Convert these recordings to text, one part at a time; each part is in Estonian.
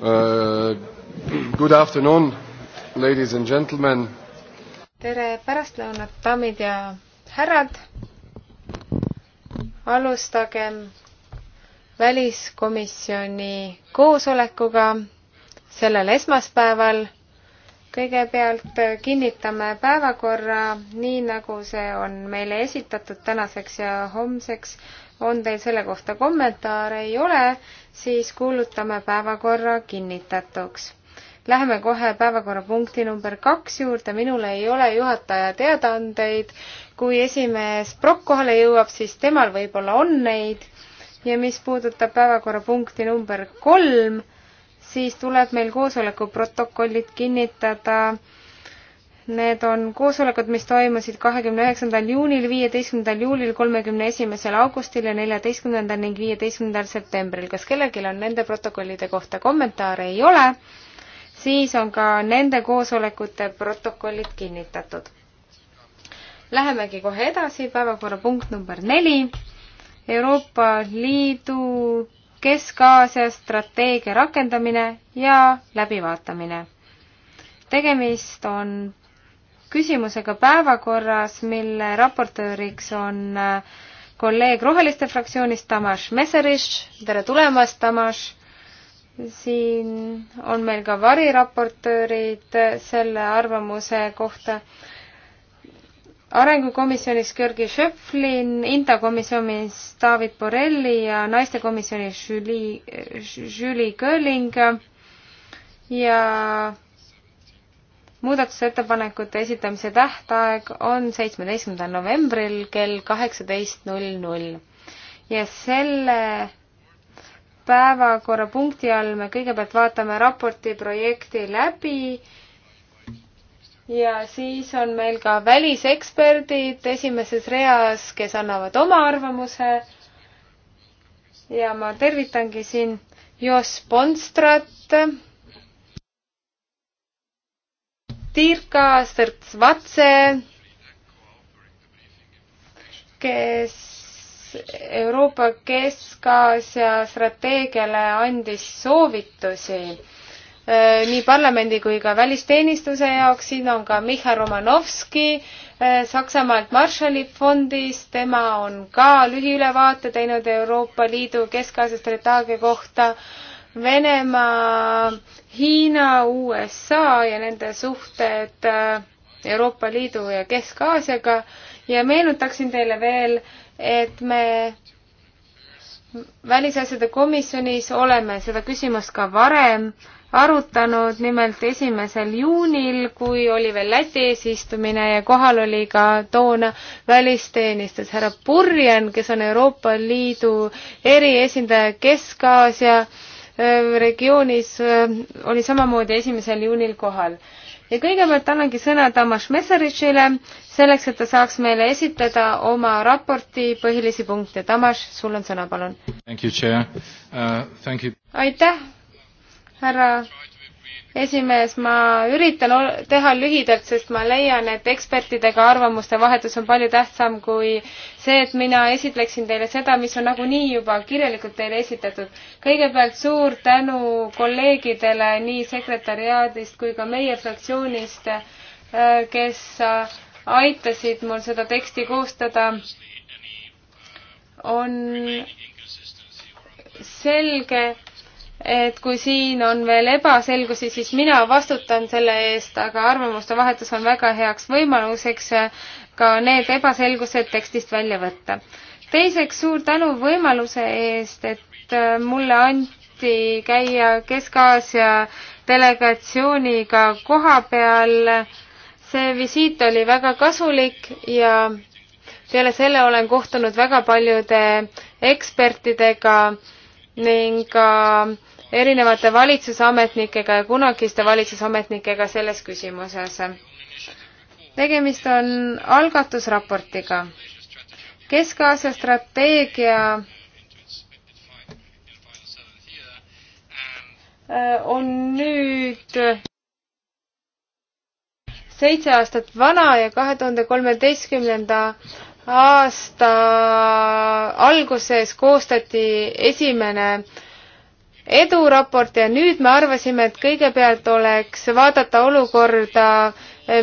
Uh, good afternoon, ladies and gentlemen. tere pärastlõunat, daamid ja härrad. alustagem väliskomisjoni koosolekuga sellel esmaspäeval. kõigepealt kinnitame päevakorra nii, nagu see on meile esitatud tänaseks ja homseks on teil selle kohta kommentaare, ei ole, siis kuulutame päevakorra kinnitatuks. Läheme kohe päevakorrapunkti number kaks juurde, minul ei ole juhataja teadaandeid. kui esimees Prokk kohale jõuab, siis temal võib-olla on neid. ja mis puudutab päevakorrapunkti number kolm, siis tuleb meil koosoleku protokollid kinnitada Need on koosolekud, mis toimusid kahekümne üheksandal juunil, viieteistkümnendal juulil, kolmekümne esimesel augustil ja neljateistkümnendal ning viieteistkümnendal septembril. kas kellelgi on nende protokollide kohta kommentaare? ei ole. siis on ka nende koosolekute protokollid kinnitatud. Lähemegi kohe edasi, päevakorrapunkt number neli. Euroopa Liidu Kesk-Aasia strateegia rakendamine ja läbivaatamine tegemist on küsimusega päevakorras, mille raportööriks on äh, kolleeg Roheliste fraktsioonist Tamas Meseriš. tere tulemast, Tamas! siin on meil ka variraportöörid äh, selle arvamuse kohta arengukomisjonis Georgi Schöpflin, Intakomisjonis David Borrelli ja naistekomisjonis Julie, äh, Julie Köling ja muudatusettepanekute esitamise tähtaeg on seitsmeteistkümnendal novembril kell kaheksateist null null ja selle päevakorrapunkti all me kõigepealt vaatame raporti projekti läbi ja siis on meil ka väliseksperdid esimeses reas, kes annavad oma arvamuse. ja ma tervitangi siin Jos Ponstrat Tirka Srtsvatse, kes Euroopa Keskasia strateegiale andis soovitusi äh, nii parlamendi kui ka välisteenistuse jaoks, siin on ka Michal Romanovski äh, Saksamaalt Marshalli fondist, tema on ka lühiülevaate teinud Euroopa Liidu Kesk-Aasia strateegia kohta Venemaa, Hiina, USA ja nende suhted äh, Euroopa Liidu ja Kesk-Aasiaga ja meenutaksin teile veel, et me välisasjade komisjonis oleme seda küsimust ka varem arutanud, nimelt esimesel juunil, kui oli veel Läti eesistumine ja kohal oli ka toona välisteenistus härra Purjen, kes on Euroopa Liidu eriesindaja Kesk-Aasia Äh, regioonis äh, oli samamoodi esimesel juunil kohal. ja kõigepealt annangi sõna Tamas Messeritšile, selleks et ta saaks meile esitleda oma raporti põhilisi punkte. Tamas, sul on sõna, palun. Uh, aitäh, härra esimees, ma üritan teha lühidalt, sest ma leian, et ekspertidega arvamuste vahetus on palju tähtsam kui see, et mina esitleksin teile seda, mis on nagunii juba kirjalikult teile esitatud. kõigepealt suur tänu kolleegidele nii sekretäriaadist kui ka meie fraktsioonist, äh, kes äh, aitasid mul seda teksti koostada. on selge, et kui siin on veel ebaselgusi, siis mina vastutan selle eest, aga arvamuste vahetus on väga heaks võimaluseks ka need ebaselgused tekstist välja võtta. teiseks suur tänu võimaluse eest, et äh, mulle anti käia Kesk-Aasia delegatsiooniga koha peal. see visiit oli väga kasulik ja peale selle olen kohtunud väga paljude ekspertidega ning ka äh, erinevate valitsusametnikega ja kunagiste valitsusametnikega selles küsimuses. tegemist on algatusraportiga. Kesk-Aasia strateegia äh, on nüüd seitse aastat vana ja kahe tuhande kolmeteistkümnenda aasta alguses koostati esimene äh, eduraport ja nüüd me arvasime, et kõigepealt oleks vaadata olukorda,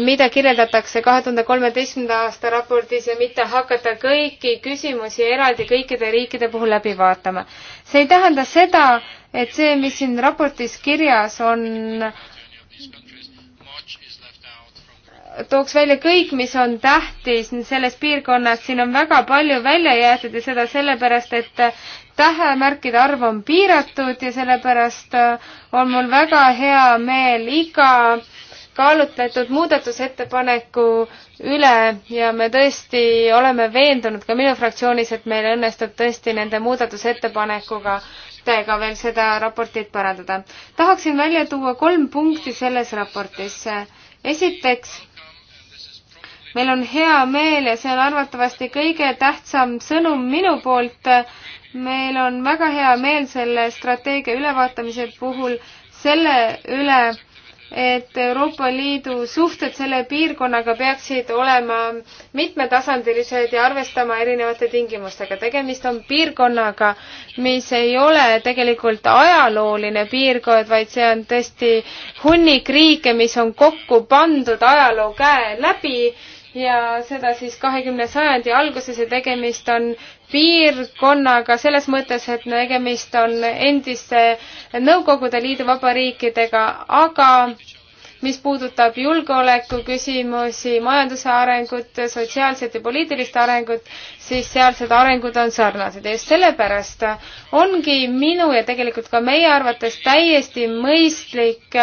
mida kirjeldatakse kahe tuhande kolmeteistkümnenda aasta raportis ja mitte hakata kõiki küsimusi eraldi kõikide riikide puhul läbi vaatama. see ei tähenda seda, et see, mis siin raportis kirjas on, tooks välja kõik, mis on tähtis selles piirkonnas, siin on väga palju välja jäetud ja seda sellepärast, et tähemärkide arv on piiratud ja sellepärast äh, on mul väga hea meel iga kaalutletud muudatusettepaneku üle ja me tõesti oleme veendunud ka minu fraktsioonis, et meil õnnestub tõesti nende muudatusettepanekuga täiega veel seda raportit parandada. tahaksin välja tuua kolm punkti selles raportis. esiteks, meil on hea meel ja see on arvatavasti kõige tähtsam sõnum minu poolt. meil on väga hea meel selle strateegia ülevaatamise puhul selle üle, et Euroopa Liidu suhted selle piirkonnaga peaksid olema mitmetasandilised ja arvestama erinevate tingimustega. tegemist on piirkonnaga, mis ei ole tegelikult ajalooline piirkond, vaid see on tõesti hunnik riike, mis on kokku pandud ajaloo käe läbi ja seda siis kahekümne sajandi alguses ja tegemist on piirkonnaga selles mõttes, et tegemist on endiste Nõukogude Liidu vabariikidega, aga mis puudutab julgeoleku küsimusi, majanduse arengut, sotsiaalset ja poliitilist arengut, siis sealsed arengud on sarnased ja just sellepärast ongi minu ja tegelikult ka meie arvates täiesti mõistlik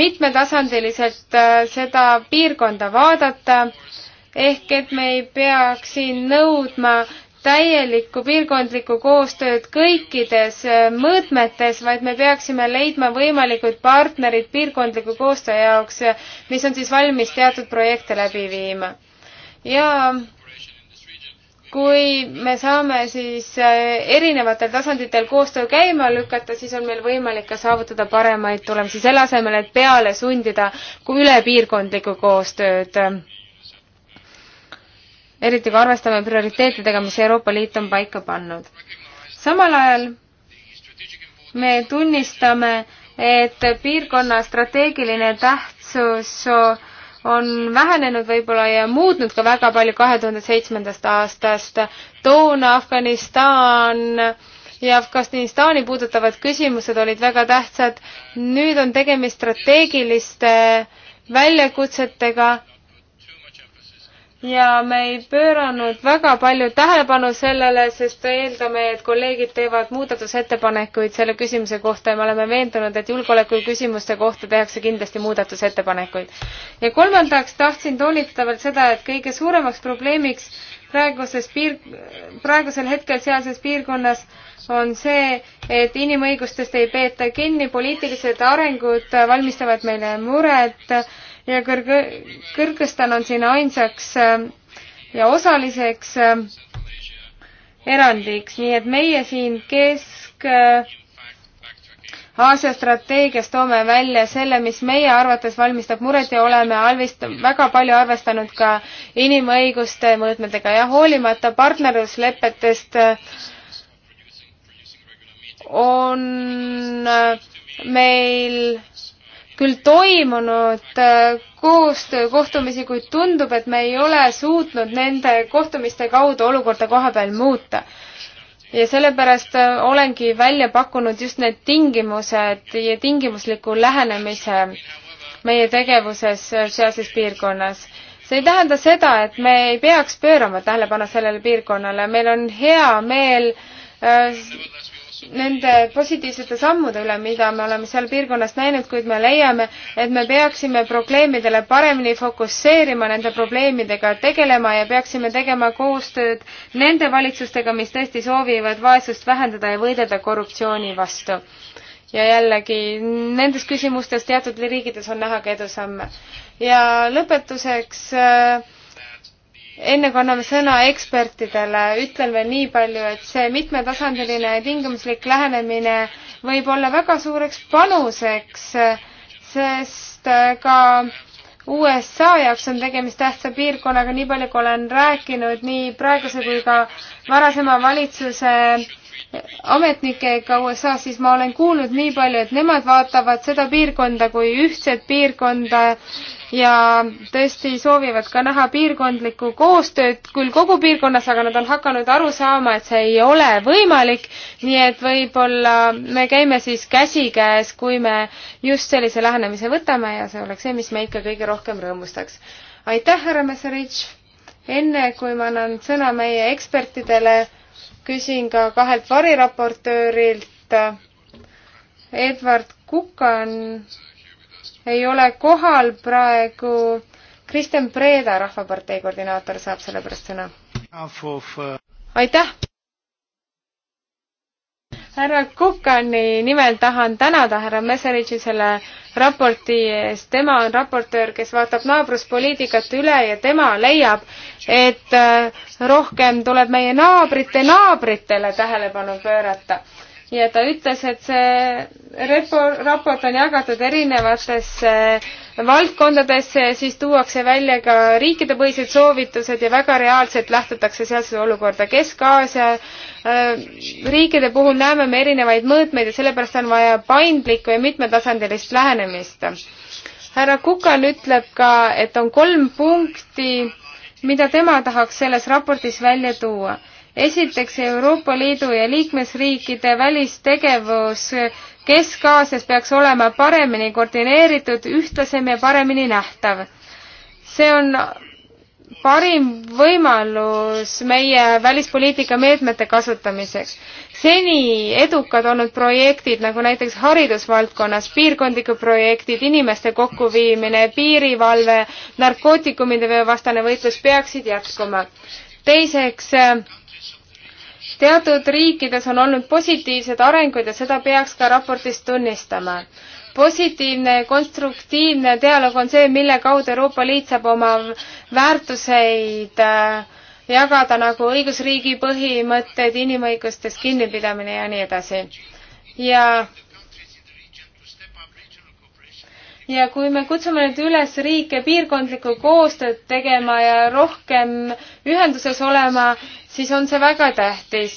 mitmetasandiliselt äh, seda piirkonda vaadata ehk et me ei peaks siin nõudma täielikku piirkondlikku koostööd kõikides äh, mõõtmetes, vaid me peaksime leidma võimalikud partnerid piirkondliku koostöö jaoks, äh, mis on siis valmis teatud projekte läbi viima. ja kui me saame siis äh, erinevatel tasanditel koostöö käima lükata, siis on meil võimalik ka saavutada paremaid tulemusi, selle asemel, et peale sundida üle piirkondlikku koostööd eriti kui arvestame prioriteetidega, mis Euroopa Liit on paika pannud. samal ajal me tunnistame, et piirkonna strateegiline tähtsus on vähenenud võib-olla ja muutnud ka väga palju kahe tuhande seitsmendast aastast. toona Afganistan ja Afganistani puudutavad küsimused olid väga tähtsad. nüüd on tegemist strateegiliste väljakutsetega ja me ei pööranud väga palju tähelepanu sellele, sest me eeldame, et kolleegid teevad muudatusettepanekuid selle küsimuse kohta ja me oleme veendunud, et julgeoleku küsimuste kohta tehakse kindlasti muudatusettepanekuid. ja kolmandaks tahtsin toonitada veel seda, et kõige suuremaks probleemiks praeguses piir, praegusel hetkel sealses piirkonnas on see, et inimõigustest ei peeta kinni, poliitilised arengud valmistavad meile muret ja Kõrg-, Kõrgõzstan on siin ainsaks äh, ja osaliseks äh, erandiks, nii et meie siin Kesk äh, Aasia strateegias toome välja selle, mis meie arvates valmistab muret ja oleme alvist-, väga palju arvestanud ka inimõiguste mõõtmetega ja hoolimata partnerluslepetest on meil küll toimunud äh, koostöökohtumisi, kuid tundub, et me ei ole suutnud nende kohtumiste kaudu olukorda kohapeal muuta. ja sellepärast äh, olengi välja pakkunud just need tingimused ja tingimusliku lähenemise meie tegevuses äh, sealses piirkonnas see ei tähenda seda, et me ei peaks pöörama tähelepanu sellele piirkonnale, meil on hea meel nende positiivsete sammude üle, mida me oleme seal piirkonnas näinud, kuid me leiame, et me peaksime probleemidele paremini fokusseerima, nende probleemidega tegelema ja peaksime tegema koostööd nende valitsustega, mis tõesti soovivad vaesust vähendada ja võidelda korruptsiooni vastu. ja jällegi, nendes küsimustes teatud riigides on näha ka edusamme. ja lõpetuseks äh, enne kui anname sõna ekspertidele, ütlen veel nii palju, et see mitmetasandiline tingimuslik lähenemine võib olla väga suureks panuseks, sest ka USA jaoks on tegemist tähtsa piirkonnaga, nii palju kui olen rääkinud nii praeguse kui ka varasema valitsuse ametnikega USA-s, siis ma olen kuulnud nii palju, et nemad vaatavad seda piirkonda kui ühtset piirkonda ja tõesti soovivad ka näha piirkondlikku koostööd küll kogu piirkonnas, aga nad on hakanud aru saama, et see ei ole võimalik. nii et võib-olla me käime siis käsikäes, kui me just sellise lähenemise võtame ja see oleks see, mis meid ka kõige rohkem rõõmustaks. aitäh, härra Messerich! enne kui ma annan sõna meie ekspertidele küsin ka kahelt variraportöörilt. Edward Kukan ei ole kohal praegu. Kristen Preda, Rahvapartei koordinaator, saab sellepärast sõna. aitäh! härra Kukani nimel tahan tänada härra Meseritši selle raporti eest. tema on raportöör, kes vaatab naabruspoliitikat üle ja tema leiab, et äh, rohkem tuleb meie naabrite naabritele tähelepanu pöörata ja ta ütles, et see repo-, raport on jagatud erinevatesse valdkondadesse ja siis tuuakse välja ka riikidepõhised soovitused ja väga reaalselt lähtutakse sealset olukorda. Kesk-Aasia äh, riikide puhul näeme me erinevaid mõõtmeid ja sellepärast on vaja paindlikku ja mitmetasandilist lähenemist. härra Kukan ütleb ka, et on kolm punkti, mida tema tahaks selles raportis välja tuua esiteks Euroopa Liidu ja liikmesriikide välistegevus Kesk-Aasias peaks olema paremini koordineeritud, ühtlasem ja paremini nähtav. see on parim võimalus meie välispoliitika meetmete kasutamiseks. seni edukad olnud projektid nagu näiteks haridusvaldkonnas piirkondlikud projektid, inimeste kokkuviimine, piirivalve, narkootikumide vastane võitlus peaksid jätkuma. teiseks teatud riikides on olnud positiivsed arengud ja seda peaks ka raportis tunnistama. positiivne konstruktiivne dialoog on see, mille kaudu Euroopa Liit saab oma väärtuseid äh, jagada nagu õigusriigi põhimõtted, inimõigustest kinnipidamine ja nii edasi. ja ja kui me kutsume nüüd üles riike piirkondlikku koostööd tegema ja rohkem ühenduses olema, siis on see väga tähtis.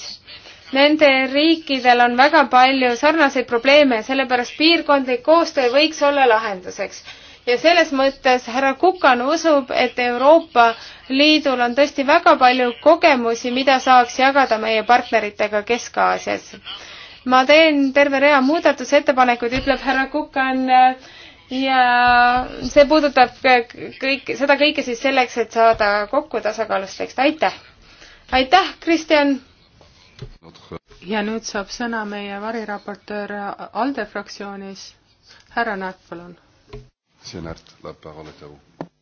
Nendel riikidel on väga palju sarnaseid probleeme ja sellepärast piirkondlik koostöö võiks olla lahenduseks. ja selles mõttes härra Kukan usub, et Euroopa Liidul on tõesti väga palju kogemusi, mida saaks jagada meie partneritega Kesk-Aasias. ma teen terve rea muudatusettepanekuid, ütleb härra Kukan äh, ja see puudutab kõik, seda kõike siis selleks, et saada kokku tasakaalus tekst, aitäh! aitäh, Kristjan! ja nüüd saab sõna meie variraportöör ALDE fraktsioonis, härra Närt, palun. see Närt, läheb päeval, aitäh!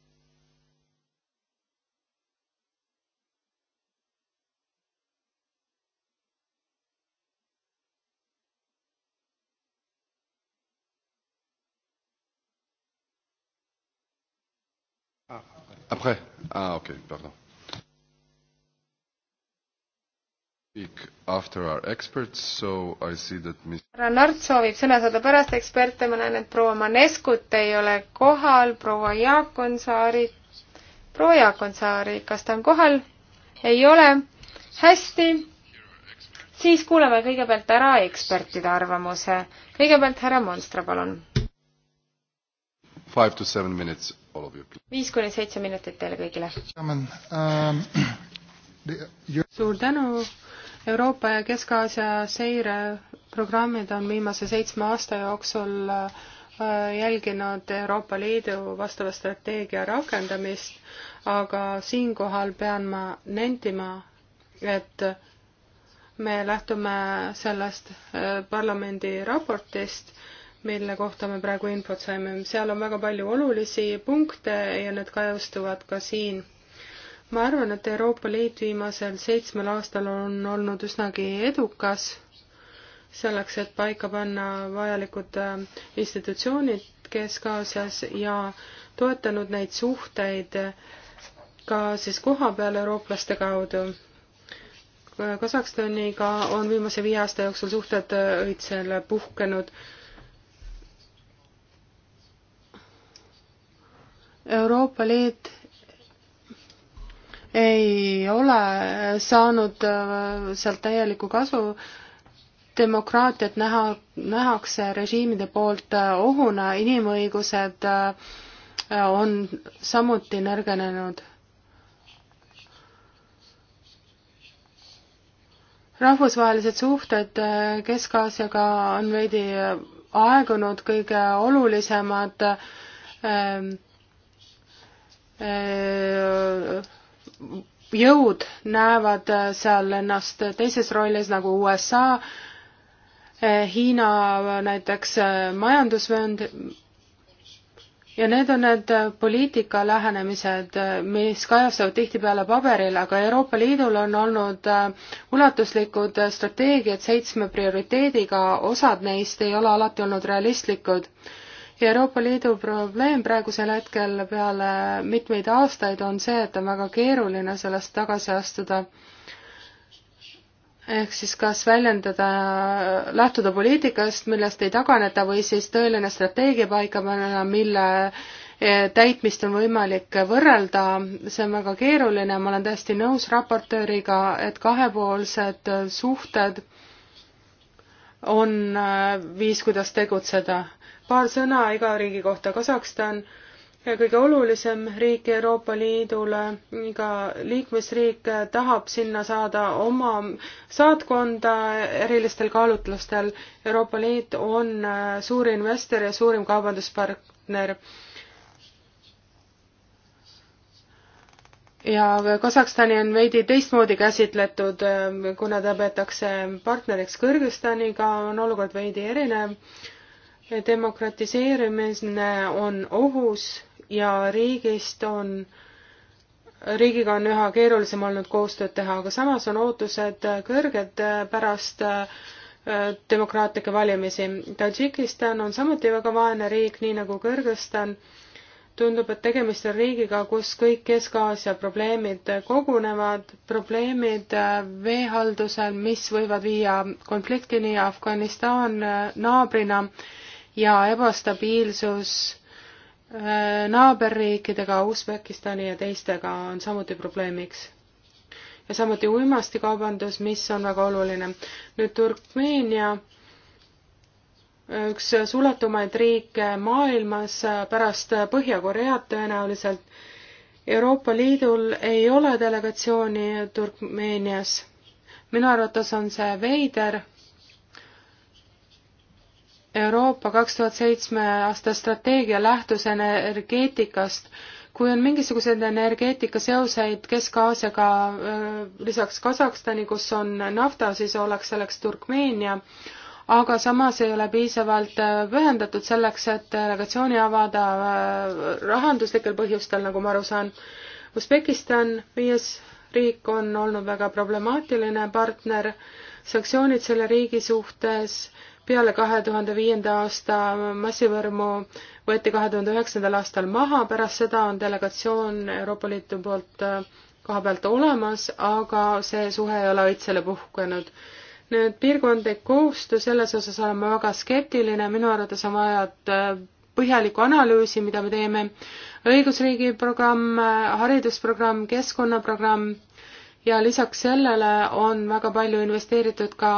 Après Ah, ok, pardon. härra Nart soovib sõna saada pärast eksperte, ma näen, et proua Maneskut ei ole kohal, proua Jaakonsaari, proua Jaakonsaari, kas ta on kohal? ei ole. hästi, siis kuulame kõigepealt ära ekspertide arvamuse. kõigepealt härra Monstra, palun. Five to seven minutes viis kuni seitse minutit teile kõigile. Ähm, suur tänu. Euroopa ja Kesk-Aasia seireprogrammid on viimase seitsme aasta jooksul äh, jälginud Euroopa Liidu vastava strateegia rakendamist, aga siinkohal pean ma nentima, et me lähtume sellest äh, parlamendi raportist mille kohta me praegu infot saime. seal on väga palju olulisi punkte ja need kajastuvad ka siin. ma arvan, et Euroopa Liit viimasel seitsmel aastal on olnud üsnagi edukas selleks, et paika panna vajalikud äh, institutsioonid Kesk-Aasias ja toetanud neid suhteid ka siis kohapeal eurooplaste kaudu. Kasahstaniga on viimase viie aasta jooksul suhted õitsele puhkenud Euroopa Liit ei ole saanud äh, sealt täielikku kasu. demokraatiat näha, nähakse režiimide poolt äh, ohuna, inimõigused äh, on samuti nõrgenenud. rahvusvahelised suhted Kesk-Aasiaga on veidi aegunud, kõige olulisemad ähm, Äh, jõud näevad seal ennast teises rollis nagu USA, äh, Hiina näiteks äh, majandusvöönd ja need on need poliitika lähenemised, mis kajastavad tihtipeale paberil, aga Euroopa Liidul on olnud ulatuslikud strateegiad seitsme prioriteediga, osad neist ei ole alati olnud realistlikud ja Euroopa Liidu probleem praegusel hetkel peale mitmeid aastaid on see, et on väga keeruline sellest tagasi astuda. ehk siis kas väljendada, lähtuda poliitikast, millest ei taganeta, või siis tõeline strateegia paika panna, mille e, täitmist on võimalik võrrelda, see on väga keeruline, ma olen täiesti nõus raportööriga, et kahepoolsed suhted on e, viis, kuidas tegutseda paar sõna iga riigi kohta. Kasahstan, kõige olulisem riik Euroopa Liidule, iga liikmesriik tahab sinna saada oma saatkonda erilistel kaalutlustel. Euroopa Liit on äh, suur investor ja suurim kaubanduspartner ja Kasahstani on veidi teistmoodi käsitletud, äh, kuna ta peetakse partneriks Kõrgõzstaniga, on olukord veidi erinev demokratiseerimine on ohus ja riigist on, riigiga on üha keerulisem olnud koostööd teha, aga samas on ootused kõrged pärast äh, demokraatlikke valimisi. Tadžikistan on samuti väga vaene riik, nii nagu Kõrgõzstan. tundub, et tegemist on riigiga, kus kõik Kesk-Aasia probleemid kogunevad, probleemid äh, veehaldusel, mis võivad viia konfliktini Afganistan äh, naabrina ja ebastabiilsus äh, naaberriikidega, Usbekistani ja teistega on samuti probleemiks. ja samuti uimastikaubandus, mis on väga oluline. nüüd Turkmeenia, üks suletumaid riike maailmas äh, pärast Põhja-Koread tõenäoliselt. Euroopa Liidul ei ole delegatsiooni Turkmeenias. minu arvates on see veider Euroopa kaks tuhat seitsme aasta strateegia lähtus energeetikast. kui on mingisuguseid energeetikaseoseid Kesk-Aasiaga, äh, lisaks Kasahstani, kus on nafta, siis oleks selleks Turkmeenia, aga samas ei ole piisavalt äh, pühendatud selleks, et delegatsiooni avada äh, rahanduslikel põhjustel, nagu ma aru saan. Usbekistan, viies riik, on olnud väga problemaatiline partner, sanktsioonid selle riigi suhtes peale kahe tuhande viienda aasta massivõrmu võeti kahe tuhande üheksandal aastal maha, pärast seda on delegatsioon Euroopa Liidu poolt äh, koha pealt olemas, aga see suhe ei ole õitsele puhkenud. nüüd piirkondlik koostöö, selles osas olen ma väga skeptiline, minu arvates on vaja äh, põhjalikku analüüsi, mida me teeme, õigusriigi programm, äh, haridusprogramm, keskkonnaprogramm ja lisaks sellele on väga palju investeeritud ka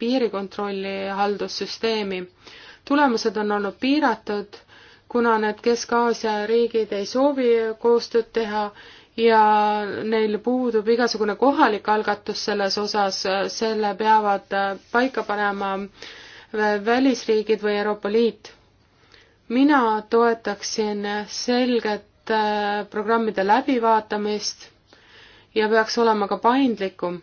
piirikontrolli haldussüsteemi. tulemused on olnud piiratud, kuna need Kesk-Aasia riigid ei soovi koostööd teha ja neil puudub igasugune kohalik algatus selles osas, selle peavad paika panema välisriigid või Euroopa Liit. mina toetaksin selget programmide läbivaatamist ja peaks olema ka paindlikum.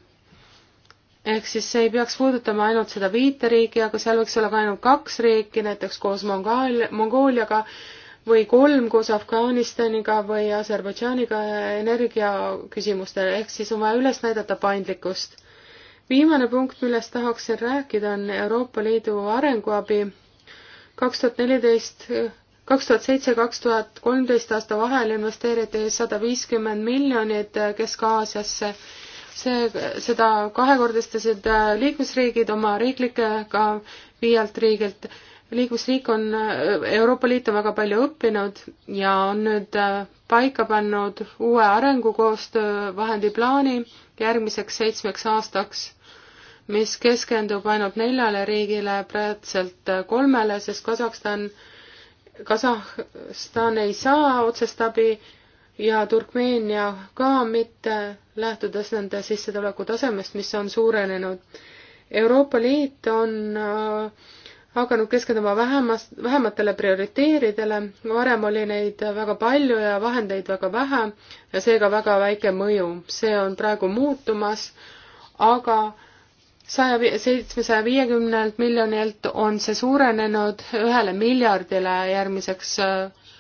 ehk siis see ei peaks puudutama ainult seda viite riiki, aga seal võiks olla ka ainult kaks riiki, näiteks koos Mongool-, Mongooliaga või kolm koos Afganistaniga või Aserbaidžaaniga energiaküsimustel, ehk siis on vaja üles näidata paindlikkust. viimane punkt, millest tahaksin rääkida, on Euroopa Liidu arenguabi kaks tuhat neliteist kaks tuhat seitse, kaks tuhat kolmteist aasta vahel investeeriti sada viiskümmend miljonit eh, Kesk-Aasiasse. see, seda kahekordistasid eh, liikmesriigid oma riiklikega viielt riigilt. liikmesriik on, eh, Euroopa Liit on väga palju õppinud ja on nüüd paika pannud uue arengukoostöövahendi plaani järgmiseks seitsmeks aastaks mis keskendub ainult neljale riigile, praegult kolmele, sest Kasahstan Kasahstan ei saa otsest abi ja Turkmeenia ka mitte, lähtudes nende sissetuleku tasemest, mis on suurenenud. Euroopa Liit on äh, hakanud keskenduma vähemas, vähematele prioriteeridele, varem oli neid väga palju ja vahendeid väga vähe ja seega väga väike mõju. see on praegu muutumas, aga saja, seitsmesaja viiekümnelt miljonilt on see suurenenud ühele miljardile järgmiseks äh,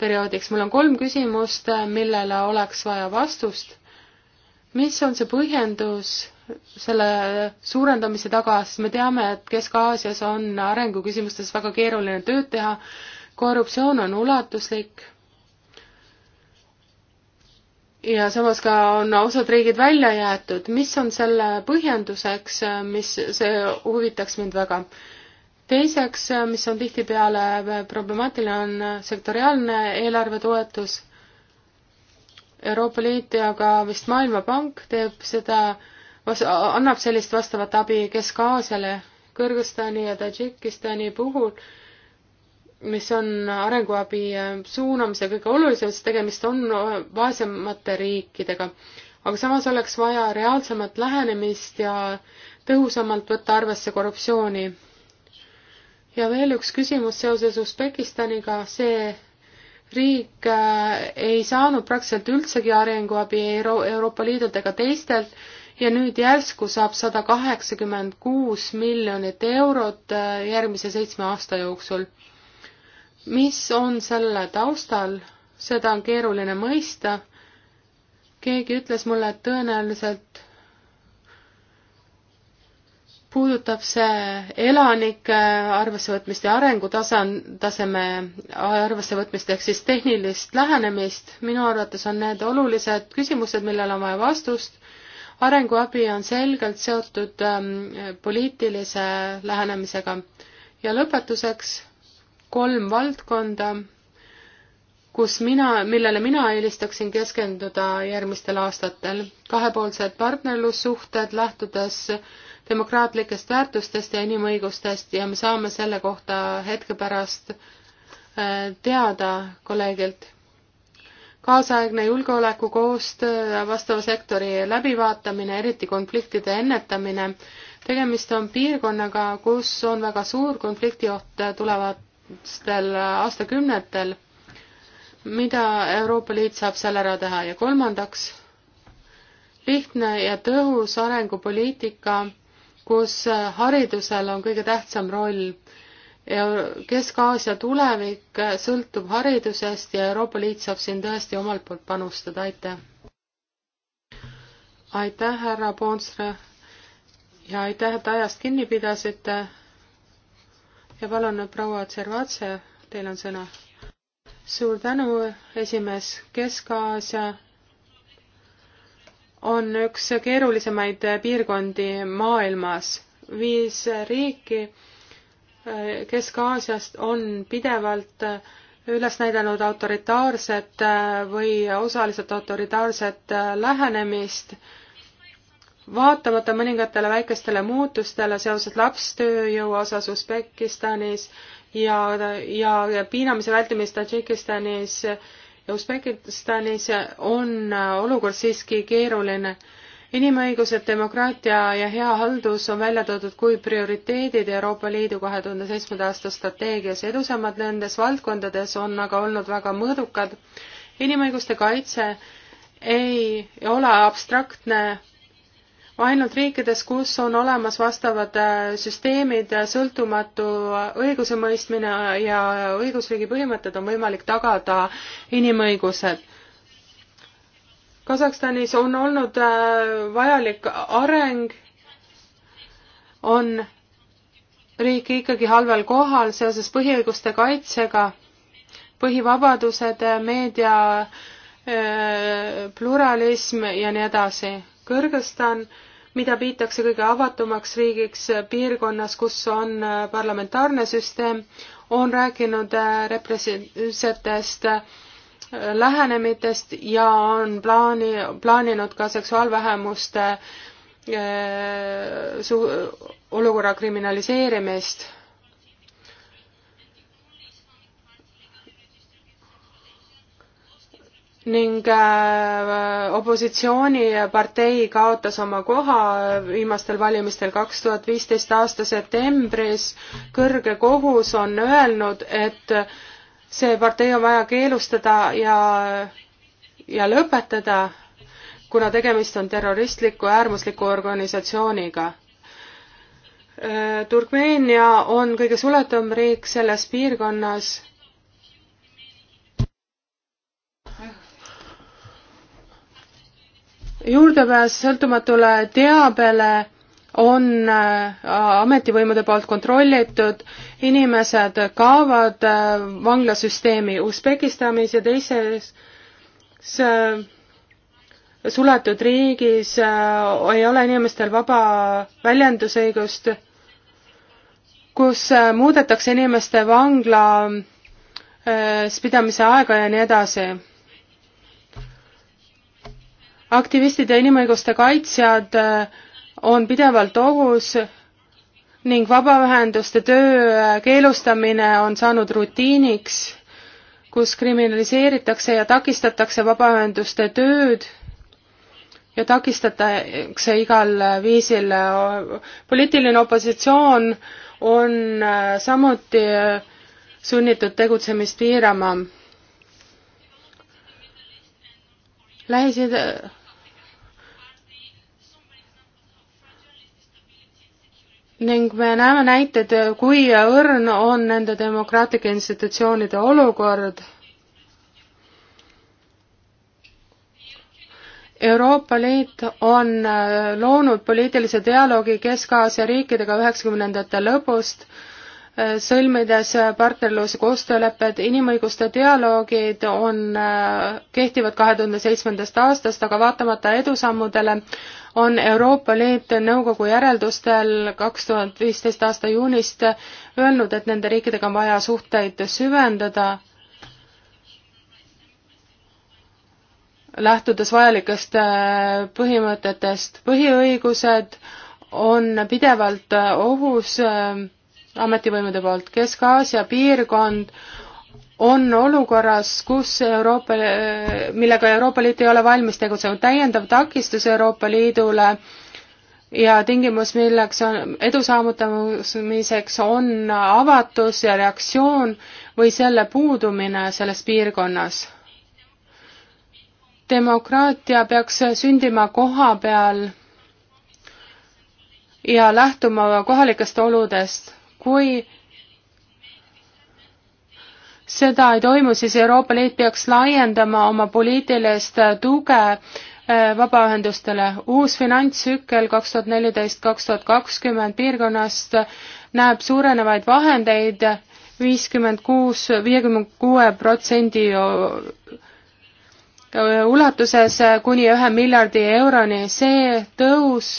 perioodiks. mul on kolm küsimust, äh, millele oleks vaja vastust. mis on see põhjendus selle suurendamise taga, sest me teame, et Kesk-Aasias on arenguküsimustes väga keeruline tööd teha, korruptsioon on ulatuslik ja samas ka on osad riigid välja jäetud. mis on selle põhjenduseks, mis, see huvitaks mind väga. teiseks, mis on tihtipeale problemaatiline, on sektoriaalne eelarvetoetus. Euroopa Liit ja ka vist Maailmapank teeb seda, annab sellist vastavat abi Kesk-Aasiale, Kõrgõzstani ja Tadžikistani puhul mis on arenguabi äh, suunamise kõige olulisem, sest tegemist on äh, vaesemate riikidega. aga samas oleks vaja reaalsemat lähenemist ja tõhusamalt võtta arvesse korruptsiooni. ja veel üks küsimus seoses Usbekistaniga, see riik äh, ei saanud praktiliselt üldsegi arenguabi Euro Euroopa Liidult ega teistelt ja nüüd järsku saab sada kaheksakümmend kuus miljonit eurot järgmise seitsme aasta jooksul mis on selle taustal, seda on keeruline mõista. keegi ütles mulle, et tõenäoliselt puudutab see elanike arvessevõtmist ja arengutaseme arvessevõtmist ehk siis tehnilist lähenemist. minu arvates on need olulised küsimused, millele on vaja vastust. arenguabi on selgelt seotud ähm, poliitilise lähenemisega. ja lõpetuseks kolm valdkonda, kus mina, millele mina eelistaksin keskenduda järgmistel aastatel. kahepoolsed partnerlussuhted, lähtudes demokraatlikest väärtustest ja inimõigustest ja me saame selle kohta hetke pärast äh, teada kolleegilt. kaasaegne julgeolekukoostöö vastava sektori läbivaatamine, eriti konfliktide ennetamine, tegemist on piirkonnaga, kus on väga suur konfliktioht tulevat järgmistel aastakümnetel, mida Euroopa Liit saab seal ära teha ja kolmandaks, lihtne ja tõhus arengupoliitika, kus haridusel on kõige tähtsam roll. Kesk-Aasia tulevik sõltub haridusest ja Euroopa Liit saab siin tõesti omalt poolt panustada, aitäh! aitäh, härra Poonsre ja aitäh, et ajast kinni pidasite ja palun nüüd proua Tservatse, teil on sõna. suur tänu, esimees, Kesk-Aasia on üks keerulisemaid piirkondi maailmas. viis riiki eh, Kesk-Aasiast on pidevalt eh, üles näidanud autoritaarset eh, või osaliselt autoritaarset lähenemist vaatamata mõningatele väikestele muutustele seoses lapstööjõu osas Usbekistanis ja, ja piinamise vältimist Tadžikistanis ja Usbekistanis on olukord siiski keeruline. inimõigused, demokraatia ja hea haldus on välja toodud kui prioriteedid Euroopa Liidu kahe tuhande seitsmenda aasta strateegias. edusammad nendes valdkondades on aga olnud väga mõõdukad. inimõiguste kaitse ei ole abstraktne ainult riikides, kus on olemas vastavad äh, süsteemid, sõltumatu õigusemõistmine ja õigusriigi põhimõtted, on võimalik tagada inimõigused. Kasahstanis on olnud äh, vajalik areng, on riik ikkagi halvel kohal seoses põhiõiguste kaitsega, põhivabadused, meedia äh, pluralism ja nii edasi. Kõrgõzstan äh, mida piitakse kõige avatumaks riigiks piirkonnas, kus on äh, parlamentaarne süsteem, on rääkinud äh, repressiivsetest äh, lähenemitest ja on plaani, plaaninud ka seksuaalvähemuste su-, olukorra kriminaliseerimist ning äh, opositsioonipartei kaotas oma koha viimastel valimistel kaks tuhat viisteist aasta septembris. kõrge kohus on öelnud, et see partei on vaja keelustada ja, ja lõpetada, kuna tegemist on terroristliku äärmusliku organisatsiooniga äh, Turkmeenia on kõige suletum riik selles piirkonnas juurdepääs sõltumatule teabele on äh, ametivõimude poolt kontrollitud, inimesed kaovad äh, vanglasüsteemi Usbekistanis ja teises äh, suletud riigis ei ole inimestel vaba väljendusõigust, kus muudetakse inimeste vangla pidamise aega ja nii edasi aktivistid ja inimõiguste kaitsjad äh, on pidevalt ohus ning vabaühenduste töö äh, keelustamine on saanud rutiiniks, kus kriminaliseeritakse ja takistatakse vabaühenduste tööd ja takistatakse igal äh, viisil. poliitiline opositsioon on samuti sunnitud tegutsemist piirama. Lähis-Ida ning me näeme näiteid, kui õrn on nende demokraatlike institutsioonide olukord. Euroopa Liit on äh, loonud poliitilise dialoogi Kesk-Aasia riikidega üheksakümnendate lõpust, äh, sõlmides partnerluse koostöölepped, inimõiguste dialoogid on, äh, kehtivad kahe tuhande seitsmendast aastast, aga vaatamata edusammudele äh, on Euroopa Liit nõukogu järeldustel kaks tuhat viisteist aasta juunist öelnud, et nende riikidega on vaja suhteid süvendada, lähtudes vajalikest äh, põhimõtetest. põhiõigused on pidevalt ohus äh, ametivõimude poolt. Kesk-Aasia piirkond on olukorras, kus Euroopa, millega Euroopa Liit ei ole valmis tegutsema, täiendav takistus Euroopa Liidule ja tingimus, milleks on edu saavutamiseks, on avatus ja reaktsioon või selle puudumine selles piirkonnas. demokraatia peaks sündima koha peal ja lähtuma kohalikest oludest. kui seda ei toimu, siis Euroopa Liit peaks laiendama oma poliitilist tuge äh, vabaühendustele. uus finantstsükkel kaks tuhat neliteist, kaks tuhat kakskümmend piirkonnast näeb suurenevaid vahendeid viiskümmend kuus, viiekümne kuue protsendi ulatuses kuni ühe miljardi euroni. see tõus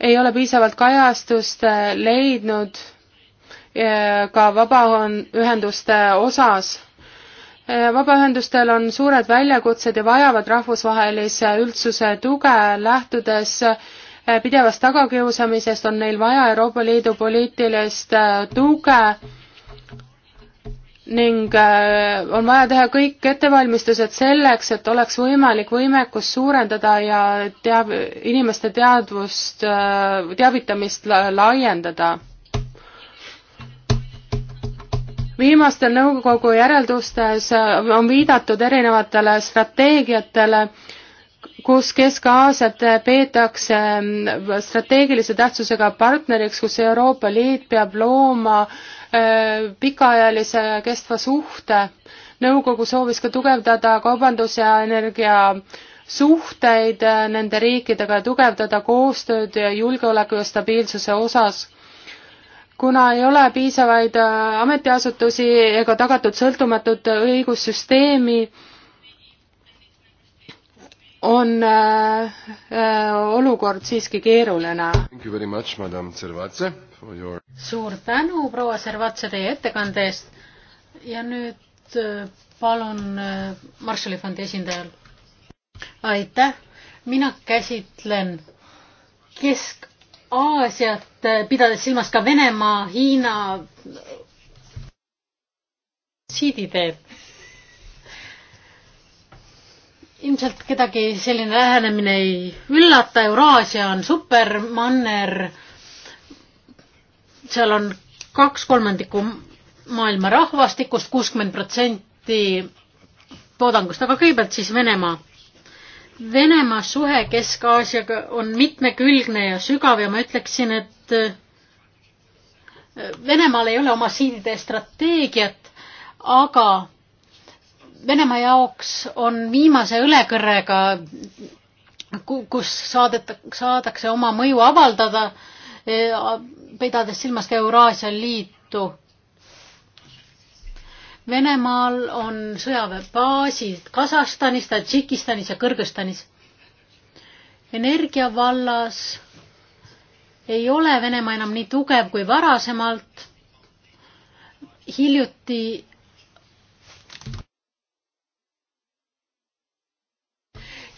ei ole piisavalt kajastust leidnud ka vabaühenduste osas. vabaühendustel on suured väljakutsed ja vajavad rahvusvahelise üldsuse tuge, lähtudes eh, pidevast tagakiusamisest on neil vaja Euroopa Liidu poliitilist eh, tuge ning eh, on vaja teha kõik ettevalmistused selleks, et oleks võimalik võimekust suurendada ja teab, inimeste teadvust, teavitamist laiendada viimastel nõukogu järeldustes on viidatud erinevatele strateegiatele, kus Kesk-Aasiat peetakse strateegilise tähtsusega partneriks, kus Euroopa Liit peab looma pikaajalise kestva suhte. nõukogu soovis ka tugevdada kaubandus- ja energiasuhteid äh, nende riikidega ja tugevdada koostööd julgeoleku ja stabiilsuse osas kuna ei ole piisavaid äh, ametiasutusi ega tagatud sõltumatut õigussüsteemi, on äh, äh, olukord siiski keeruline. Your... suur tänu, proua Servatse, teie ettekande eest ja nüüd äh, palun äh, Marshalli fondi esindajal. aitäh, mina käsitlen kesk Aasiat, eh, pidades silmas ka Venemaa, Hiina siiditeed. ilmselt kedagi selline lähenemine ei üllata, Euraasia on supermanner, seal on kaks kolmandikku maailma rahvastikust, kuuskümmend protsenti toodangust, aga kõigepealt siis Venemaa Venemaa suhe Kesk-Aasiaga on mitmekülgne ja sügav ja ma ütleksin, et äh, Venemaal ei ole oma siirdestrateegiat, aga Venemaa jaoks on viimase õlekõrrega, kus saadeta, saadakse oma mõju avaldada, eh, pidades silmas ka Euraasia Liitu. Venemaal on sõjaväebaasid Kasahstanis, Tadžikistanis ja Kõrgõzstanis. energia vallas ei ole Venemaa enam nii tugev kui varasemalt. hiljuti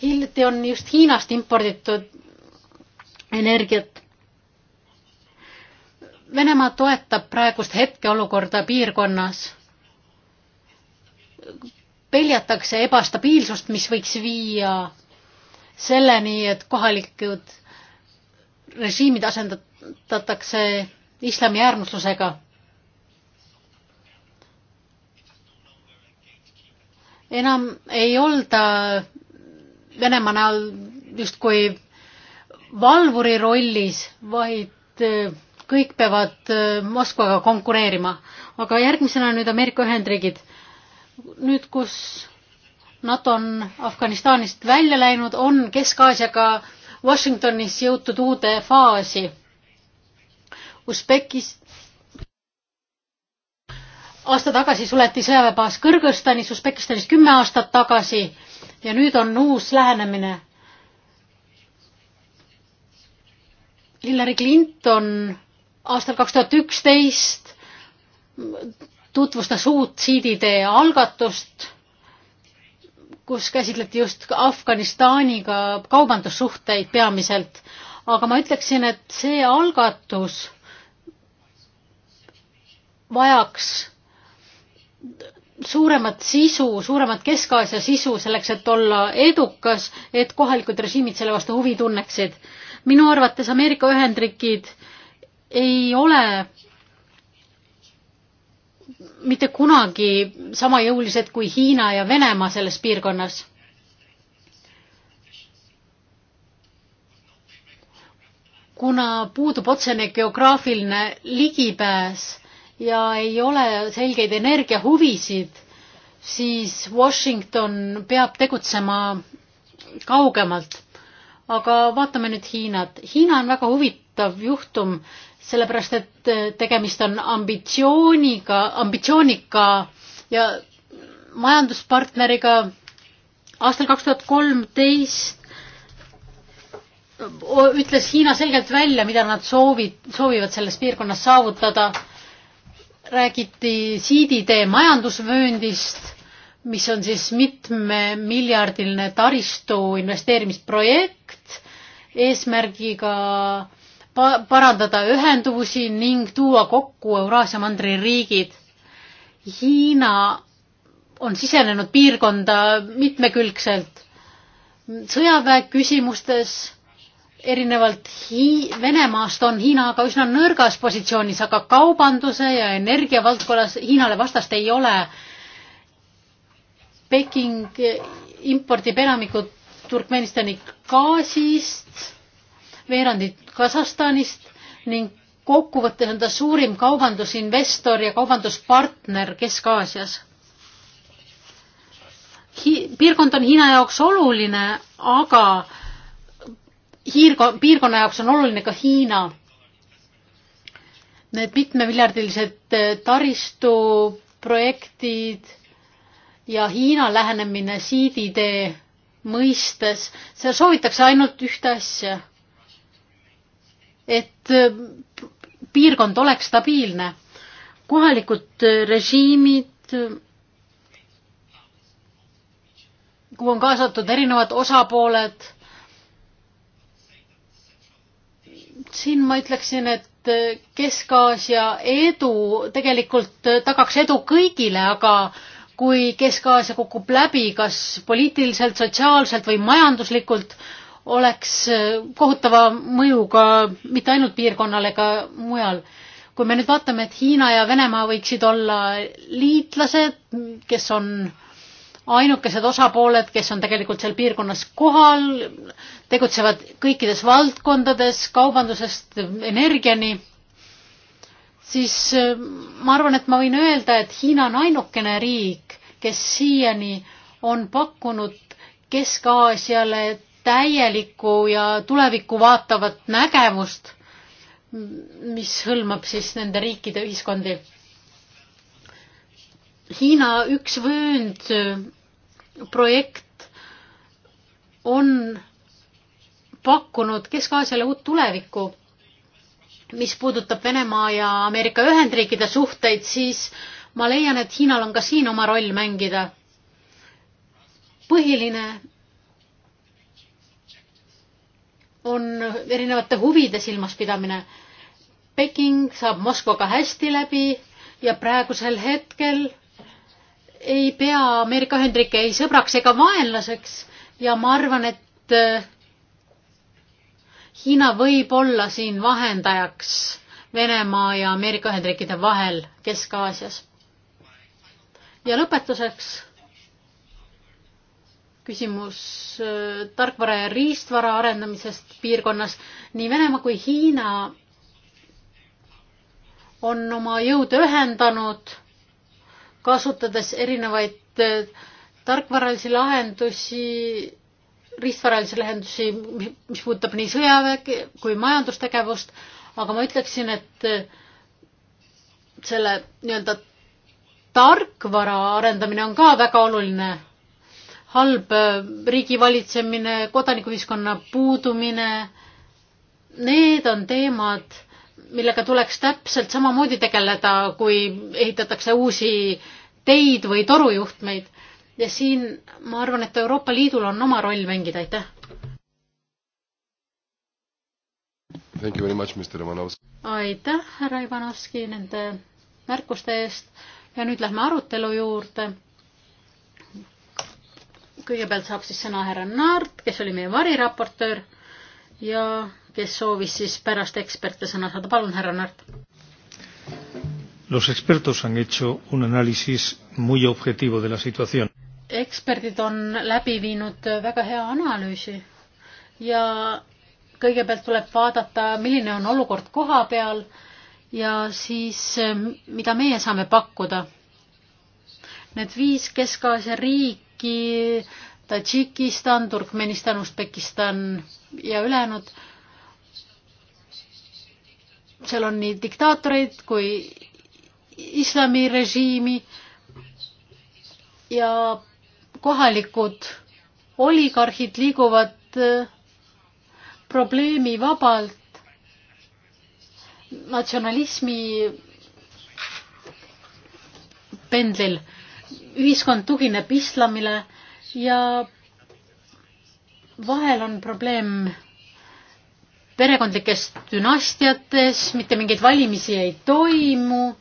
hiljuti on just Hiinast imporditud energiat. Venemaa toetab praegust hetkeolukorda piirkonnas peljatakse ebastabiilsust, mis võiks viia selleni, et kohalikud režiimid asendatakse islami äärmuslusega. enam ei olda Venemaa näol justkui valvuri rollis, vaid äh, kõik peavad äh, Moskvaga konkureerima. aga järgmisena nüüd Ameerika Ühendriigid nüüd, kus NATO on Afganistanist välja läinud, on Kesk-Aasiaga Washingtonis jõutud uude faasi. Usbekis aasta tagasi suleti sõjaväebaas Kõrgõzstanis, Usbekistanis kümme aastat tagasi ja nüüd on uus lähenemine. Hillary Clinton aastal kaks tuhat üksteist tutvustas uut siiditee algatust, kus käsitleti just Afganistaniga kaubandussuhteid peamiselt. aga ma ütleksin, et see algatus vajaks suuremat sisu, suuremat Kesk-Aasia sisu selleks, et olla edukas, et kohalikud režiimid selle vastu huvi tunneksid. minu arvates Ameerika Ühendriigid ei ole mitte kunagi sama jõulised kui Hiina ja Venemaa selles piirkonnas. kuna puudub otsene geograafiline ligipääs ja ei ole selgeid energiahuvisid, siis Washington peab tegutsema kaugemalt. aga vaatame nüüd Hiinat. Hiina on väga huvitav juhtum, sellepärast et äh, tegemist on ambitsiooniga, ambitsioonika ja majanduspartneriga aastal kaks tuhat kolmteist ütles Hiina selgelt välja, mida nad soovid, soovivad selles piirkonnas saavutada. räägiti siiditee majandusvööndist, mis on siis mitmemiljardiline taristu investeerimisprojekt eesmärgiga pa parandada ühenduvusi ning tuua kokku Euraasia mandri riigid. Hiina on sisenenud piirkonda mitmekülgselt sõjaväe küsimustes erinevalt Hii-, Venemaast on Hiina aga üsna nõrgas positsioonis, aga kaubanduse ja energia valdkonnas Hiinale vastast ei ole. Peking impordib enamikku Turkmenistani gaasist, veerandit Kasahstanist ning kokkuvõttes on ta suurim kaubandusinvestor ja kaubanduspartner Kesk-Aasias. piirkond on Hiina jaoks oluline, aga hiirko-, piirkonna jaoks on oluline ka Hiina. Need mitmemiljardilised eh, taristuprojektid ja Hiina lähenemine siiditee mõistes, seal soovitakse ainult ühte asja et äh, piirkond oleks stabiilne. kohalikud äh, režiimid, äh, kuhu on kaasatud erinevad osapooled, siin ma ütleksin, et Kesk-Aasia edu tegelikult tagaks edu kõigile, aga kui Kesk-Aasia kukub läbi kas poliitiliselt, sotsiaalselt või majanduslikult, oleks äh, kohutava mõjuga mitte ainult piirkonnale, ka mujal. kui me nüüd vaatame, et Hiina ja Venemaa võiksid olla liitlased, kes on ainukesed osapooled, kes on tegelikult seal piirkonnas kohal, tegutsevad kõikides valdkondades, kaubandusest energiani, siis äh, ma arvan, et ma võin öelda, et Hiina on ainukene riik, kes siiani on pakkunud Kesk-Aasiale täielikku ja tulevikku vaatavat nägemust, mis hõlmab siis nende riikide ühiskondi. Hiina üks vöönd projekt on pakkunud Kesk-Aasiale uut tulevikku. mis puudutab Venemaa ja Ameerika Ühendriikide suhteid, siis ma leian, et Hiinal on ka siin oma roll mängida. põhiline on erinevate huvide silmaspidamine. Peking saab Moskvaga hästi läbi ja praegusel hetkel ei pea Ameerika Ühendriike ei sõbraks ega vaenlaseks ja ma arvan, et äh, Hiina võib olla siin vahendajaks Venemaa ja Ameerika Ühendriikide vahel Kesk-Aasias. ja lõpetuseks küsimus äh, tarkvara ja riistvara arendamisest piirkonnas. nii Venemaa kui Hiina on oma jõud ühendanud, kasutades erinevaid äh, tarkvaralisi lahendusi, riistvaralisi lahendusi, mis puudutab nii sõjaväge kui majandustegevust, aga ma ütleksin, et äh, selle nii-öelda tarkvara arendamine on ka väga oluline halb äh, riigivalitsemine, kodanikuühiskonna puudumine. Need on teemad, millega tuleks täpselt samamoodi tegeleda, kui ehitatakse uusi teid või torujuhtmeid. ja siin ma arvan, et Euroopa Liidul on oma roll mängida, aitäh. aitäh, härra Ivanovski, nende märkuste eest ja nüüd lähme arutelu juurde kõigepealt saab siis sõna härra Naart, kes oli meie variraportöör ja kes soovis siis pärast eksperte sõna saada. palun, härra Naart. Los expertos han hecho un análisis muy objetivo de la situación. eksperdid on läbi viinud väga hea analüüsi ja kõigepealt tuleb vaadata, milline on olukord koha peal ja siis mida meie saame pakkuda. Need viis Kesk-Aasia riiki Tadžiki, Tadžikistan, Turkmenistan, Usbekistan ja ülejäänud. seal on nii diktaatoreid kui islamirežiimi ja kohalikud oligarhid liiguvad eh, probleemi vabalt natsionalismi pendlil ühiskond tugineb islamile ja vahel on probleem perekondlikes dünastiates, mitte mingeid valimisi ei toimu.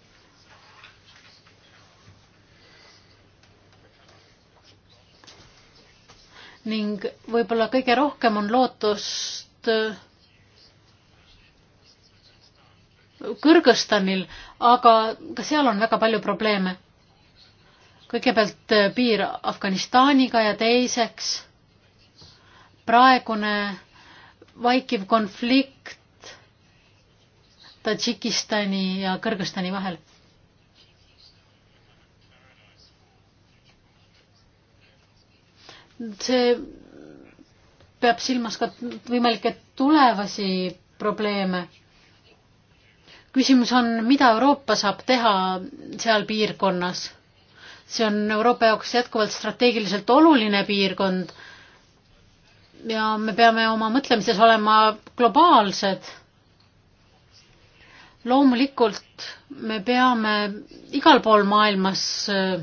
ning võib-olla kõige rohkem on lootust äh, Kõrgõzstanil, aga ka seal on väga palju probleeme kõigepealt äh, piir Afganistaniga ja teiseks praegune vaikiv konflikt Tadžikistani ja Kõrgõzstani vahel. see peab silmas ka võimalikke tulevasi probleeme. küsimus on, mida Euroopa saab teha seal piirkonnas see on Euroopa jaoks jätkuvalt strateegiliselt oluline piirkond ja me peame oma mõtlemises olema globaalsed. loomulikult me peame igal pool maailmas äh,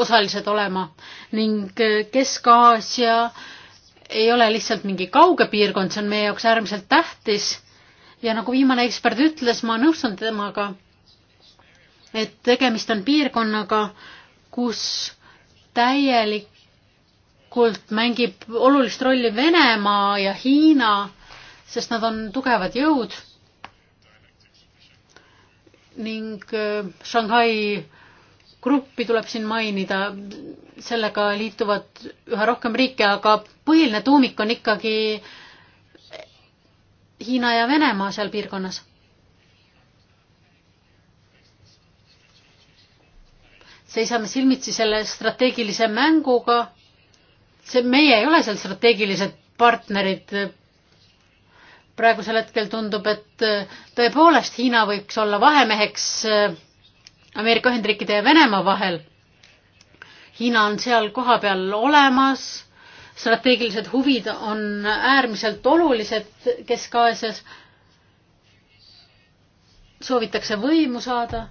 osalised olema ning äh, Kesk-Aasia ei ole lihtsalt mingi kauge piirkond, see on meie jaoks äärmiselt tähtis ja nagu viimane ekspert ütles, ma nõustun temaga, et tegemist on piirkonnaga, kus täielikult mängib olulist rolli Venemaa ja Hiina, sest nad on tugevad jõud ning äh, Shanghai gruppi tuleb siin mainida, sellega liituvad üha rohkem riike, aga põhiline tuumik on ikkagi Hiina ja Venemaa seal piirkonnas seisame silmitsi selle strateegilise mänguga. see, meie ei ole seal strateegilised partnerid. praegusel hetkel tundub, et äh, tõepoolest Hiina võiks olla vahemeheks äh, Ameerika Ühendriikide ja Venemaa vahel. Hiina on seal kohapeal olemas, strateegilised huvid on äärmiselt olulised Kesk-Aasias. soovitakse võimu saada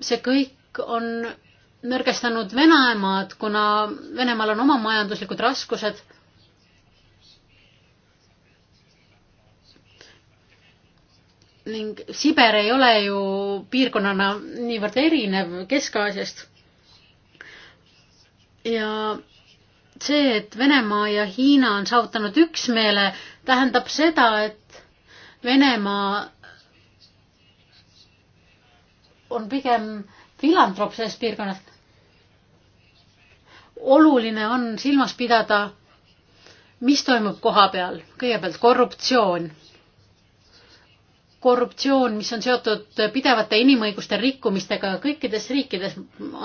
see kõik on nõrgestanud Venemaad, kuna Venemaal on oma majanduslikud raskused. ning Siber ei ole ju piirkonnana niivõrd erinev Kesk-Aasiast. ja see, et Venemaa ja Hiina on saavutanud üksmeele, tähendab seda, et Venemaa on pigem filantroop sellest piirkonnast. oluline on silmas pidada, mis toimub koha peal. kõigepealt korruptsioon. korruptsioon, mis on seotud pidevate inimõiguste rikkumistega kõikides riikides,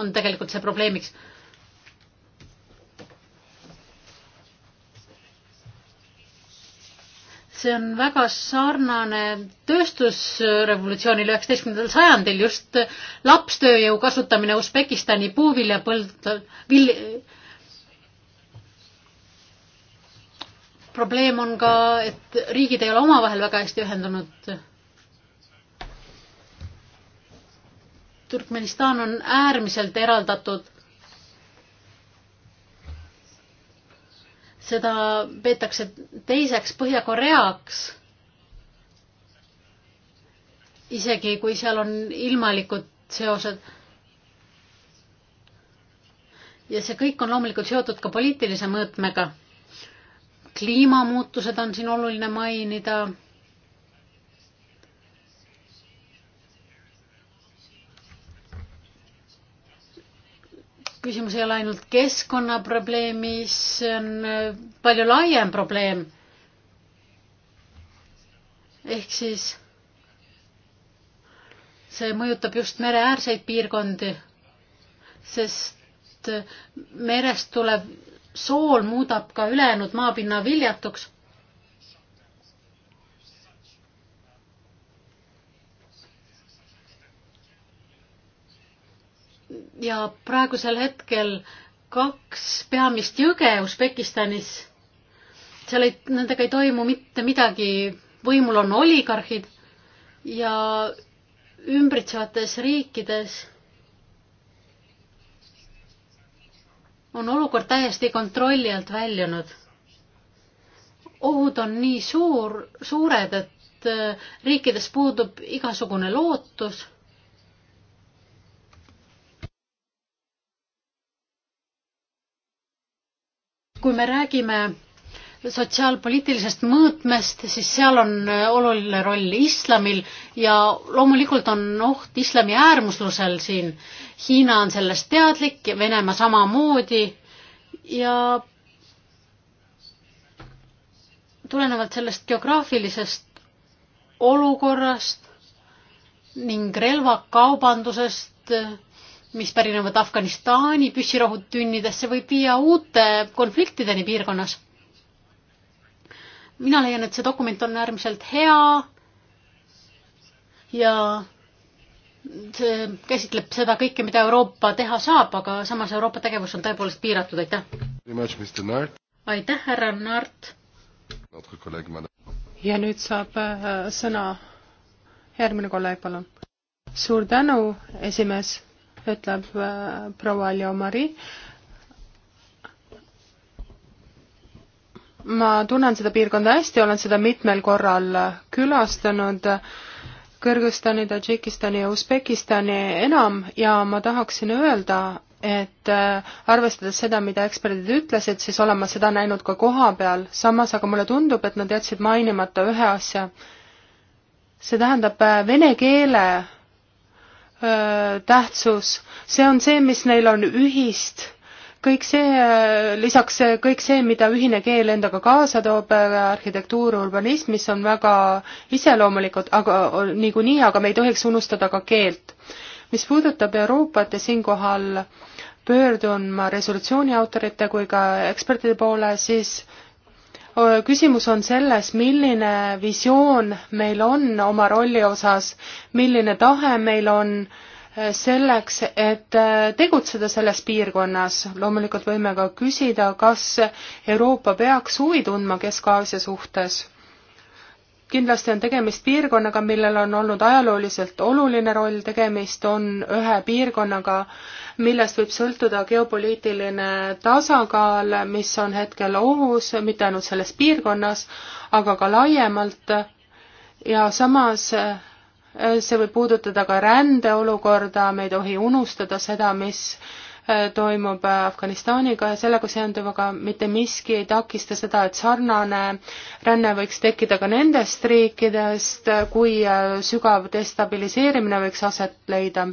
on tegelikult see probleemiks see on väga sarnane tööstusrevolutsioonile üheksateistkümnendal sajandil, just lapstööjõu kasutamine Usbekistani puuviljapõldadel, vil-. probleem on ka, et riigid ei ole omavahel väga hästi ühendunud. Türkmenistan on äärmiselt eraldatud seda peetakse teiseks Põhja-Koreaks. isegi kui seal on ilmalikud seosed. ja see kõik on loomulikult seotud ka poliitilise mõõtmega. kliimamuutused on siin oluline mainida küsimus ei ole ainult keskkonnaprobleemis, see on äh, palju laiem probleem. ehk siis see mõjutab just mereäärseid piirkondi, sest äh, merest tulev sool muudab ka ülejäänud maapinna viljatuks. ja praegusel hetkel kaks peamist jõge Usbekistanis, seal ei, nendega ei toimu mitte midagi, võimul on oligarhid ja ümbritsevates riikides on olukord täiesti kontrolli alt väljunud. ohud on nii suur, suured, et äh, riikides puudub igasugune lootus kui me räägime sotsiaalpoliitilisest mõõtmest, siis seal on oluline roll islamil ja loomulikult on oht islami äärmuslusel siin. Hiina on sellest teadlik ja Venemaa samamoodi ja tulenevalt sellest geograafilisest olukorrast ning relvakaubandusest mis pärinevad Afganistani püssirahutünnidesse, võib viia uute konfliktideni piirkonnas. mina leian, et see dokument on äärmiselt hea ja see käsitleb seda kõike, mida Euroopa teha saab, aga samas Euroopa tegevus on tõepoolest piiratud, aitäh. aitäh, härra Naart. ja nüüd saab äh, sõna järgmine kolleeg, palun. suur tänu, esimees ütleb äh, proua Leomari. ma tunnen seda piirkonda hästi, olen seda mitmel korral külastanud Kõrgõzstani, Tadžikistani ja Usbekistani enam ja ma tahaksin öelda, et äh, arvestades seda, mida eksperdid ütlesid, siis olen ma seda näinud ka koha peal, samas aga mulle tundub, et nad jätsid mainimata ühe asja. see tähendab äh, vene keele tähtsus, see on see, mis neil on ühist, kõik see, lisaks kõik see, mida ühine keel endaga kaasa toob, arhitektuur, urbanism, mis on väga iseloomulikud, aga niikuinii, aga me ei tohiks unustada ka keelt. mis puudutab Euroopat ja siinkohal pöördun ma resolutsiooni autorite kui ka ekspertide poole, siis küsimus on selles, milline visioon meil on oma rolli osas, milline tahe meil on äh, selleks, et äh, tegutseda selles piirkonnas. loomulikult võime ka küsida, kas Euroopa peaks huvi tundma Kesk-Aasia suhtes kindlasti on tegemist piirkonnaga, millel on olnud ajalooliselt oluline roll, tegemist on ühe piirkonnaga, millest võib sõltuda geopoliitiline tasakaal, mis on hetkel ohus, mitte ainult selles piirkonnas, aga ka laiemalt. ja samas eh, see võib puudutada ka rändeolukorda, me ei tohi unustada seda, mis Äh, toimub äh, Afganistaniga ja sellega seonduvaga, mitte miski ei takista seda, et sarnane ränne võiks tekkida ka nendest riikidest, äh, kui sügav destabiliseerimine võiks aset leida.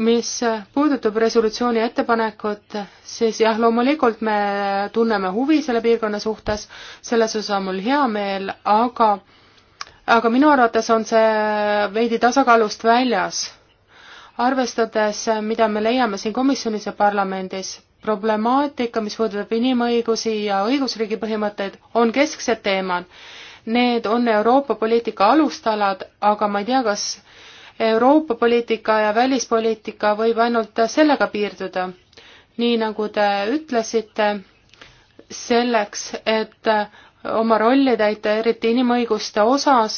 mis puudutab resolutsiooni ettepanekut, siis jah, loomulikult me tunneme huvi selle piirkonna suhtes, selles osas on mul hea meel, aga aga minu arvates on see veidi tasakaalust väljas arvestades, mida me leiame siin komisjonis ja parlamendis, problemaatika, mis puudutab inimõigusi ja õigusriigi põhimõtteid, on kesksed teemad. Need on Euroopa poliitika alustalad, aga ma ei tea, kas Euroopa poliitika ja välispoliitika võib ainult sellega piirduda. nii nagu te ütlesite, selleks, et oma rolli täita, eriti inimõiguste osas,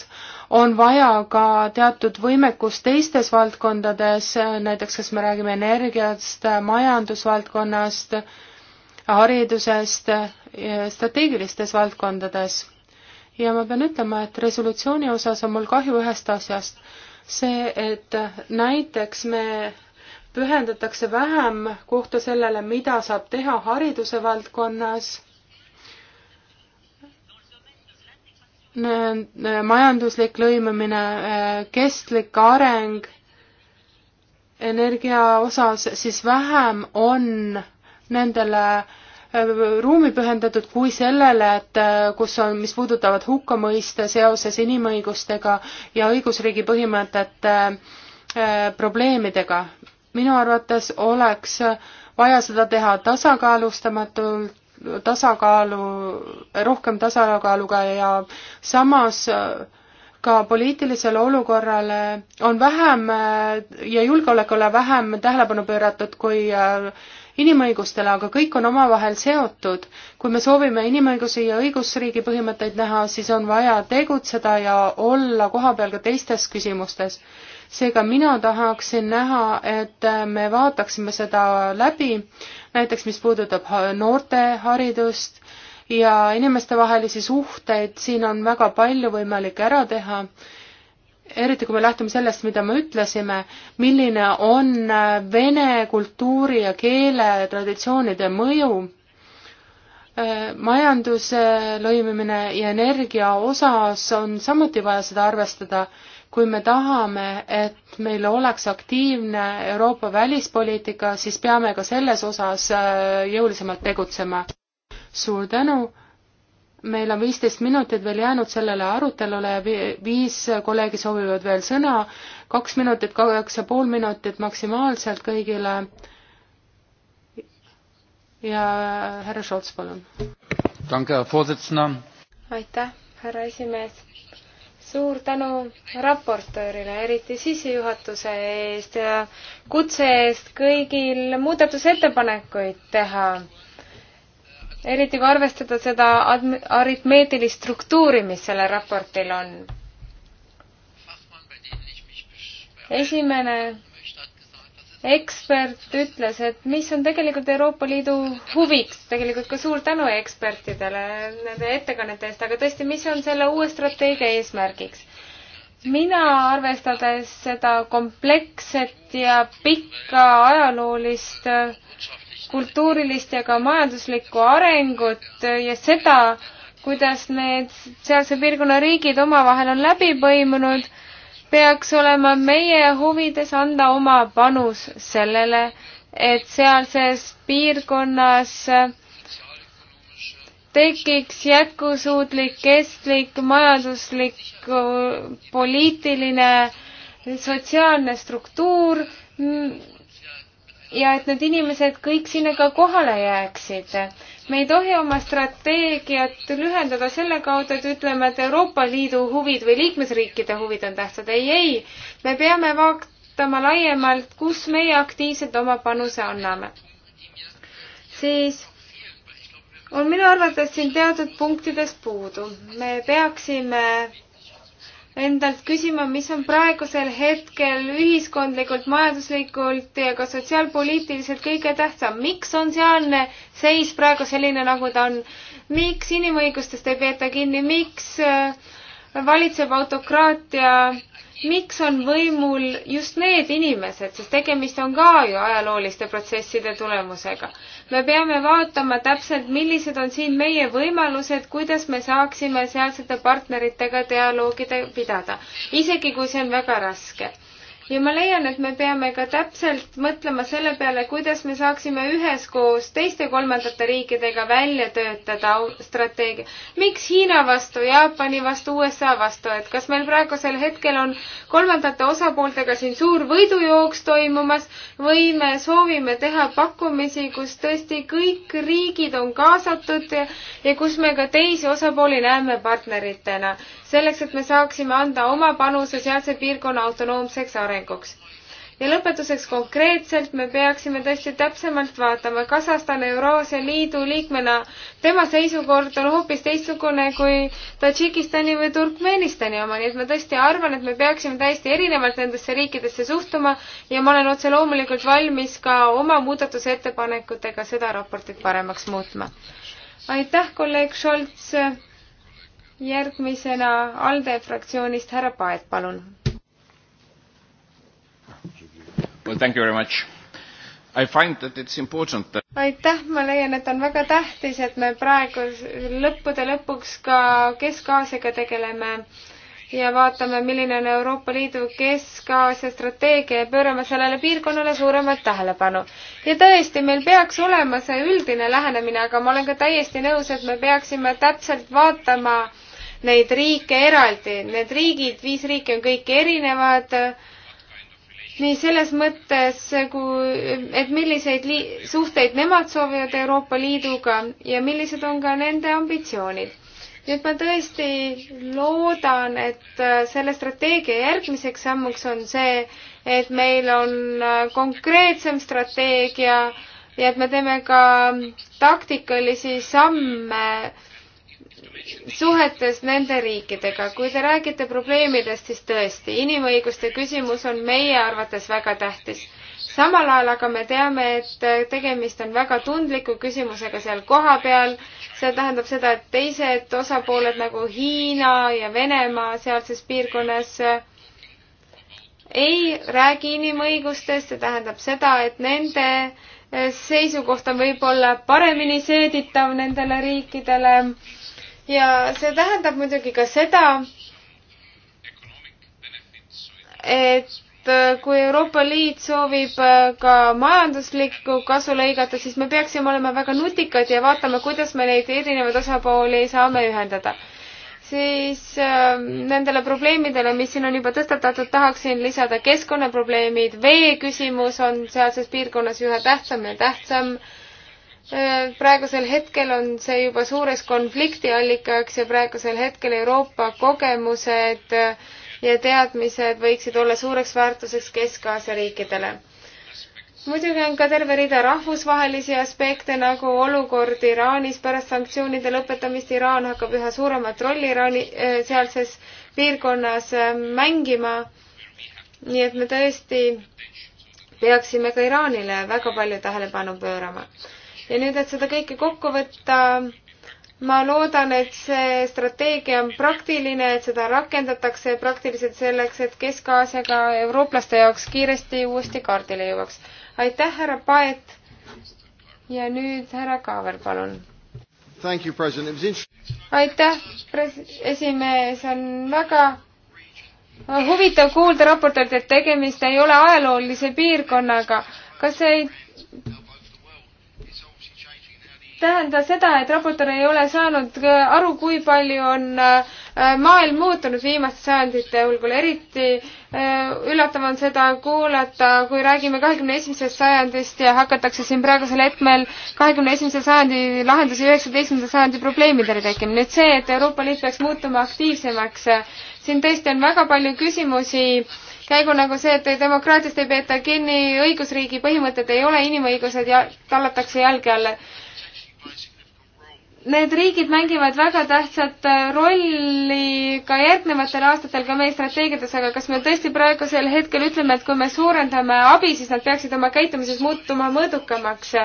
on vaja ka teatud võimekust teistes valdkondades, näiteks kas me räägime energiast, majandusvaldkonnast, haridusest, strateegilistes valdkondades. ja ma pean ütlema, et resolutsiooni osas on mul kahju ühest asjast. see, et näiteks me pühendatakse vähem kohta sellele, mida saab teha hariduse valdkonnas majanduslik lõimumine, äh, kestlik areng energia osas, siis vähem on nendele äh, ruumi pühendatud kui sellele, et äh, kus on, mis puudutavad hukkamõiste seoses inimõigustega ja õigusriigi põhimõtete probleemidega. minu arvates oleks vaja seda teha tasakaalustamatult tasakaalu, rohkem tasakaaluga ja samas ka poliitilisele olukorrale on vähem ja julgeolekule vähem tähelepanu pööratud kui äh, inimõigustele, aga kõik on omavahel seotud. kui me soovime inimõigusi ja õigusriigi põhimõtteid näha, siis on vaja tegutseda ja olla kohapeal ka teistes küsimustes seega mina tahaksin näha, et me vaataksime seda läbi, näiteks mis puudutab noorte haridust ja inimestevahelisi suhteid, siin on väga palju võimalik ära teha eriti kui me lähtume sellest, mida me ütlesime, milline on vene kultuuri ja keele traditsioonide mõju majanduse lõimimine ja energia osas on samuti vaja seda arvestada kui me tahame, et meil oleks aktiivne Euroopa välispoliitika, siis peame ka selles osas äh, jõulisemalt tegutsema. suur tänu, meil on viisteist minutit veel jäänud sellele arutelule ja viis kolleegi soovivad veel sõna, kaks minutit, kaks ja pool minutit maksimaalselt kõigile. ja härra Šolts, palun. aitäh, härra esimees suur tänu raportöörile, eriti sissejuhatuse eest ja kutse eest kõigil muudatusettepanekuid teha. eriti kui arvestada seda aritmeetilist struktuuri, mis sellel raportil on. esimene ekspert ütles, et mis on tegelikult Euroopa Liidu huviks, tegelikult ka suur tänu ekspertidele nende ettekannete eest, aga tõesti, mis on selle uue strateegia eesmärgiks? mina, arvestades seda kompleksset ja pikka ajaloolist kultuurilist ja ka majanduslikku arengut ja seda, kuidas need sealse piirkonna riigid omavahel on läbi põimunud peaks olema meie huvides anda oma panus sellele, et sealses piirkonnas tekiks jätkusuutlik, kestlik, majanduslik, poliitiline, sotsiaalne struktuur, ja et need inimesed kõik sinna ka kohale jääksid. me ei tohi oma strateegiat lühendada selle kaudu, et ütleme, et Euroopa Liidu huvid või liikmesriikide huvid on tähtsad. ei, ei, me peame vaatama laiemalt, kus meie aktiivselt oma panuse anname. siis on minu arvates siin teatud punktidest puudu. me peaksime endalt küsima, mis on praegusel hetkel ühiskondlikult, majanduslikult ja ka sotsiaalpoliitiliselt kõige tähtsam. miks on sealne seis praegu selline, nagu ta on? miks inimõigustest ei peeta kinni, miks äh, valitseb autokraatia miks on võimul just need inimesed, sest tegemist on ka ju ajalooliste protsesside tulemusega. me peame vaatama täpselt, millised on siin meie võimalused, kuidas me saaksime sealsete partneritega dialoogide pidada, isegi kui see on väga raske ja ma leian, et me peame ka täpselt mõtlema selle peale, kuidas me saaksime üheskoos teiste kolmandate riikidega välja töötada strateegia. miks Hiina vastu, Jaapani vastu, USA vastu, et kas meil praegusel hetkel on kolmandate osapooltega siin suur võidujooks toimumas või me soovime teha pakkumisi, kus tõesti kõik riigid on kaasatud ja, ja kus me ka teisi osapooli näeme partneritena selleks, et me saaksime anda oma panuse sealse piirkonna autonoomseks arenguks. ja lõpetuseks konkreetselt me peaksime tõesti täpsemalt vaatama, Kasahstan Euraasia Liidu liikmena, tema seisukord on hoopis teistsugune kui Tadžikistani või Turkmenistani oma, nii et ma tõesti arvan, et me peaksime täiesti erinevalt nendesse riikidesse suhtuma ja ma olen otse loomulikult valmis ka oma muudatusettepanekutega seda raportit paremaks muutma. aitäh, kolleeg Šolts järgmisena ALDE fraktsioonist härra Paet, palun. Well, thank you very much. I find that it's important that aitäh, ma leian, et on väga tähtis, et me praegu lõppude lõpuks ka Kesk-Aasiaga tegeleme ja vaatame, milline on Euroopa Liidu Kesk-Aasia strateegia ja pöörame sellele piirkonnale suuremat tähelepanu. ja tõesti, meil peaks olema see üldine lähenemine, aga ma olen ka täiesti nõus, et me peaksime täpselt vaatama, neid riike eraldi. Need riigid, viis riiki on kõik erinevad, nii selles mõttes, kui, et milliseid lii-, suhteid nemad soovivad Euroopa Liiduga ja millised on ka nende ambitsioonid. nüüd ma tõesti loodan, et selle strateegia järgmiseks sammuks on see, et meil on konkreetsem strateegia ja et me teeme ka taktikalisi samme suhetes nende riikidega. kui te räägite probleemidest, siis tõesti, inimõiguste küsimus on meie arvates väga tähtis. samal ajal aga me teame, et tegemist on väga tundliku küsimusega seal kohapeal. see tähendab seda, et teised osapooled nagu Hiina ja Venemaa sealses piirkonnas ei räägi inimõigustest, see tähendab seda, et nende seisukoht on võib-olla paremini seeditav nendele riikidele ja see tähendab muidugi ka seda, et äh, kui Euroopa Liit soovib äh, ka majanduslikku kasu lõigata, siis me peaksime olema väga nutikad ja vaatama, kuidas me neid erinevaid osapooli saame ühendada. siis äh, nendele probleemidele, mis siin on juba tõstatatud, tahaksin lisada keskkonnaprobleemid, vee küsimus on sealses piirkonnas üha tähtsam ja tähtsam äh, Äh, praegusel hetkel on see juba suures konfliktiallikaks ja praegusel hetkel Euroopa kogemused äh, ja teadmised võiksid olla suureks väärtuseks Kesk-Aasia riikidele. muidugi on ka terve rida rahvusvahelisi aspekte nagu olukord Iraanis pärast sanktsioonide lõpetamist. Iraan hakkab üha suuremat rolli Iraani äh, sealses piirkonnas mängima. nii et me tõesti peaksime ka Iraanile väga palju tähelepanu pöörama ja nüüd, et seda kõike kokku võtta, ma loodan, et see strateegia on praktiline, et seda rakendatakse praktiliselt selleks, et Kesk-Aasiaga eurooplaste jaoks kiiresti uuesti kaardile jõuaks. aitäh, härra Paet. ja nüüd härra Kaaver, palun You, aitäh, esimees, on väga huvitav kuulda raportilt, et tegemist ei ole ajaloolise piirkonnaga. kas ei tähenda seda, et raportöör ei ole saanud äh, aru, kui palju on äh, maailm muutunud viimaste sajandite hulgul, eriti äh, üllatav on seda kuulata, kui räägime kahekümne esimesest sajandist ja hakatakse siin praegusel hetkel kahekümne esimese sajandi lahendusi üheksateistkümnenda sajandi probleemidele tekkima. nüüd see, et Euroopa Liit peaks muutuma aktiivsemaks, siin tõesti on väga palju küsimusi käigu nagu see, et demokraatiast ei peeta kinni, õigusriigi põhimõtted ei ole inimõigused ja tallatakse jalge alla need riigid mängivad väga tähtsat äh, rolli ka järgnevatel aastatel ka meie strateegiates, aga kas me tõesti praegusel hetkel ütleme, et kui me suurendame abi, siis nad peaksid oma käitumises muutuma mõõdukamaks?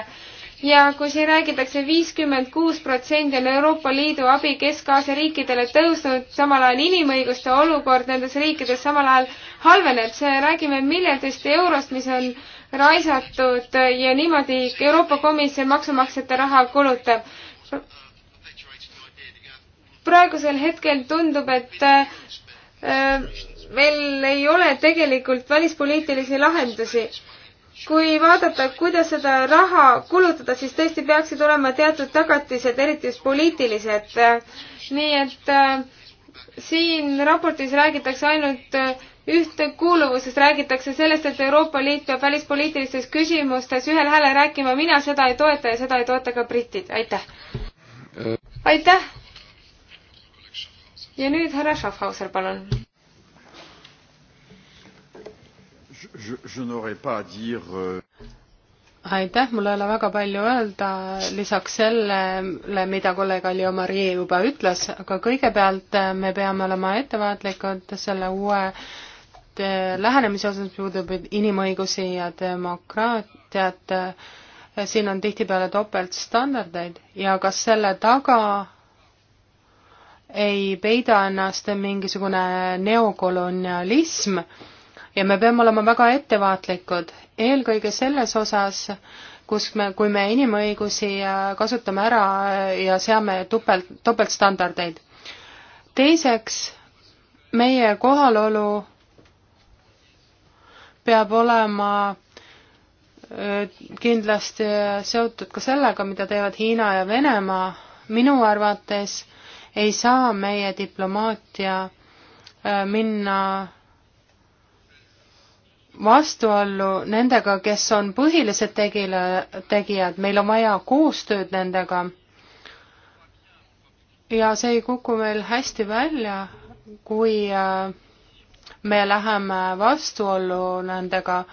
ja kui siin räägitakse, viiskümmend kuus protsenti on Euroopa Liidu abi Kesk-Aasia riikidele tõusnud, samal ajal inimõiguste olukord nendes riikides samal ajal halveneb, see, räägime miljardist eurost, mis on raisatud ja niimoodi Euroopa Komisjon maksumaksjate raha kulutab praegusel hetkel tundub, et äh, meil ei ole tegelikult välispoliitilisi lahendusi kui vaadata, kuidas seda raha kulutada, siis tõesti peaksid olema teatud tagatised, eriti just poliitilised. nii et äh, siin raportis räägitakse ainult äh, ühtekuuluvusest, räägitakse sellest, et Euroopa Liit peab välispoliitilistes küsimustes ühel häälel rääkima, mina seda ei toeta ja seda ei toeta ka britid, aitäh. aitäh ja nüüd härra Schaffhauser, palun. Euh, aitäh, mul ei ole väga palju öelda lisaks sellele, mida kolleeg Aljo Marie juba ütles, aga kõigepealt äh, me peame olema ettevaatlikud selle uue äh, lähenemise osas, mis puudutab inimõigusi ja demokraatiat. Äh, siin on tihtipeale topeltstandardeid ja kas selle taga ei peida ennast mingisugune neokolonialism ja me peame olema väga ettevaatlikud, eelkõige selles osas, kus me, kui me inimõigusi äh, kasutame ära ja seame topelt, topeltstandardeid. teiseks, meie kohalolu peab olema äh, kindlasti seotud ka sellega, mida teevad Hiina ja Venemaa. minu arvates ei saa meie diplomaatia äh, minna vastuollu nendega, kes on põhilised tegile, tegijad, meil on vaja koostööd nendega. ja see ei kuku meil hästi välja, kui äh, me läheme vastuollu nendega,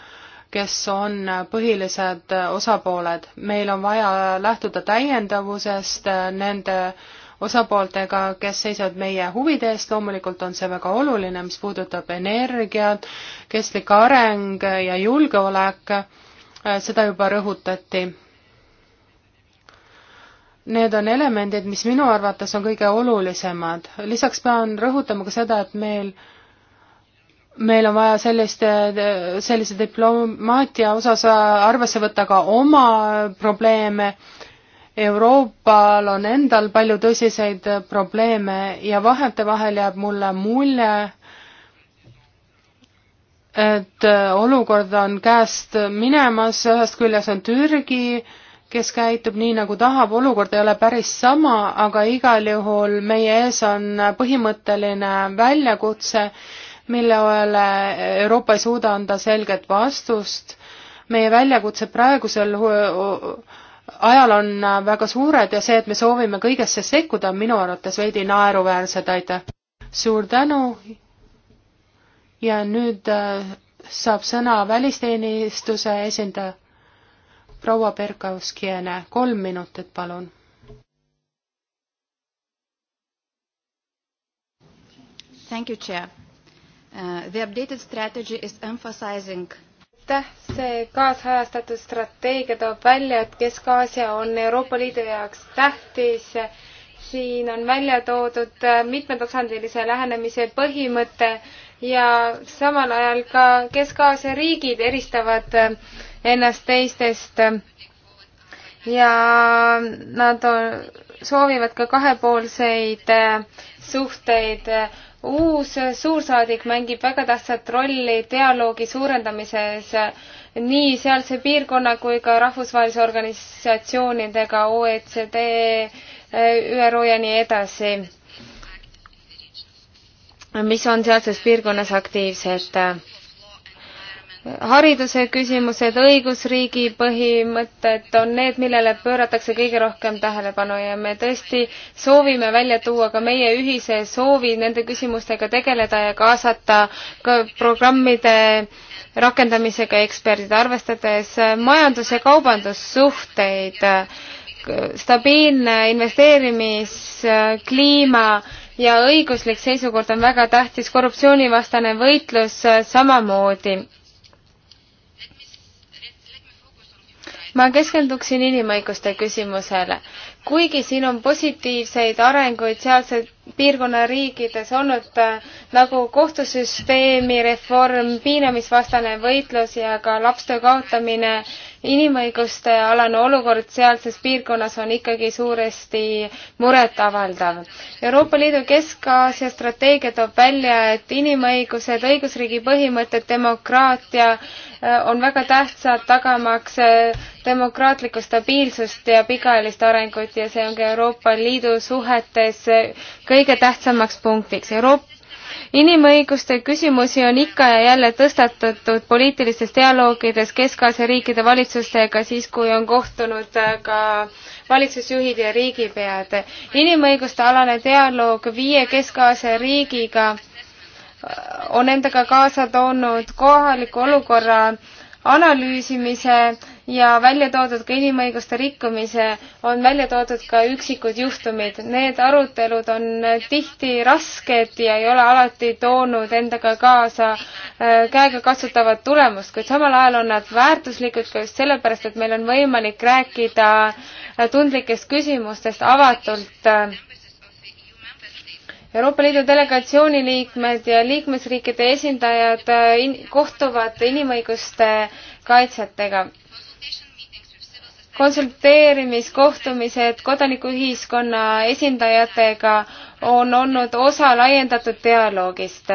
kes on äh, põhilised osapooled. meil on vaja lähtuda täiendavusest nende äh, osapooltega, kes seisavad meie huvide eest, loomulikult on see väga oluline, mis puudutab energiat, kestlik areng ja julgeolek, seda juba rõhutati. Need on elemendid, mis minu arvates on kõige olulisemad. lisaks pean rõhutama ka seda, et meil meil on vaja selliste, sellise diplomaatia osas arvesse võtta ka oma probleeme Euroopal on endal palju tõsiseid probleeme ja vahetevahel jääb mulle mulje, et olukord on käest minemas, ühest küljest on Türgi, kes käitub nii, nagu tahab, olukord ei ole päris sama, aga igal juhul meie ees on põhimõtteline väljakutse, millele Euroopa ei suuda anda selget vastust. meie väljakutse praegusel ajal on väga suured ja see, et me soovime kõigesse sekkuda, on minu arvates veidi naeruväärsed, aitäh. suur tänu. ja nüüd äh, saab sõna välisteenistuse esindaja proua Berkovskiene, kolm minutit, palun. Thank you, chair uh,. The updated strategy is emphasizing aitäh, see kaasajastatud strateegia toob välja, et Kesk-Aasia on Euroopa Liidu jaoks tähtis. siin on välja toodud mitmetasandilise lähenemise põhimõte ja samal ajal ka Kesk-Aasia riigid eristavad ennast teistest ja nad on, soovivad ka kahepoolseid suhteid uus suursaadik mängib väga tähtsat rolli dialoogi suurendamises nii sealse piirkonna kui ka rahvusvahelise organisatsioonidega OECD, ÜRO ja nii edasi, mis on sealses piirkonnas aktiivsed hariduse küsimused, õigusriigi põhimõtted on need, millele pööratakse kõige rohkem tähelepanu ja me tõesti soovime välja tuua ka meie ühise soovi nende küsimustega tegeleda ja kaasata ka programmide rakendamisega eksperdid, arvestades majandus- ja kaubandussuhteid, stabiilne investeerimiskliima ja õiguslik seisukord on väga tähtis, korruptsioonivastane võitlus samamoodi ma keskenduksin inimõiguste küsimusele. kuigi siin on positiivseid arenguid sealse piirkonna riikides olnud, äh, nagu kohtusüsteemi reform, piinamisvastane võitlus ja ka lapstöö kaotamine, inimõiguste alane olukord sealses piirkonnas on ikkagi suuresti muretavaldav. Euroopa Liidu Kesk-Aasia strateegia toob välja, et inimõigused, õigusriigi põhimõtted, demokraatia äh, on väga tähtsad tagamaks äh, demokraatlikku stabiilsust ja pikaajalist arengut ja see on ka Euroopa Liidu suhetes kõige kõige tähtsamaks punktiks. Euroopa inimõiguste küsimusi on ikka ja jälle tõstatatud poliitilistes dialoogides Kesk-Aasia riikide valitsustega, siis kui on kohtunud äh, ka valitsusjuhid ja riigipead. inimõiguste alane dialoog viie Kesk-Aasia riigiga äh, on endaga kaasa toonud kohaliku olukorra analüüsimise ja välja toodud ka inimõiguste rikkumise, on välja toodud ka üksikud juhtumid. Need arutelud on tihti rasked ja ei ole alati toonud endaga kaasa äh, käegakatsutavat tulemust, kuid samal ajal on nad väärtuslikud ka just sellepärast, et meil on võimalik rääkida äh, tundlikest küsimustest avatult äh. Euroopa Liidu delegatsiooni liikmed ja liikmesriikide esindajad in kohtuvad inimõiguste kaitsjatega konsulteerimiskohtumised kodanikuühiskonna esindajatega on olnud osa laiendatud dialoogist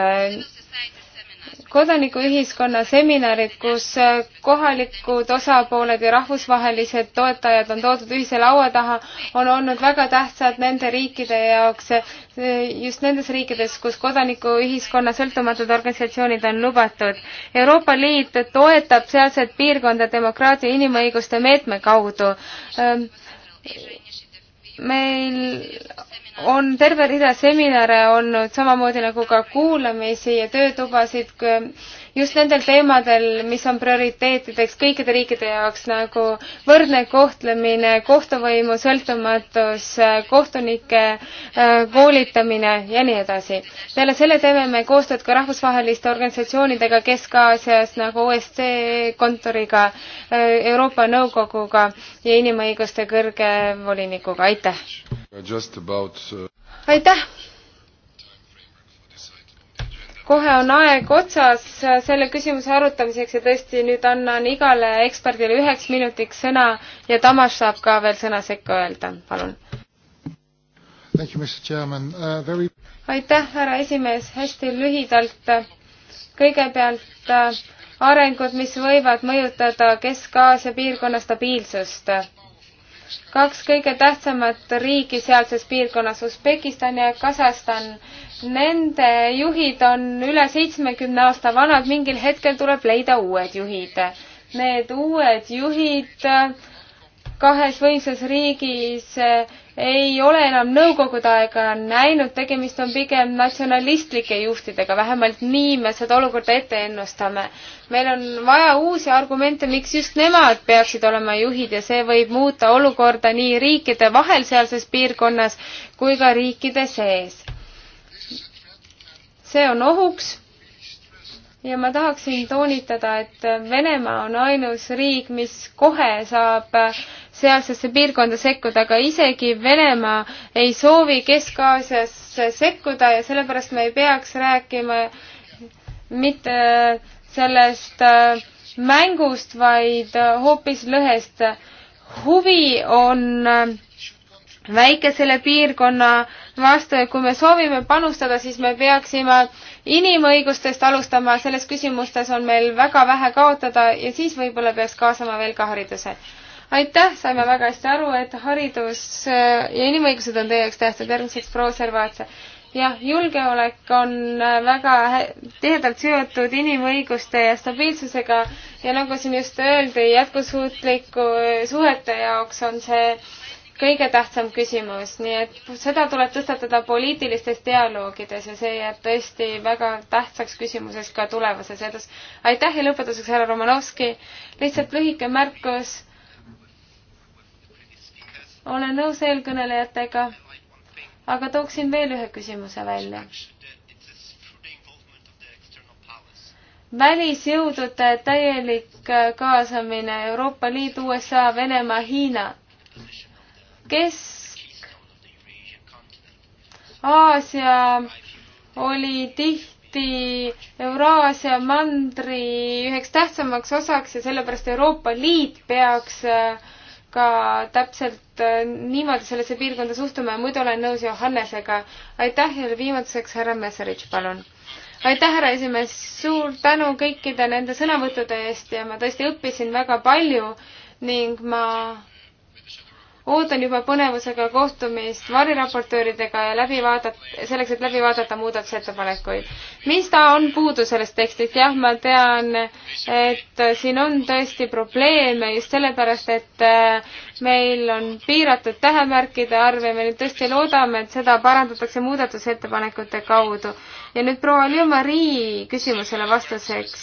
kodanikuühiskonna seminarid, kus äh, kohalikud osapooled ja rahvusvahelised toetajad on toodud ühise laua taha, on olnud väga tähtsad nende riikide jaoks, äh, just nendes riikides, kus kodanikuühiskonna sõltumatud organisatsioonid on lubatud. Euroopa Liit toetab sealset piirkonda demokraatia ja inimõiguste meetme kaudu ähm, meil on terve rida seminare olnud, samamoodi nagu ka kuulamisi ja töötubasid just nendel teemadel, mis on prioriteetideks kõikide riikide jaoks nagu võrdne kohtlemine, kohtuvõimu sõltumatus, kohtunike äh, koolitamine ja nii edasi. peale selle teeme me koostööd ka rahvusvaheliste organisatsioonidega Kesk-Aasias nagu OSCE kontoriga, äh, Euroopa Nõukoguga ja inimõiguste kõrge volinikuga, aitäh! About... Uh, aitäh! kohe on aeg otsas selle küsimuse arutamiseks ja tõesti nüüd annan igale eksperdile üheks minutiks sõna ja Tamas saab ka veel sõna sekka öelda, palun. Uh, very... aitäh, härra esimees, hästi lühidalt. kõigepealt uh, arengud, mis võivad mõjutada Kesk-Aasia piirkonna stabiilsust kaks kõige tähtsamat riiki sealses piirkonnas, Usbekistan ja Kasahstan. Nende juhid on üle seitsmekümne aasta vanad, mingil hetkel tuleb leida uued juhid. Need uued juhid kahes võimsas riigis eh, ei ole enam nõukogude aega näinud, tegemist on pigem natsionalistlike juhtidega, vähemalt nii me seda olukorda ette ennustame. meil on vaja uusi argumente, miks just nemad peaksid olema juhid ja see võib muuta olukorda nii riikide vahel sealses piirkonnas kui ka riikide sees. see on ohuks ja ma tahaksin toonitada, et Venemaa on ainus riik, mis kohe saab sealsesse piirkonda sekkuda, aga isegi Venemaa ei soovi Kesk-Aasiasse sekkuda ja sellepärast me ei peaks rääkima mitte äh, sellest äh, mängust, vaid äh, hoopis lõhest. huvi on väikesele piirkonna vastu ja kui me soovime panustada, siis me peaksime inimõigustest alustama, selles küsimustes on meil väga vähe kaotada ja siis võib-olla peaks kaasama veel ka hariduse aitäh, saime väga hästi aru, et haridus äh, ja inimõigused on teie jaoks tähtsad, järgmiseks proua Servaatse. jah, julgeolek on äh, väga tihedalt seotud inimõiguste ja stabiilsusega ja nagu siin just öeldi, jätkusuutliku äh, suhete jaoks on see kõige tähtsam küsimus, nii et seda tuleb tõstatada poliitilistes dialoogides ja see jääb tõesti väga tähtsaks küsimuseks ka tulevases edus. aitäh ja lõpetuseks, härra Romanovski, lihtsalt lühike märkus olen nõus eelkõnelejatega, aga tooksin veel ühe küsimuse välja. välisjõudude täielik äh, kaasamine Euroopa Liit, USA, Venemaa, Hiina. Kesk-Aasia oli tihti Euraasia mandri üheks tähtsamaks osaks ja sellepärast Euroopa Liit peaks äh, ka täpselt äh, niimoodi sellesse piirkonda suhtume, muidu olen nõus Johannesega. aitäh ja viimaseks härra Messerich, palun. aitäh, härra esimees, suur tänu kõikide nende sõnavõttude eest ja ma tõesti õppisin väga palju ning ma ootan juba põnevusega kohtumist variraportööridega ja läbi vaadata, selleks, et läbi vaadata muudatusettepanekuid. mis ta on puudu sellest tekstist, jah, ma tean, et siin on tõesti probleeme just sellepärast, et äh, meil on piiratud tähemärkide arv ja me nüüd tõesti loodame, et seda parandatakse muudatusettepanekute kaudu. ja nüüd proua Liu-Marii küsimusele vastuseks.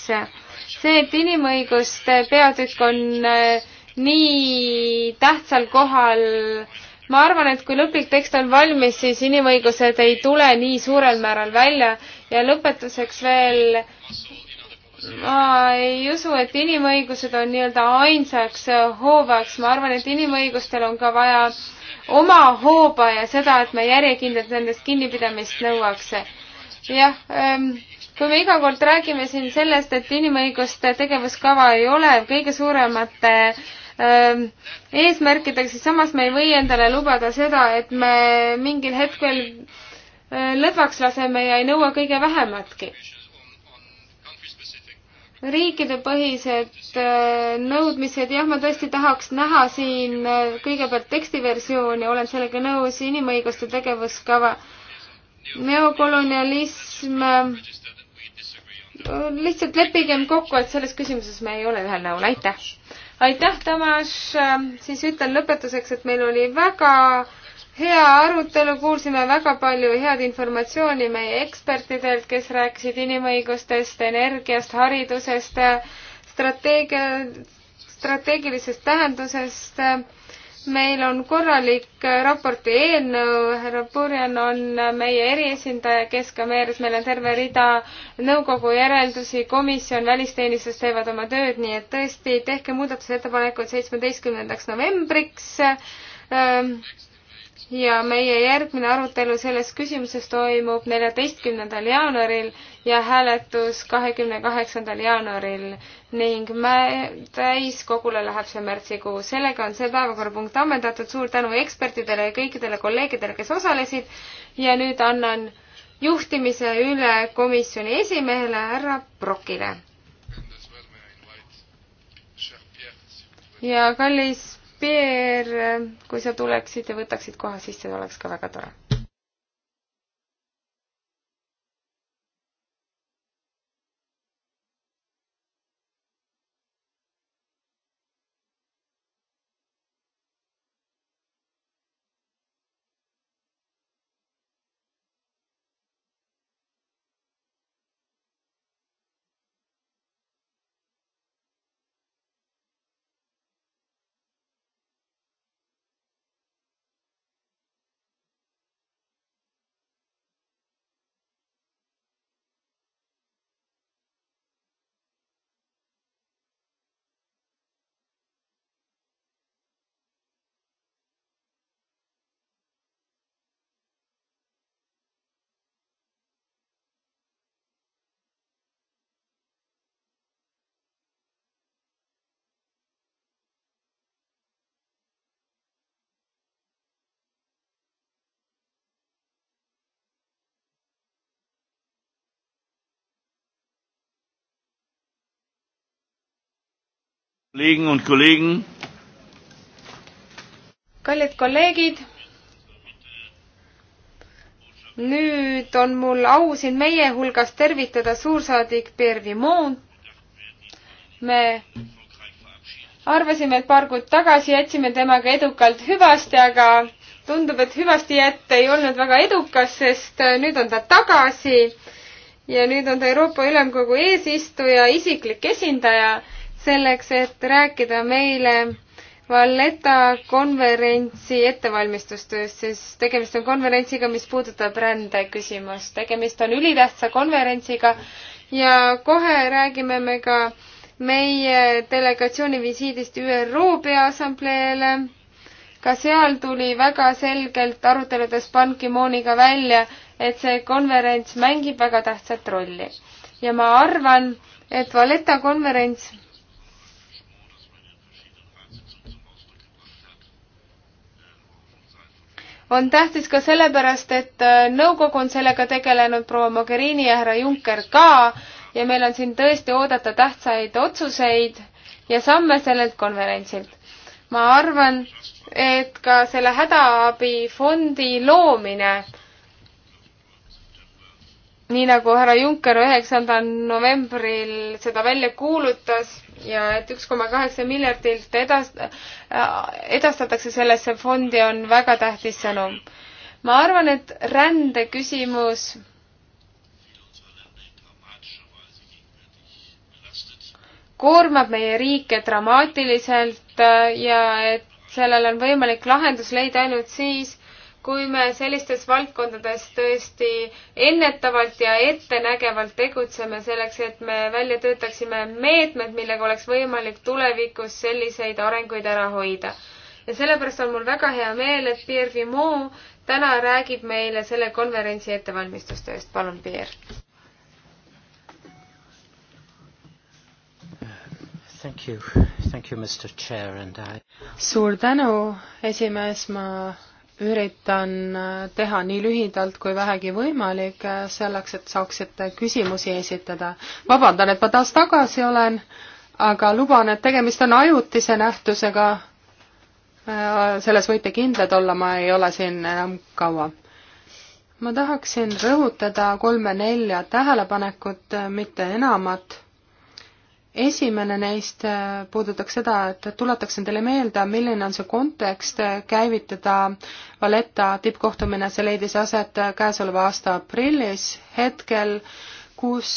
see, et inimõiguste peatükk on äh, nii tähtsal kohal. ma arvan, et kui lõplik tekst on valmis, siis inimõigused ei tule nii suurel määral välja ja lõpetuseks veel ma ei usu, et inimõigused on nii-öelda ainsaks hoovaks, ma arvan, et inimõigustel on ka vaja oma hooba ja seda, et me järjekindlalt nendest kinnipidamist nõuaks. jah, ehm, kui me iga kord räägime siin sellest, et inimõiguste tegevuskava ei ole kõige suuremate äh, Ehm, eesmärkidega, siis samas me ei või endale lubada seda, et me mingil hetkel eh, lõdvaks laseme ja ei nõua kõige vähematki. riikidepõhised eh, nõudmised, jah, ma tõesti tahaks näha siin eh, kõigepealt tekstiversiooni, olen sellega nõus, inimõiguste tegevuskava, neokolonialism, lihtsalt leppigem kokku, et selles küsimuses me ei ole ühel nõul, aitäh! aitäh, Tamas, ähm, siis ütlen lõpetuseks, et meil oli väga hea arutelu, kuulsime väga palju head informatsiooni meie ekspertidelt, kes rääkisid inimõigustest, energiast, haridusest, strateegia, strateegilisest tähendusest meil on korralik äh, raporti eelnõu, härra Purjan on äh, meie eriesindaja Kesk-Ameerias, meil on terve rida nõukogu järeldusi, komisjon, välisteenistus teevad oma tööd, nii et tõesti, tehke muudatusettepanekud seitsmeteistkümnendaks novembriks ähm, ja meie järgmine arutelu selles küsimuses toimub neljateistkümnendal jaanuaril ja hääletus kahekümne kaheksandal jaanuaril ning täiskogule läheb see märtsikuu. sellega on see päevakorrapunkt ammendatud, suur tänu ekspertidele ja kõikidele kolleegidele, kes osalesid ja nüüd annan juhtimise üle komisjoni esimehele härra Brokile. ja kallis Pierre, kui sa tuleksid ja võtaksid koha sisse, oleks ka väga tore kallid kolleegid, nüüd on mul au siin meie hulgas tervitada suursaadik Pierre Vimont. me arvasime, et paar kuud tagasi jätsime temaga edukalt hüvasti, aga tundub, et hüvasti jätt ei olnud väga edukas, sest nüüd on ta tagasi ja nüüd on ta Euroopa Ülemkogu eesistuja, isiklik esindaja selleks, et rääkida meile Valletta konverentsi ettevalmistustööst, siis tegemist on konverentsiga, mis puudutab rändeküsimust. tegemist on ülitähtsa konverentsiga ja kohe räägime me ka meie delegatsiooni visiidist ÜRO Peaassambleele. ka seal tuli väga selgelt aruteludes Ban Ki-mooniga välja, et see konverents mängib väga tähtsat rolli. ja ma arvan, et Valletta konverents on tähtis ka sellepärast, et äh, nõukogu on sellega tegelenud, proua Mogherini ja härra Juncker ka ja meil on siin tõesti oodata tähtsaid otsuseid ja samme sellelt konverentsilt. ma arvan, et ka selle hädaabifondi loomine nii nagu härra Juncker üheksandal novembril seda välja kuulutas ja et üks koma kaheksa miljardilt edast-, edastatakse sellesse fondi, on väga tähtis sõnum. ma arvan, et rändeküsimus koormab meie riike dramaatiliselt ja et sellele on võimalik lahendus leida ainult siis, kui me sellistes valdkondades tõesti ennetavalt ja ettenägevalt tegutseme selleks, et me välja töötaksime meetmed, millega oleks võimalik tulevikus selliseid arenguid ära hoida. ja sellepärast on mul väga hea meel, et Pierre Vimont täna räägib meile selle konverentsi ettevalmistustööst. palun, Pierre. Thank you, thank you, Mr Chair and I. suur tänu, esimees, ma üritan äh, teha nii lühidalt kui vähegi võimalik, äh, selleks et saaksite küsimusi esitada. vabandan, et ma taas tagasi olen, aga luban, et tegemist on ajutise nähtusega. Äh, selles võite kindlad olla, ma ei ole siin enam kaua. ma tahaksin rõhutada kolme-nelja tähelepanekut, mitte enamat esimene neist äh, puudutaks seda, et tuletaksin teile meelde, milline on see kontekst äh, käivitada Valetta tippkohtumine, see leidis aset äh, käesoleva aasta aprillis, hetkel, kus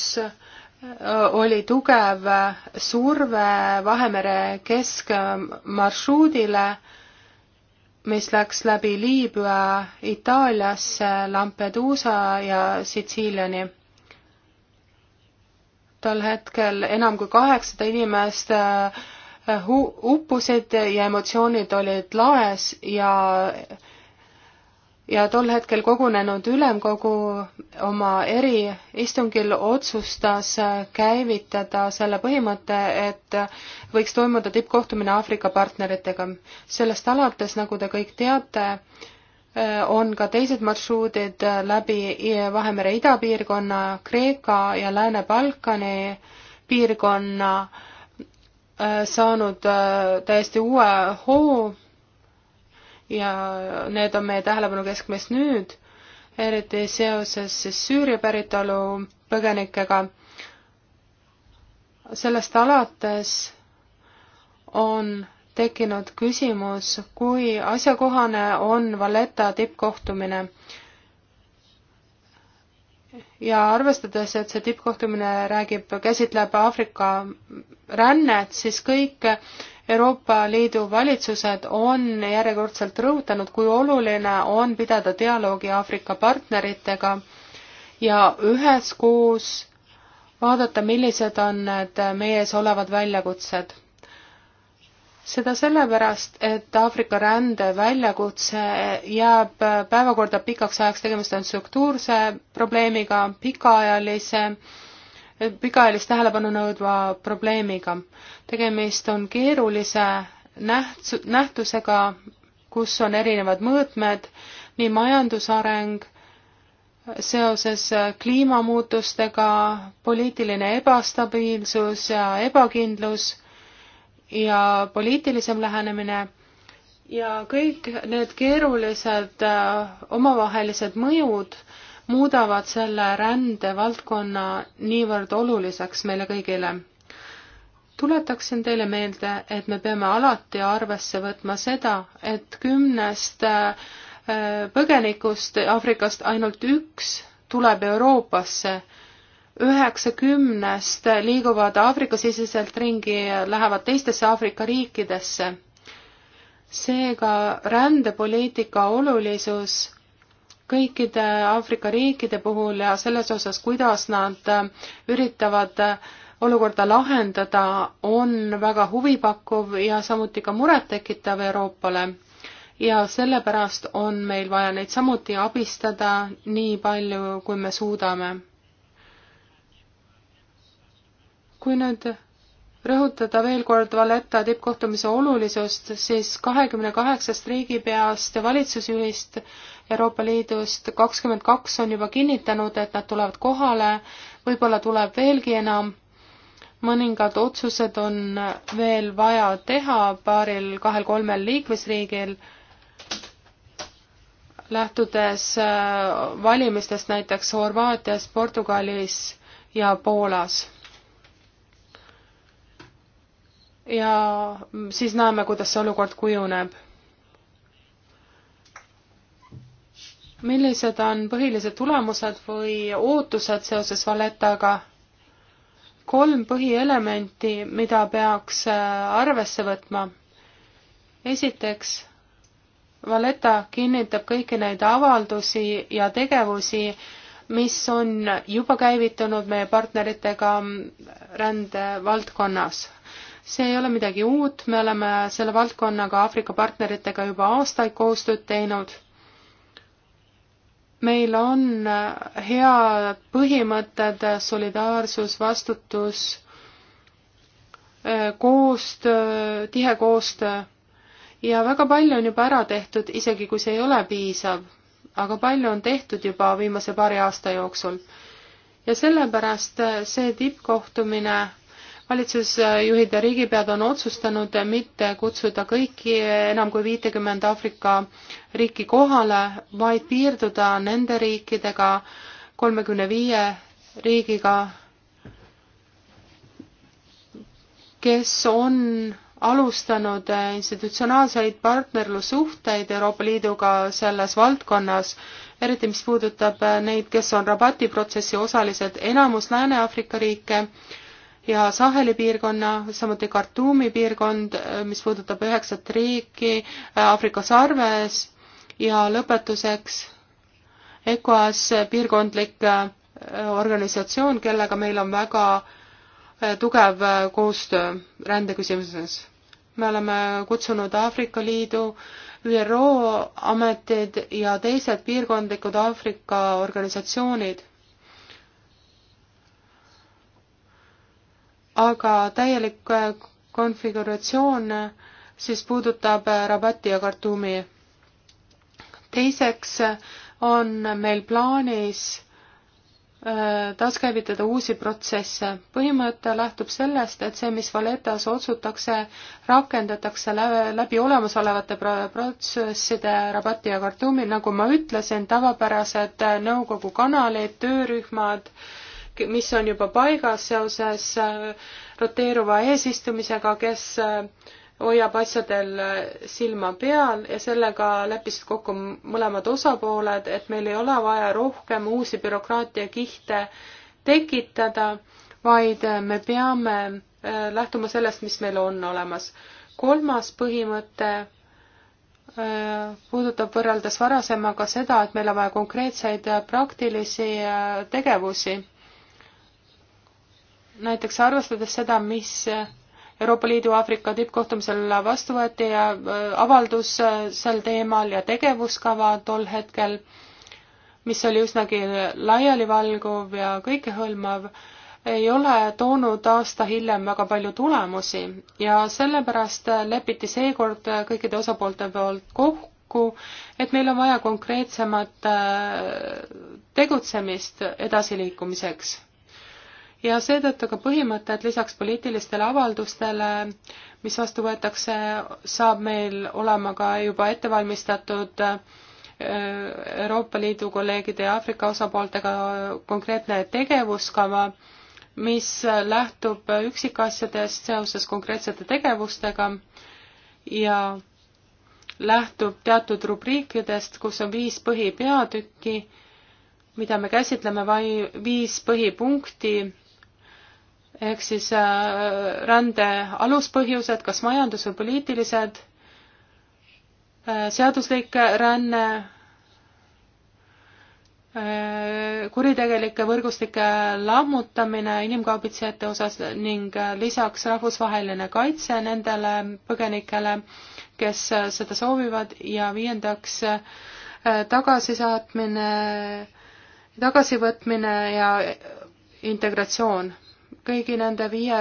oli tugev surve Vahemere keskmarsruudile, mis läks läbi Liibüa Itaaliasse, Lampedusa ja Sitsiiliani tol hetkel enam kui kaheksasada inimest äh, hu-, uppusid ja emotsioonid olid laes ja ja tol hetkel kogunenud ülemkogu oma eriistungil otsustas äh, käivitada selle põhimõtte, et äh, võiks toimuda tippkohtumine Aafrika partneritega. sellest alates, nagu te kõik teate, Äh, on ka teised marsruudid äh, läbi äh, Vahemere idapiirkonna, Kreeka ja Lääne-Balkani piirkonna saanud täiesti uue hoo ja need on meie tähelepanu keskmes nüüd, eriti seoses siis Süüria päritolu põgenikega. sellest alates on tekkinud küsimus, kui asjakohane on Valletta tippkohtumine ja arvestades, et see tippkohtumine räägib, käsitleb Aafrika rännet, siis kõik Euroopa Liidu valitsused on järjekordselt rõhutanud, kui oluline on pidada dialoogi Aafrika partneritega ja üheskoos vaadata, millised on need meie ees olevad väljakutsed seda sellepärast, et Aafrika rände väljakutse jääb päevakorda pikaks ajaks, tegemist on struktuurse probleemiga, pikaajalise, pikaajalist tähelepanu nõudva probleemiga. tegemist on keerulise näht-, nähtusega, kus on erinevad mõõtmed, nii majandusareng, seoses kliimamuutustega, poliitiline ebastabiilsus ja ebakindlus ja poliitilisem lähenemine ja kõik need keerulised äh, omavahelised mõjud muudavad selle rändevaldkonna niivõrd oluliseks meile kõigile. tuletaksin teile meelde, et me peame alati arvesse võtma seda, et kümnest äh, põgenikust Aafrikast ainult üks tuleb Euroopasse üheksa kümnest liiguvad Aafrika-siseselt ringi, lähevad teistesse Aafrika riikidesse. seega rändepoliitika olulisus kõikide Aafrika riikide puhul ja selles osas, kuidas nad üritavad olukorda lahendada, on väga huvipakkuv ja samuti ka murettekitav Euroopale. ja sellepärast on meil vaja neid samuti abistada nii palju, kui me suudame kui nüüd rõhutada veel kord Valletta tippkohtumise olulisust, siis kahekümne kaheksast riigipeast ja valitsusjuhist Euroopa Liidust kakskümmend kaks on juba kinnitanud, et nad tulevad kohale, võib-olla tuleb veelgi enam, mõningad otsused on veel vaja teha paaril kahel-kolmel liikmesriigil, lähtudes äh, valimistest näiteks Horvaatias, Portugalis ja Poolas ja siis näeme, kuidas see olukord kujuneb. millised on põhilised tulemused või ootused seoses Valetaga? kolm põhielementi, mida peaks äh, arvesse võtma. esiteks, Valeta kinnitab kõiki neid avaldusi ja tegevusi, mis on juba käivitunud meie partneritega rändevaldkonnas see ei ole midagi uut, me oleme selle valdkonnaga Aafrika partneritega juba aastaid koostööd teinud. meil on head põhimõtted, solidaarsus, vastutus, koostöö, tihe koostöö ja väga palju on juba ära tehtud, isegi kui see ei ole piisav, aga palju on tehtud juba viimase paari aasta jooksul. ja sellepärast see tippkohtumine valitsusjuhid ja riigipead on otsustanud mitte kutsuda kõiki enam kui viitekümmend Aafrika riiki kohale, vaid piirduda nende riikidega, kolmekümne viie riigiga, kes on alustanud institutsionaalseid partnerlussuhteid Euroopa Liiduga selles valdkonnas, eriti mis puudutab neid, kes on rabati protsessi osalised, enamus Lääne-Aafrika riike ja Saheli piirkonna, samuti Khartoumi piirkond, mis puudutab üheksat riiki äh, Aafrika sarves ja lõpetuseks ECOWAS piirkondlik äh, organisatsioon, kellega meil on väga äh, tugev koostöö rändeküsimuses. me oleme kutsunud Aafrika Liidu, ÜRO ametid ja teised piirkondlikud Aafrika organisatsioonid aga täielik äh, konfiguratsioon äh, siis puudutab äh, Rabati ja Khartoumi. teiseks on meil plaanis taaskäivitada uusi protsesse. põhimõte lähtub sellest, et see, mis Valetas otsutakse, rakendatakse läbi olemasolevate protsesside Rabati ja Khartoumi, nagu ma ütlesin, tavapärased nõukogu kanalid, töörühmad äh,, mis on juba paigas seoses äh, roteeruva eesistumisega, kes äh, hoiab asjadel äh, silma peal ja sellega leppisid kokku mõlemad osapooled, et meil ei ole vaja rohkem uusi bürokraatiakihte tekitada, vaid me peame lähtuma sellest, mis meil on olemas. kolmas põhimõte puudutab võrreldes varasemaga seda, et meil on vaja konkreetseid praktilisi tegevusi näiteks arvestades seda, mis Euroopa Liidu Aafrika tippkohtumisel vastu võeti ja äh, avaldus äh, sel teemal ja tegevuskava tol hetkel, mis oli üsnagi laialivalguv ja kõikehõlmav, ei ole toonud aasta hiljem väga palju tulemusi ja sellepärast äh, lepiti seekord kõikide osapoolte poolt kokku, et meil on vaja konkreetsemat tegutsemist edasiliikumiseks ja seetõttu ka põhimõte, et lisaks poliitilistele avaldustele, mis vastu võetakse, saab meil olema ka juba ettevalmistatud äh, Euroopa Liidu kolleegide ja Aafrika osapooltega konkreetne tegevuskava, mis lähtub üksikasjadest seoses konkreetsete tegevustega ja lähtub teatud rubriikidest, kus on viis põhipeatükki, mida me käsitleme vai-, viis põhipunkti ehk siis äh, rände aluspõhjused, kas majandus või poliitilised, äh, seaduslik ränne, äh, kuritegelike võrgustike lammutamine inimkaubitsejate osas ning lisaks rahvusvaheline kaitse nendele põgenikele, kes seda soovivad ja viiendaks tagasisaatmine, tagasivõtmine ja integratsioon kõigi nende viie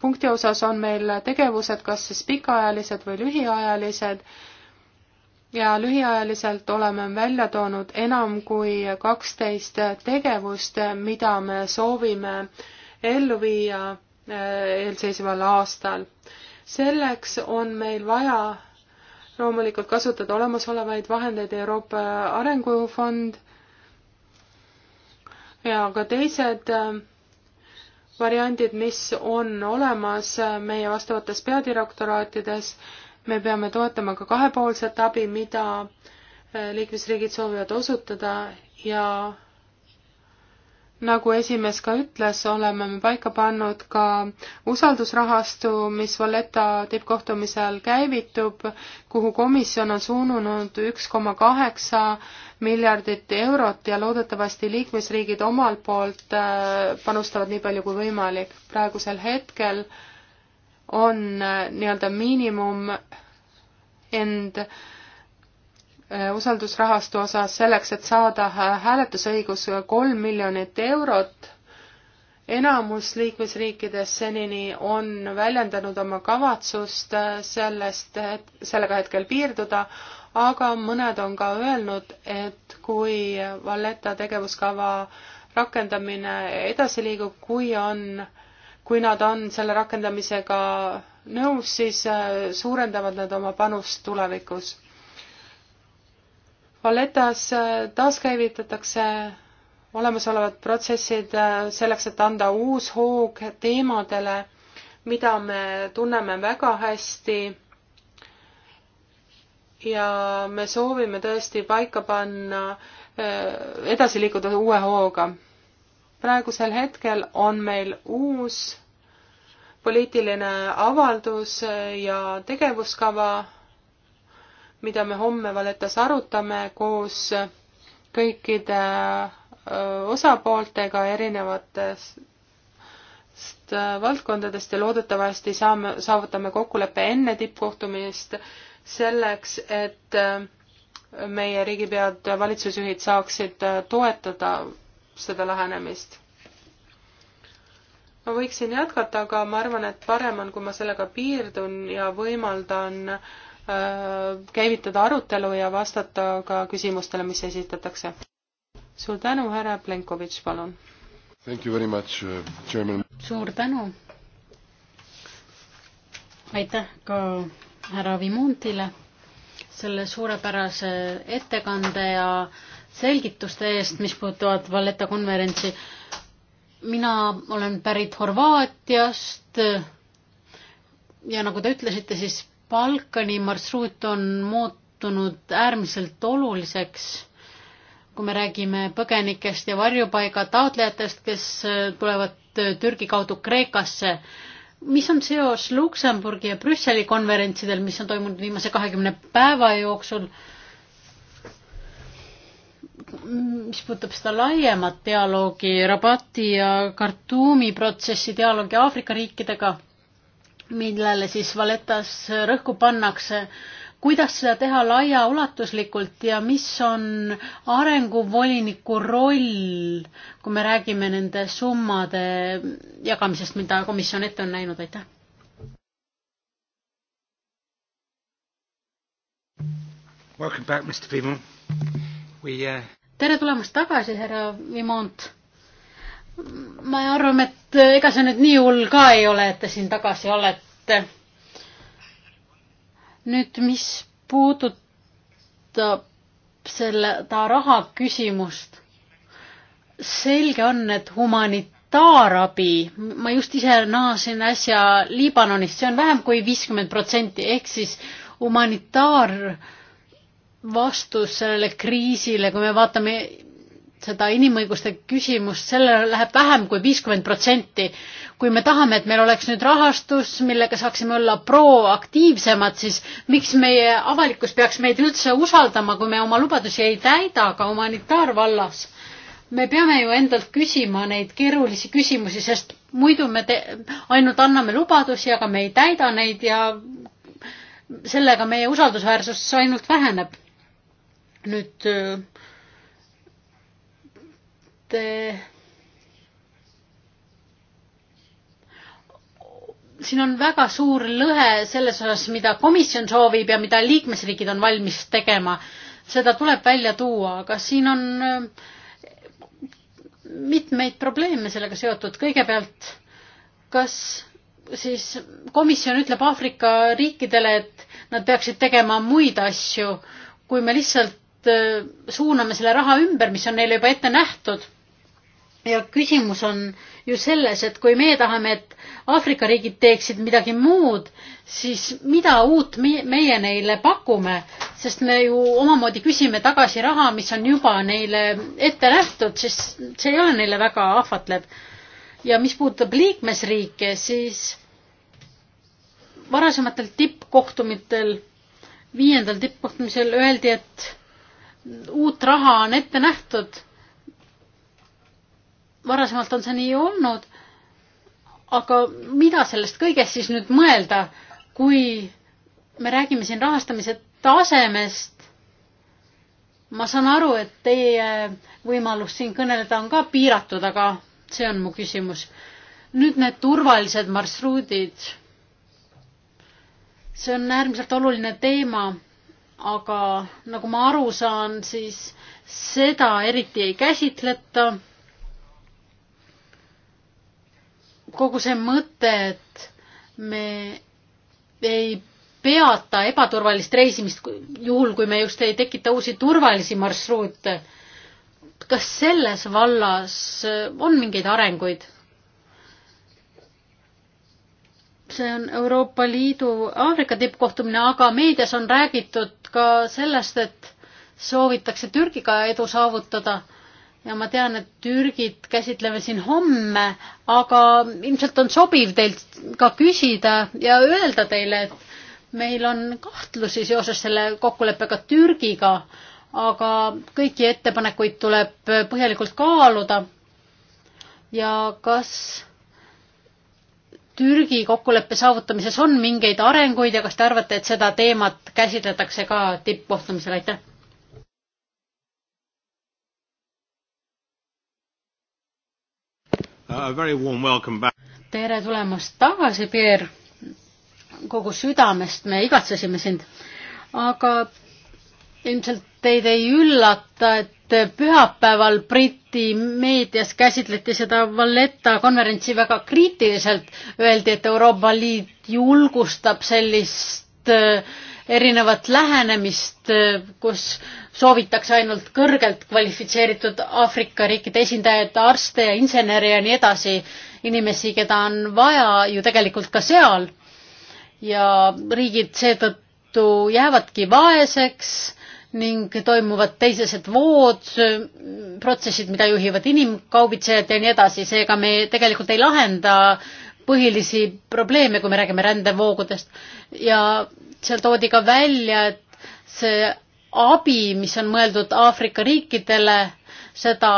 punkti osas on meil tegevused kas siis pikaajalised või lühiajalised ja lühiajaliselt oleme välja toonud enam kui kaksteist tegevust, mida me soovime ellu viia eh, eelseisval aastal. selleks on meil vaja loomulikult kasutada olemasolevaid vahendeid Euroopa Arengufond ja ka teised äh, variandid, mis on olemas meie vastavates peadirektoraatides. me peame toetama ka kahepoolset abi, mida liikmesriigid soovivad osutada ja nagu esimees ka ütles, oleme me paika pannud ka usaldusrahastu, mis Valletta tippkohtumisel käivitub, kuhu komisjon on suunanud üks koma kaheksa miljardit eurot ja loodetavasti liikmesriigid omalt poolt äh, panustavad nii palju kui võimalik. praegusel hetkel on äh, nii-öelda miinimum end Äh, usaldusrahastu osas selleks, et saada äh, hääletusõigus kolm miljonit eurot. enamus liikmesriikides senini on väljendanud oma kavatsust äh, sellest, sellega hetkel piirduda, aga mõned on ka öelnud, et kui Valletta tegevuskava rakendamine edasi liigub, kui on, kui nad on selle rakendamisega nõus, siis suurendavad nad oma panust tulevikus Valletas äh, taaskäivitatakse olemasolevad protsessid äh, selleks, et anda uus hoog teemadele, mida me tunneme väga hästi ja me soovime tõesti paika panna, äh, edasi liikuda uue hooga. praegusel hetkel on meil uus poliitiline avaldus ja tegevuskava mida me homme Valetas arutame koos kõikide osapooltega erinevatest valdkondadest ja loodetavasti saame, saavutame kokkuleppe enne tippkohtumist selleks, et meie riigipead, valitsusjuhid saaksid toetada seda lähenemist. ma võiksin jätkata, aga ma arvan, et parem on, kui ma sellega piirdun ja võimaldan äh, käivitada arutelu ja vastata ka küsimustele, mis esitatakse. suur tänu, härra Plenkovitš, palun. Uh, suur tänu. aitäh ka härra Vimundile selle suurepärase ettekande ja selgituste eest, mis puutuvad Valletta konverentsi. mina olen pärit Horvaatiast ja nagu te ütlesite, siis Balkani marsruut on muutunud äärmiselt oluliseks, kui me räägime põgenikest ja varjupaiga taotlejatest, kes äh, tulevad äh, Türgi kaudu Kreekasse. mis on seos Luksemburgi ja Brüsseli konverentsidel, mis on toimunud viimase kahekümne päeva jooksul? mis puudutab seda laiemat dialoogi, Rabati ja Khartoumi protsessi dialoogi Aafrika riikidega millele siis Valetas rõhku pannakse. kuidas seda teha laiaulatuslikult ja mis on arenguvoliniku roll, kui me räägime nende summade jagamisest, mida komisjon ette on näinud, aitäh? Welcome back, Mr Vimon. We uh... tere tulemast tagasi, härra Vimont me arvame, et ega see nüüd nii hull ka ei ole, et te siin tagasi olete. nüüd, mis puudutab selle, ta raha küsimust. selge on, et humanitaarabi, ma just ise naasin äsja Liibanonist, see on vähem kui viiskümmend protsenti, ehk siis humanitaar vastus sellele kriisile, kui me vaatame seda inimõiguste küsimust, sellele läheb vähem kui viiskümmend protsenti. kui me tahame, et meil oleks nüüd rahastus, millega saaksime olla proaktiivsemad, siis miks meie avalikkus peaks meid üldse usaldama, kui me oma lubadusi ei täida ka humanitaarvallas? me peame ju endalt küsima neid keerulisi küsimusi, sest muidu me te-, ainult anname lubadusi, aga me ei täida neid ja sellega meie usaldusväärsus ainult väheneb. nüüd Eh, siin on väga suur lõhe selles osas, mida komisjon soovib ja mida liikmesriigid on valmis tegema. seda tuleb välja tuua, aga siin on eh, mitmeid probleeme sellega seotud. kõigepealt, kas siis komisjon ütleb Aafrika riikidele, et nad peaksid tegema muid asju, kui me lihtsalt eh, suuname selle raha ümber, mis on neile juba ette nähtud ja küsimus on ju selles, et kui meie tahame, et Aafrika riigid teeksid midagi muud, siis mida uut meie neile pakume, sest me ju omamoodi küsime tagasi raha, mis on juba neile ette nähtud, sest see ei ole neile väga ahvatlev. ja mis puudutab liikmesriike, siis varasematel tippkohtumitel, viiendal tippkohtumisel öeldi, et uut raha on ette nähtud varasemalt on see nii olnud. aga mida sellest kõigest siis nüüd mõelda, kui me räägime siin rahastamise tasemest? ma saan aru, et teie võimalus siin kõneleda on ka piiratud, aga see on mu küsimus. nüüd need turvalised marsruudid. see on äärmiselt oluline teema, aga nagu ma aru saan, siis seda eriti ei käsitleta kogu see mõte, et me ei peata ebaturvalist reisimist, juhul kui me just ei tekita uusi turvalisi marsruute. kas selles vallas äh, on mingeid arenguid? see on Euroopa Liidu Aafrika tippkohtumine, aga meedias on räägitud ka sellest, et soovitakse Türgiga edu saavutada ja ma tean, et Türgit käsitleme siin homme, aga ilmselt on sobiv teilt ka küsida ja öelda teile, et meil on kahtlusi seoses selle kokkuleppega Türgiga, aga kõiki ettepanekuid tuleb põhjalikult kaaluda. ja kas Türgi kokkuleppe saavutamises on mingeid arenguid ja kas te arvate, et seda teemat käsitletakse ka tippkohtumisel, aitäh? tere tulemast tagasi, Peer. kogu südamest me igatsesime sind. aga ilmselt teid ei üllata, et pühapäeval Briti meedias käsitleti seda Valletta konverentsi väga kriitiliselt. Öeldi, et Euroopa Liit julgustab sellist Äh, erinevat lähenemist, äh, kus soovitakse ainult kõrgelt kvalifitseeritud Aafrika riikide esindajaid, arste ja insenere ja nii edasi, inimesi, keda on vaja ju tegelikult ka seal. ja riigid seetõttu jäävadki vaeseks ning toimuvad teisesed vood, protsessid, mida juhivad inimkaubitsejad ja nii edasi, seega me tegelikult ei lahenda põhilisi probleeme, kui me räägime rändevoogudest ja seal toodi ka välja, et see abi, mis on mõeldud Aafrika riikidele, seda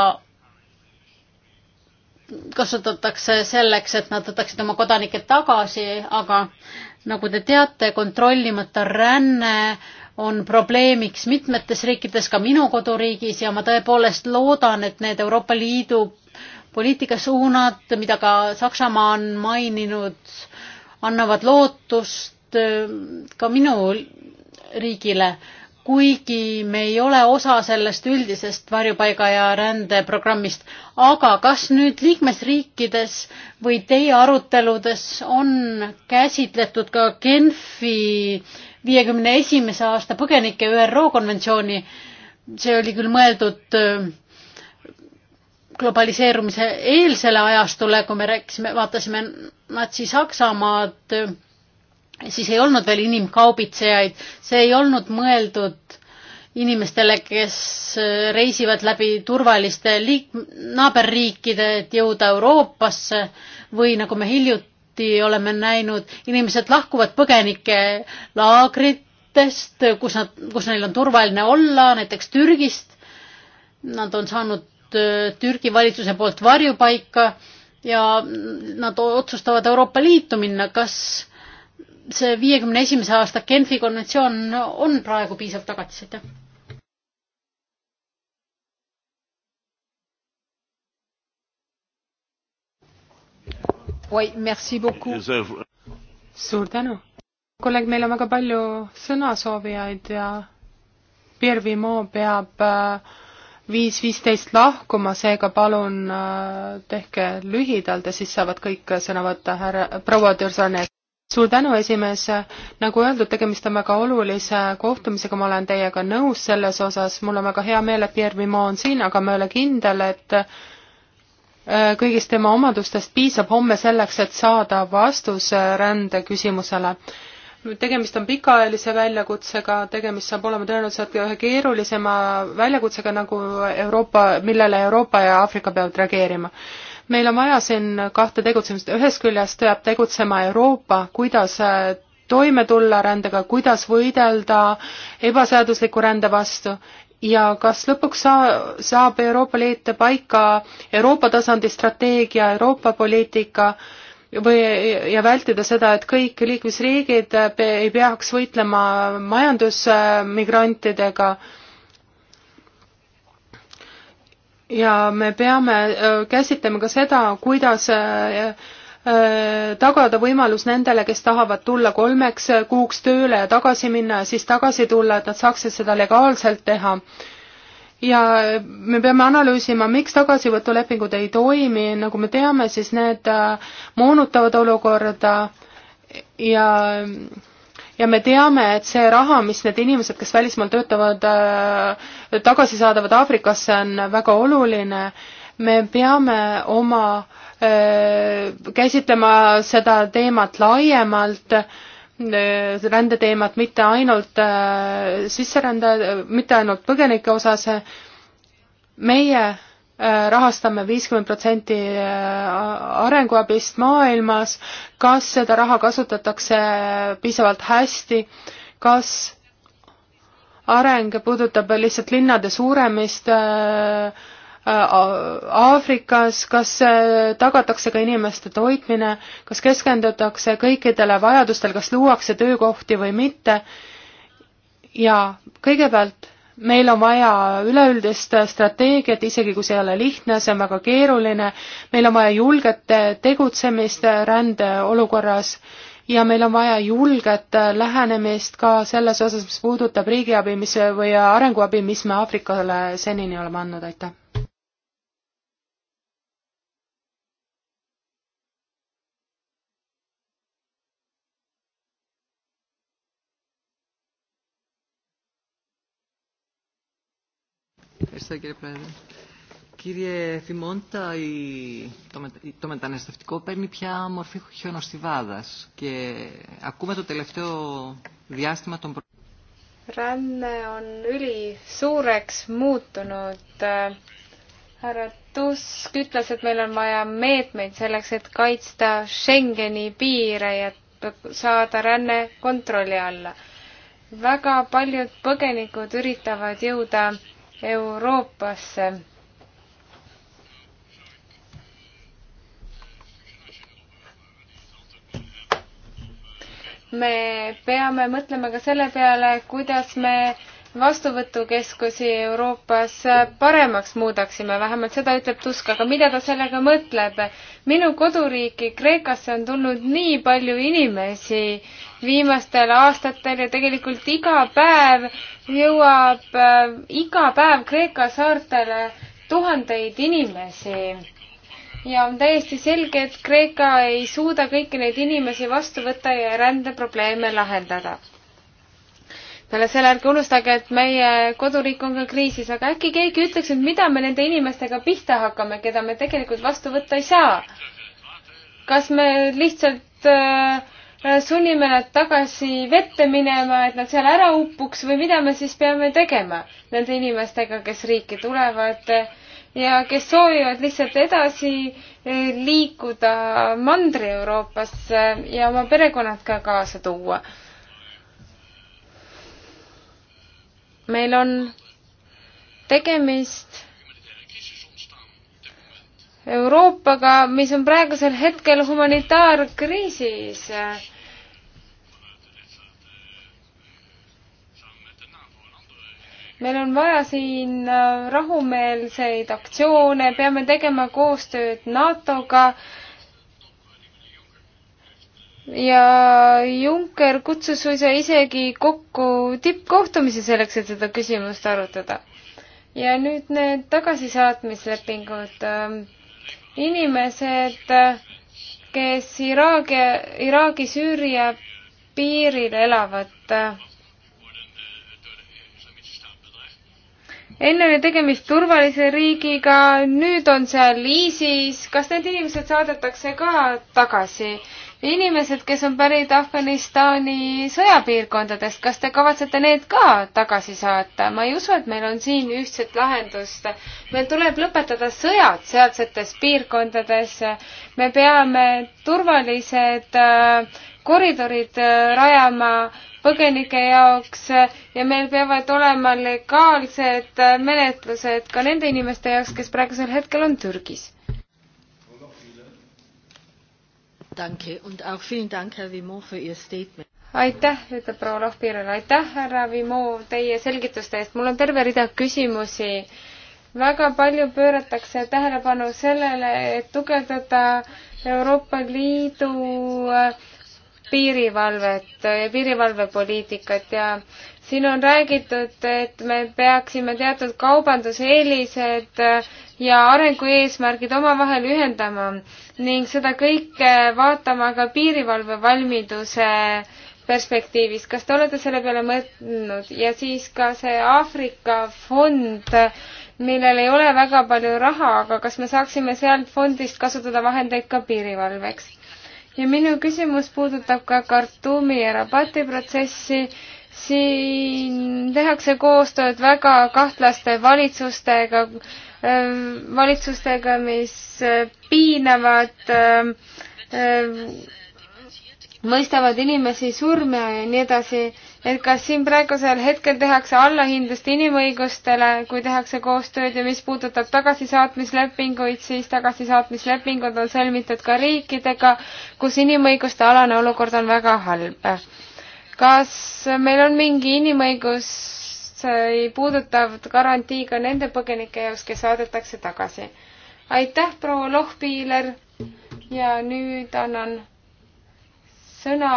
kasutatakse selleks, et nad võtaksid oma kodanikke tagasi, aga nagu te teate, kontrollimata ränne on probleemiks mitmetes riikides, ka minu koduriigis ja ma tõepoolest loodan, et need Euroopa Liidu poliitikasuunad, mida ka Saksamaa on maininud, annavad lootust äh, ka minu riigile, kuigi me ei ole osa sellest üldisest varjupaiga ja rändeprogrammist. aga kas nüüd liikmesriikides või teie aruteludes on käsitletud ka Genfi viiekümne esimese aasta põgenike ÜRO konventsiooni? see oli küll mõeldud äh, globaliseerumise eelsele ajastule, kui me rääkisime, vaatasime Natsi-Saksamaad, siis ei olnud veel inimkaubitsejaid, see ei olnud mõeldud inimestele, kes reisivad läbi turvaliste liik-, naaberriikide, et jõuda Euroopasse või nagu me hiljuti oleme näinud, inimesed lahkuvad põgenikelaagritest, kus nad, kus neil on turvaline olla, näiteks Türgist. Nad on saanud Äh, Türgi valitsuse poolt varjupaika ja nad otsustavad Euroopa Liitu minna, kas see viiekümne esimese aasta Genfi konventsioon on praegu piisav tagatis, aitäh? suur tänu. kolleeg, meil on väga palju sõnasoovijaid ja Pierre Vimo peab äh, viis viisteist lahkuma, seega palun äh, tehke lühidalt ja siis saavad kõik sõna võtta, härra, proua Dürsane. suur tänu, esimees. nagu öeldud, tegemist on väga olulise kohtumisega, ma olen teiega nõus selles osas, mul on väga hea meel, et Pierre Vimont on siin, aga ma ei ole kindel, et äh, kõigist tema omadustest piisab homme selleks, et saada vastus äh, rändeküsimusele tegemist on pikaajalise väljakutsega, tegemist saab olema tõenäoliselt ühe keerulisema väljakutsega, nagu Euroopa, millele Euroopa ja Aafrika peavad reageerima. meil on vaja siin kahte tegutsemist, ühest küljest peab tegutsema Euroopa, kuidas äh, toime tulla rändega, kuidas võidelda ebaseadusliku rände vastu ja kas lõpuks saa-, saab Euroopa Liit paika Euroopa tasandi strateegia, Euroopa poliitika äh, või, ja vältida seda, et kõik liikmesriigid ei peaks võitlema majandusmigrantidega. ja me peame käsitlema ka seda, kuidas tagada võimalus nendele, kes tahavad tulla kolmeks kuuks tööle ja tagasi minna ja siis tagasi tulla, et nad saaksid seda legaalselt teha ja me peame analüüsima, miks tagasivõtulepingud ei toimi, nagu me teame, siis need äh, moonutavad olukorda ja ja me teame, et see raha, mis need inimesed, kes välismaal töötavad, äh, tagasi saadavad Aafrikasse, on väga oluline. me peame oma, äh, käsitlema seda teemat laiemalt Äh, rändeteemat mitte ainult äh, sisserände, mitte ainult põgenike osas. meie äh, rahastame viiskümmend protsenti arenguabist maailmas, kas seda raha kasutatakse piisavalt hästi, kas areng puudutab lihtsalt linnade suuremist äh, Äh, Aafrikas, kas äh, tagatakse ka inimeste toitmine, kas keskendutakse kõikidele vajadustele, kas luuakse töökohti või mitte. ja kõigepealt meil on vaja üleüldist strateegiat, isegi kui see ei ole lihtne, see on väga keeruline, meil on vaja julget tegutsemist rändeolukorras ja meil on vaja julget lähenemist ka selles osas, mis puudutab riigiabi, mis või arenguabi, mis me Aafrikale senini oleme andnud, aitäh! Ευχαριστώ κύριε Πρόεδρε. Κύριε Θημόντα, η, το, το μεταναστευτικό παίρνει πια μορφή χιονοστιβάδας και ακούμε το τελευταίο διάστημα των Ränne on ülisuureks muutunud. härra Tusk ütles, et meil on vaja meetmeid selleks, et kaitsta Schengeni piire ja saada ränne kontrolli alla. väga paljud põgenikud üritavad jõuda Euroopasse. me peame mõtlema ka selle peale, kuidas me vastuvõtukeskusi Euroopas paremaks muudaksime, vähemalt seda ütleb Tusk, aga mida ta sellega mõtleb? minu koduriiki Kreekasse on tulnud nii palju inimesi viimastel aastatel ja tegelikult iga päev jõuab äh,, iga päev Kreeka saartele tuhandeid inimesi. ja on täiesti selge, et Kreeka ei suuda kõiki neid inimesi vastu võtta ja rändeprobleeme lahendada peale selle ärge unustage, et meie koduriik on ka kriisis, aga äkki keegi ütleks, et mida me nende inimestega pihta hakkame, keda me tegelikult vastu võtta ei saa. kas me lihtsalt äh, Äh, sunnime nad tagasi vette minema, et nad seal ära uppuks või mida me siis peame tegema nende inimestega, kes riiki tulevad äh, ja kes soovivad lihtsalt edasi äh, liikuda Mandri-Euroopasse ja oma perekonnad ka kaasa tuua. meil on tegemist Euroopaga, mis on praegusel hetkel humanitaarkriisis meil on vaja siin äh, rahumeelseid aktsioone, peame tegema koostööd NATO-ga ja Juncker kutsus suisa isegi kokku tippkohtumise selleks, et seda küsimust arutada. ja nüüd need tagasisaatmislepingud. Ähm, inimesed, äh, kes Iraagi, Iraagi-Süüria piiril elavad, äh, enne oli tegemist turvalise riigiga, nüüd on seal ISIS, kas need inimesed saadetakse ka tagasi? inimesed, kes on pärit Afganistani sõjapiirkondadest, kas te kavatsete need ka tagasi saata? ma ei usu, et meil on siin ühtset lahendust. meil tuleb lõpetada sõjad sealsetes piirkondades. me peame turvalised äh, koridorid äh, rajama põgenike jaoks ja meil peavad olema legaalsed menetlused ka nende inimeste jaoks, kes praegusel hetkel on Türgis. aitäh, ütleb proua Lohpiirel, aitäh, härra Vimo, teie selgituste eest. mul on terve rida küsimusi. väga palju pööratakse tähelepanu sellele, et tugevdada Euroopa Liidu äh, piirivalvet ja piirivalvepoliitikat ja siin on räägitud, et me peaksime teatud kaubanduseelised ja arengueesmärgid omavahel ühendama ning seda kõike vaatama ka piirivalvevalmiduse perspektiivist. kas te olete selle peale mõelnud ja siis ka see Aafrika fond, millel ei ole väga palju raha, aga kas me saaksime sealt fondist kasutada vahendeid ka piirivalveks? ja minu küsimus puudutab ka Khartoumi ja Rabati protsessi. siin tehakse koostööd väga kahtlaste valitsustega, ähm, valitsustega, mis äh, piinavad, ähm, äh, mõistavad inimesi surma ja nii edasi et kas siin praegusel hetkel tehakse allahindlust inimõigustele, kui tehakse koostööd ja mis puudutab tagasisaatmislepinguid, siis tagasisaatmislepingud on sõlmitud ka riikidega, kus inimõiguste alane olukord on väga halb. kas meil on mingi inimõigust puudutav garantii ka nende põgenike jaoks, kes saadetakse tagasi? aitäh, proua Lohpiiler ja nüüd annan sõna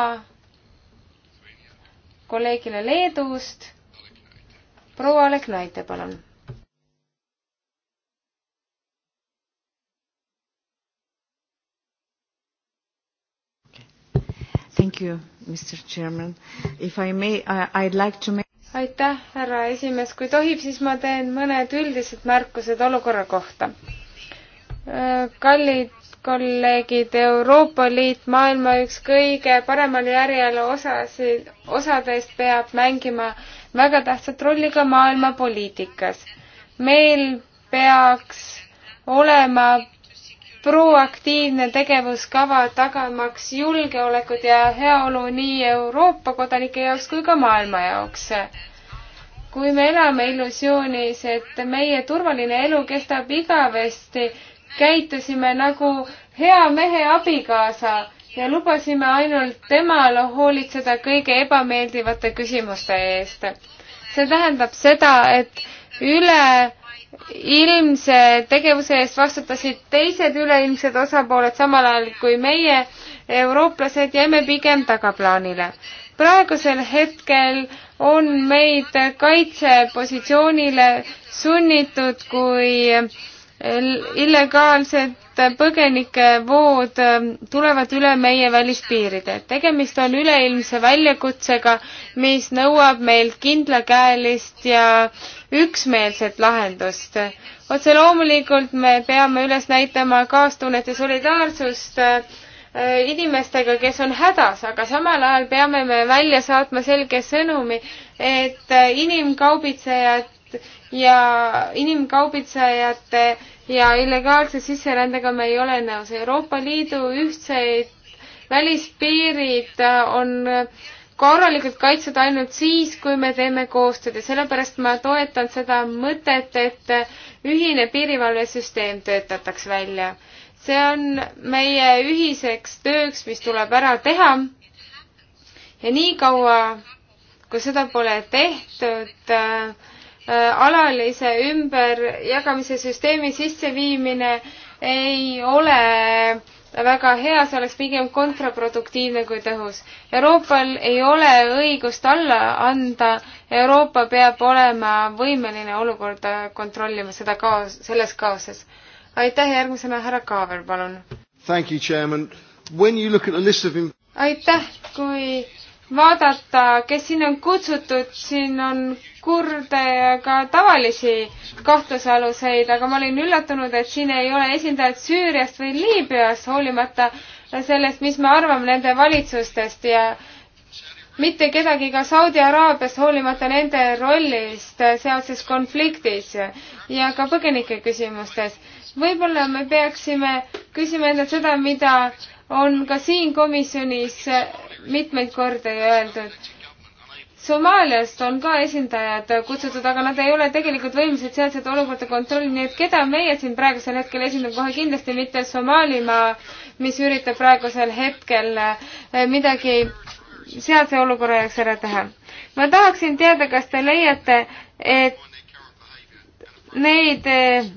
kolleegile Leedust. proua Alek Naite, palun You, may, I, like to... aitäh, härra esimees, kui tohib, siis ma teen mõned üldised märkused olukorra kohta. kallid kolleegid, Euroopa Liit maailma üks kõige paremal järjel osasid, osadest peab mängima väga tähtsat rolli ka maailmapoliitikas. meil peaks olema proaktiivne tegevuskava tagamaks julgeolekut ja heaolu nii Euroopa kodanike jaoks kui ka maailma jaoks kui me elame illusioonis, et meie turvaline elu kestab igavesti, käitusime nagu hea mehe abikaasa ja lubasime ainult temale hoolitseda kõige ebameeldivate küsimuste eest. see tähendab seda, et üle ilmse tegevuse eest vastutasid teised üleilmsed osapooled samal ajal kui meie, eurooplased, jäime pigem tagaplaanile. praegusel hetkel on meid kaitsepositsioonile sunnitud, kui illegaalsed põgenikevood ähm, tulevad üle meie välispiiride. tegemist on üleilmse väljakutsega, mis nõuab meilt kindlakäelist ja üksmeelset lahendust. otse loomulikult me peame üles näitama kaastunnet ja solidaarsust äh, inimestega, kes on hädas, aga samal ajal peame me välja saatma selge sõnumi, et äh, inimkaubitsejad ja inimkaubitsejate ja illegaalse sisserändega me ei ole nõus. Euroopa Liidu ühtseid välispiirid on korralikult kaitstud ainult siis, kui me teeme koostööd ja sellepärast ma toetan seda mõtet, et ühine piirivalvesüsteem töötataks välja. see on meie ühiseks tööks, mis tuleb ära teha. ja niikaua, kui seda pole tehtud äh,, Äh, alalise ümberjagamise süsteemi sisseviimine ei ole väga hea, see oleks pigem kontraproduktiivne kui tõhus. Euroopal ei ole õigust alla anda, Euroopa peab olema võimeline olukorda kontrollima, seda kaos, selles kaoses. aitäh, järgmisena härra Kaaver, palun. aitäh, kui vaadata, kes sinna on kutsutud, siin on kurde ja ka tavalisi kahtlusaluseid, aga ma olin üllatunud, et siin ei ole esindajad Süüriast või Liibüast, hoolimata sellest, mis me arvame nende valitsustest ja mitte kedagi ka Saudi Araabiast, hoolimata nende rollist sealses konfliktis ja ka põgenike küsimustes. võib-olla me peaksime küsima endalt seda, mida on ka siin komisjonis mitmeid kordi öeldud. Somaaliast on ka esindajad kutsutud, aga nad ei ole tegelikult võimelised sealset olukorda kontrollima, nii et keda meie siin praegusel hetkel esindame, kohe kindlasti mitte Somaalimaa, mis üritab praegusel hetkel eh, midagi sealse olukorra jaoks ära teha. ma tahaksin teada, kas te leiate, et neid eh,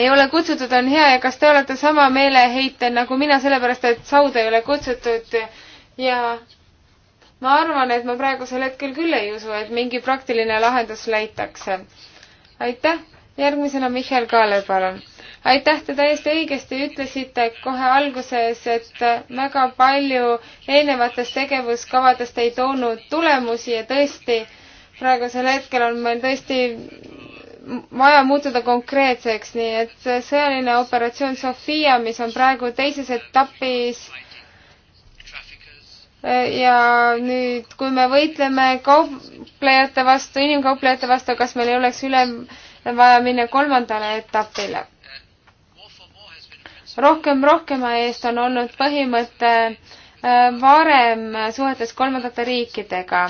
ei ole kutsutud, on hea ja kas te olete sama meeleheitel nagu mina, sellepärast et Saud ei ole kutsutud ja ma arvan, et ma praegusel hetkel küll ei usu, et mingi praktiline lahendus leitakse. aitäh, järgmisena Mihhail Kaaler, palun. aitäh, te täiesti õigesti ütlesite kohe alguses, et väga palju eelnevatest tegevuskavadest ei toonud tulemusi ja tõesti, praegusel hetkel on meil tõesti vaja muutuda konkreetseks, nii et sõjaline operatsioon Sofia, mis on praegu teises etapis ja nüüd, kui me võitleme kauplejate vastu, inimkauplejate vastu, kas meil ei oleks üle vaja minna kolmandale etapile? rohkem rohkema eest on olnud põhimõte äh, varem suhetes kolmandate riikidega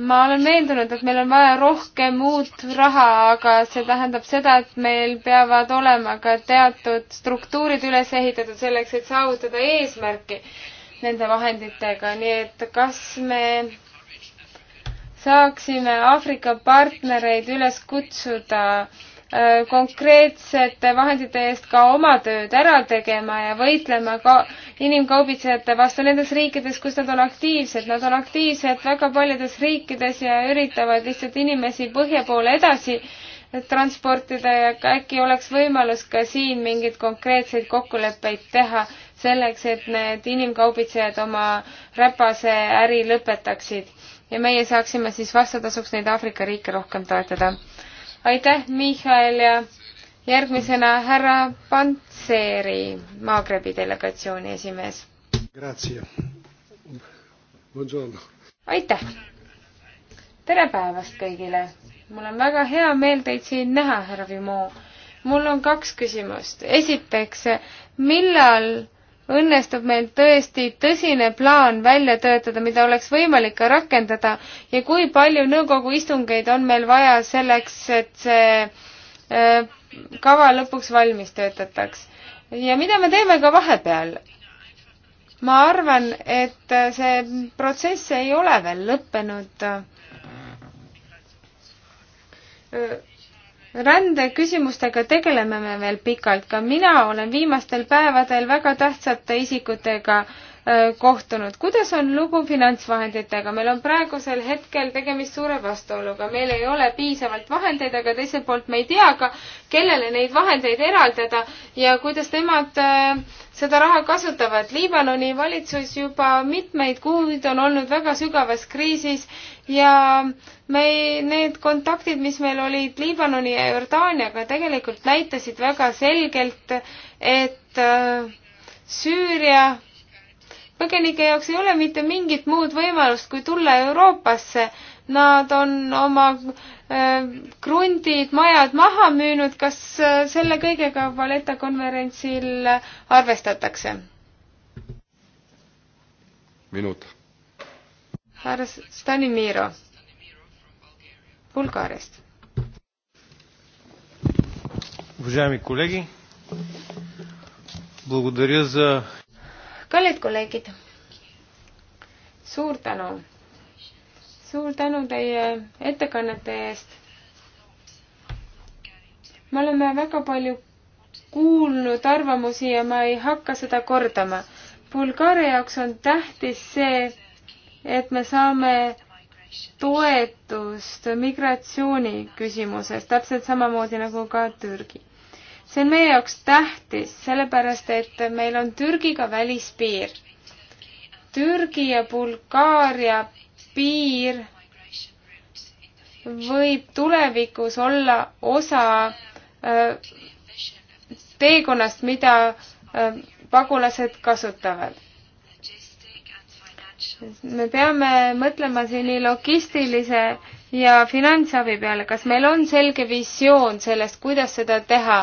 ma olen veendunud, et meil on vaja rohkem uut raha, aga see tähendab seda, et meil peavad olema ka teatud struktuurid üles ehitatud selleks, et saavutada eesmärki nende vahenditega, nii et kas me saaksime Aafrika partnereid üles kutsuda äh, Äh, konkreetsete vahendite eest ka oma tööd ära tegema ja võitlema ka inimkaubitsejate vastu nendes riikides, kus nad on aktiivsed. Nad on aktiivsed väga paljudes riikides ja üritavad lihtsalt inimesi põhja poole edasi transportida ja äkki oleks võimalus ka siin mingeid konkreetseid kokkuleppeid teha selleks, et need inimkaubitsejad oma räpase äri lõpetaksid ja meie saaksime siis vastutasuks neid Aafrika riike rohkem toetada aitäh, Michal ja järgmisena härra Pantseri, Maagrebi delegatsiooni esimees. aitäh! tere päevast kõigile! mul on väga hea meel teid siin näha, härra Vimo. mul on kaks küsimust. esiteks, millal õnnestub meil tõesti tõsine plaan välja töötada, mida oleks võimalik ka rakendada ja kui palju nõukogu istungeid on meil vaja selleks, et see äh, kava lõpuks valmis töötataks. ja mida me teeme ka vahepeal? ma arvan, et äh, see protsess ei ole veel lõppenud äh, rändeküsimustega tegeleme me veel pikalt, ka mina olen viimastel päevadel väga tähtsate isikutega Äh, kohtunud. kuidas on lugu finantsvahenditega? meil on praegusel hetkel tegemist suure vastuoluga. meil ei ole piisavalt vahendeid, aga teiselt poolt me ei tea ka, kellele neid vahendeid eraldada ja kuidas nemad äh, seda raha kasutavad. Liibanoni valitsus juba mitmeid kuud on olnud väga sügavas kriisis ja me, need kontaktid, mis meil olid Liibanoni ja Jordaaniaga, tegelikult näitasid väga selgelt, et äh, Süüria põgenike jaoks ei ole mitte mingit muud võimalust, kui tulla Euroopasse. Nad on oma äh, krundid, majad maha müünud, kas äh, selle kõigega Valeta konverentsil arvestatakse? minut. härra Stanimiro Bulgaariast. Уважаеми колеги, благодаря за kallid kolleegid, suur tänu. suur tänu teie ettekannete eest. me oleme väga palju kuulnud arvamusi ja ma ei hakka seda kordama. Bulgaaria jaoks on tähtis see, et me saame toetust migratsiooniküsimuses, täpselt samamoodi nagu ka Türgi see on meie jaoks tähtis, sellepärast et meil on Türgiga välispiir. Türgi ja Bulgaaria piir võib tulevikus olla osa äh, teekonnast, mida äh, pagulased kasutavad. me peame mõtlema siin nii logistilise ja finantsabi peale, kas meil on selge visioon sellest, kuidas seda teha,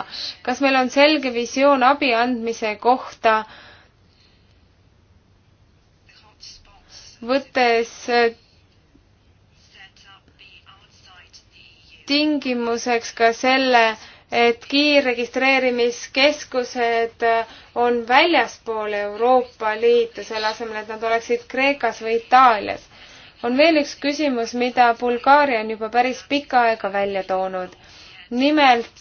kas meil on selge visioon abi andmise kohta, võttes äh, tingimuseks ka selle, et kiirregistreerimiskeskused äh, on väljaspool Euroopa Liitu, selle asemel, et nad oleksid Kreekas või Itaalias on veel üks küsimus, mida Bulgaaria on juba päris pikka aega välja toonud. nimelt,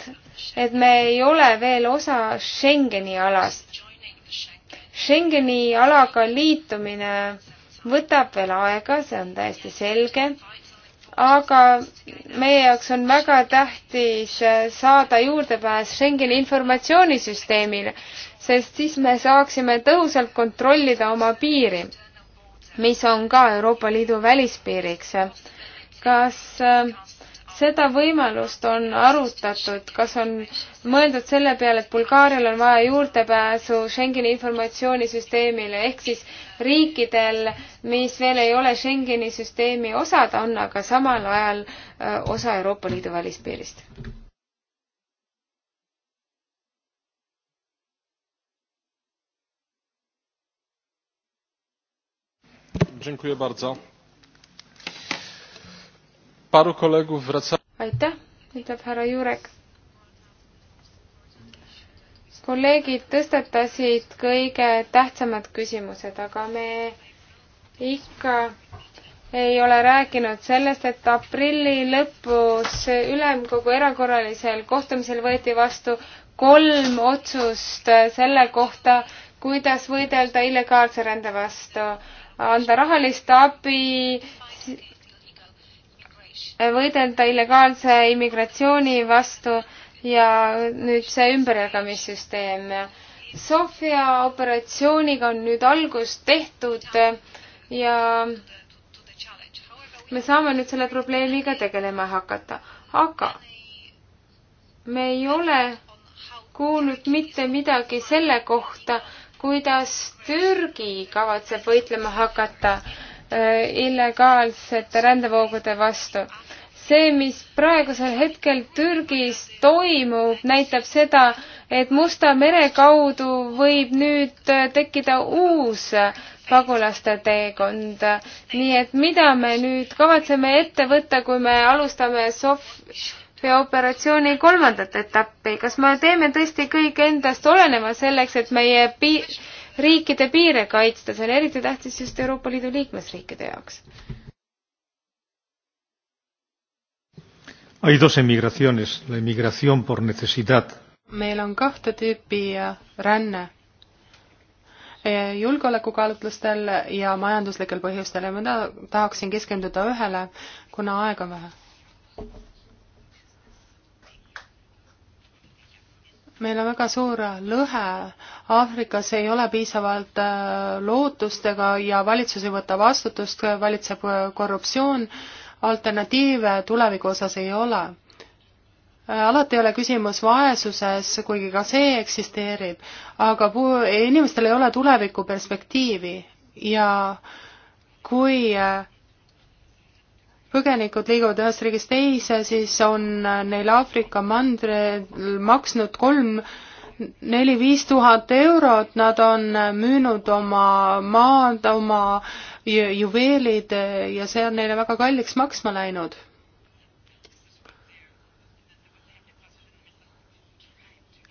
et me ei ole veel osa Schengeni alast. Schengeni alaga liitumine võtab veel aega, see on täiesti selge aga meie jaoks on väga tähtis saada juurdepääs Schengeni informatsioonisüsteemile, sest siis me saaksime tõhusalt kontrollida oma piiri mis on ka Euroopa Liidu välispiiriks. kas äh, seda võimalust on arutatud, kas on mõeldud selle peale, et Bulgaarial on vaja juurdepääsu Schengeni informatsioonisüsteemile, ehk siis riikidel, mis veel ei ole Schengeni süsteemi osad, on aga samal ajal äh, osa Euroopa Liidu välispiirist? aitäh, ütleb härra Jurek. kolleegid tõstatasid kõige tähtsamad küsimused, aga me ikka ei ole rääkinud sellest, et aprilli lõpus ülemkogu erakorralisel kohtumisel võeti vastu kolm otsust selle kohta, kuidas võidelda illegaalse rände vastu anda rahalist abi, võidelda illegaalse immigratsiooni vastu ja nüüd see ümberjagamissüsteem. Sofia operatsiooniga on nüüd algus tehtud ja me saame nüüd selle probleemiga tegelema hakata, aga me ei ole kuulnud mitte midagi selle kohta, kuidas Türgi kavatseb võitlema hakata äh, illegaalsete rändevoogude vastu. see, mis praegusel hetkel Türgis toimub, näitab seda, et Musta mere kaudu võib nüüd äh, tekkida uus äh, pagulaste teekond. nii et mida me nüüd kavatseme ette võtta, kui me alustame Sof-, operatsiooni kolmandat etappi, kas me teeme tõesti kõik endast oleneva selleks, et meie pi-, riikide piire kaitsta, see on eriti tähtis just Euroopa Liidu liikmesriikide jaoks. Hay dos emigraciones, la emigración por necesidad. meil on kahte tüüpi äh, ränne. Äh, julgeolekukaalutlustel ja majanduslikel põhjustel ja ma tahaksin keskenduda ühele, kuna aega on vähe meil on väga suur lõhe, Aafrikas ei ole piisavalt äh, lootustega ja valitsus ei võta vastutust, valitseb äh, korruptsioon, alternatiive tuleviku osas ei ole. Äh, alati ei ole küsimus vaesuses, kuigi ka see eksisteerib, aga inimestel ei ole tulevikuperspektiivi ja kui põgenikud liiguvad ühest riigist teise, siis on neil Aafrika mandril maksnud kolm neli-viis tuhat eurot, nad on müünud oma maad, oma juveelid ja see on neile väga kalliks maksma läinud.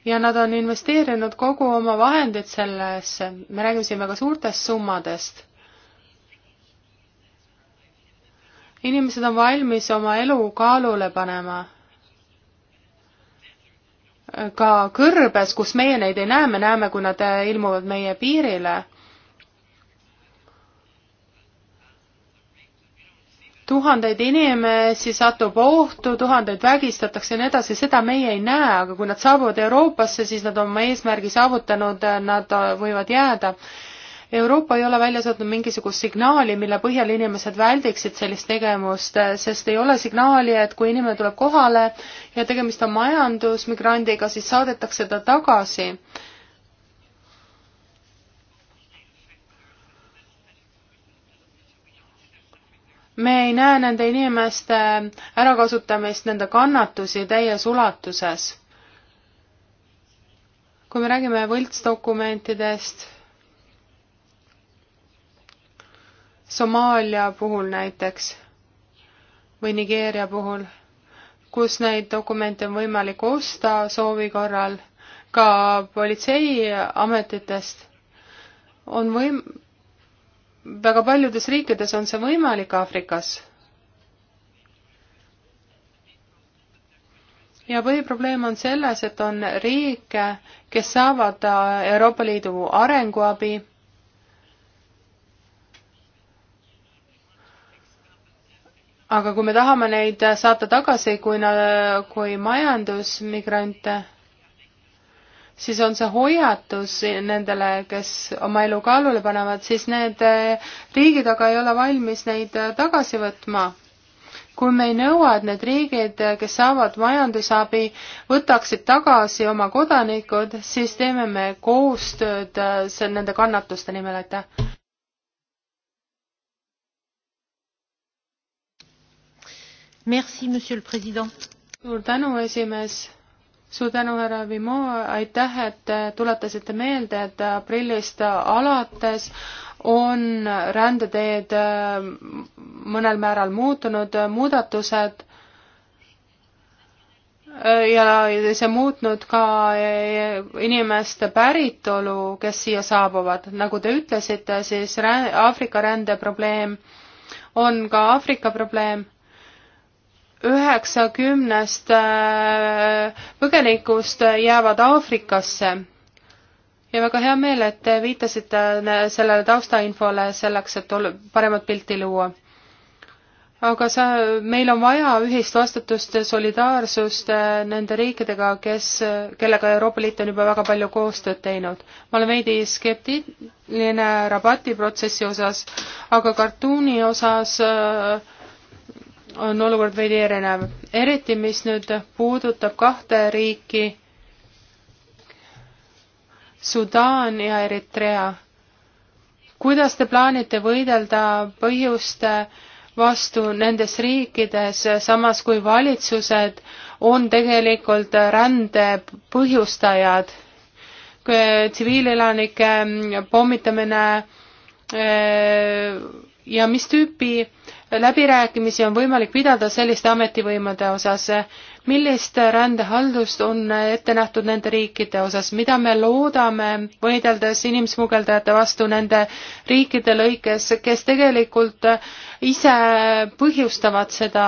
ja nad on investeerinud kogu oma vahendid sellesse, me räägime siin väga suurtest summadest inimesed on valmis oma elu kaalule panema. ka kõrbes, kus meie neid ei näe, me näeme, kui nad äh, ilmuvad meie piirile. tuhandeid inimesi satub ohtu, tuhandeid vägistatakse ja nii edasi, seda meie ei näe, aga kui nad saabuvad Euroopasse, siis nad on oma eesmärgi saavutanud, nad äh, võivad jääda Euroopa ei ole välja saatnud mingisugust signaali, mille põhjal inimesed väldiksid sellist tegevust, äh, sest ei ole signaali, et kui inimene tuleb kohale ja tegemist on majandusmigrandiga, siis saadetakse ta tagasi. me ei näe nende inimeste ärakasutamist, nende kannatusi täies ulatuses. kui me räägime võltsdokumentidest Somaalia puhul näiteks või Nigeeria puhul, kus neid dokumente on võimalik osta soovi korral ka politseiametitest, on võim-, väga paljudes riikides on see võimalik Aafrikas. ja põhiprobleem on selles, et on riike, kes saavad Euroopa Liidu arenguabi aga kui me tahame neid saata tagasi, kui na-, kui majandusmigrante, siis on see hoiatus nendele, kes oma elu kaalule panevad, siis need eh, riigid aga ei ole valmis neid eh, tagasi võtma. kui me ei nõua, et need riigid, eh, kes saavad majandusabi, võtaksid tagasi oma kodanikud, siis teeme me koostööd nende kannatuste nimel, aitäh! suur tänu, esimees. suur tänu, härra Vimo, aitäh, et tuletasite meelde, et aprillist alates on rändeteed äh, mõnel määral muutunud, muudatused äh, ja see muutnud ka äh, inimeste päritolu, kes siia saabuvad. nagu te ütlesite, siis Aafrika rände probleem on ka Aafrika probleem üheksakümnest äh, põgenikust jäävad Aafrikasse. ja väga hea meel, et te viitasite sellele taustainfole selleks, et paremat pilti luua. aga sa, meil on vaja ühist vastutust ja solidaarsust äh, nende riikidega, kes, kellega Euroopa Liit on juba väga palju koostööd teinud. ma olen veidi skeptiline rabati protsessi osas, aga kartuuni osas äh, on olukord veidi erinev, eriti mis nüüd puudutab kahte riiki, Sudaan ja Eritrea. kuidas te plaanite võidelda põhjuste vastu nendes riikides, samas kui valitsused on tegelikult rände põhjustajad? tsiviilelanike pommitamine eh, ja mis tüüpi äh, läbirääkimisi on võimalik pidada selliste ametivõimude osas millist rändehaldust on ette nähtud nende riikide osas, mida me loodame võideldes inimsmugeldajate vastu nende riikide lõikes, kes tegelikult ise põhjustavad seda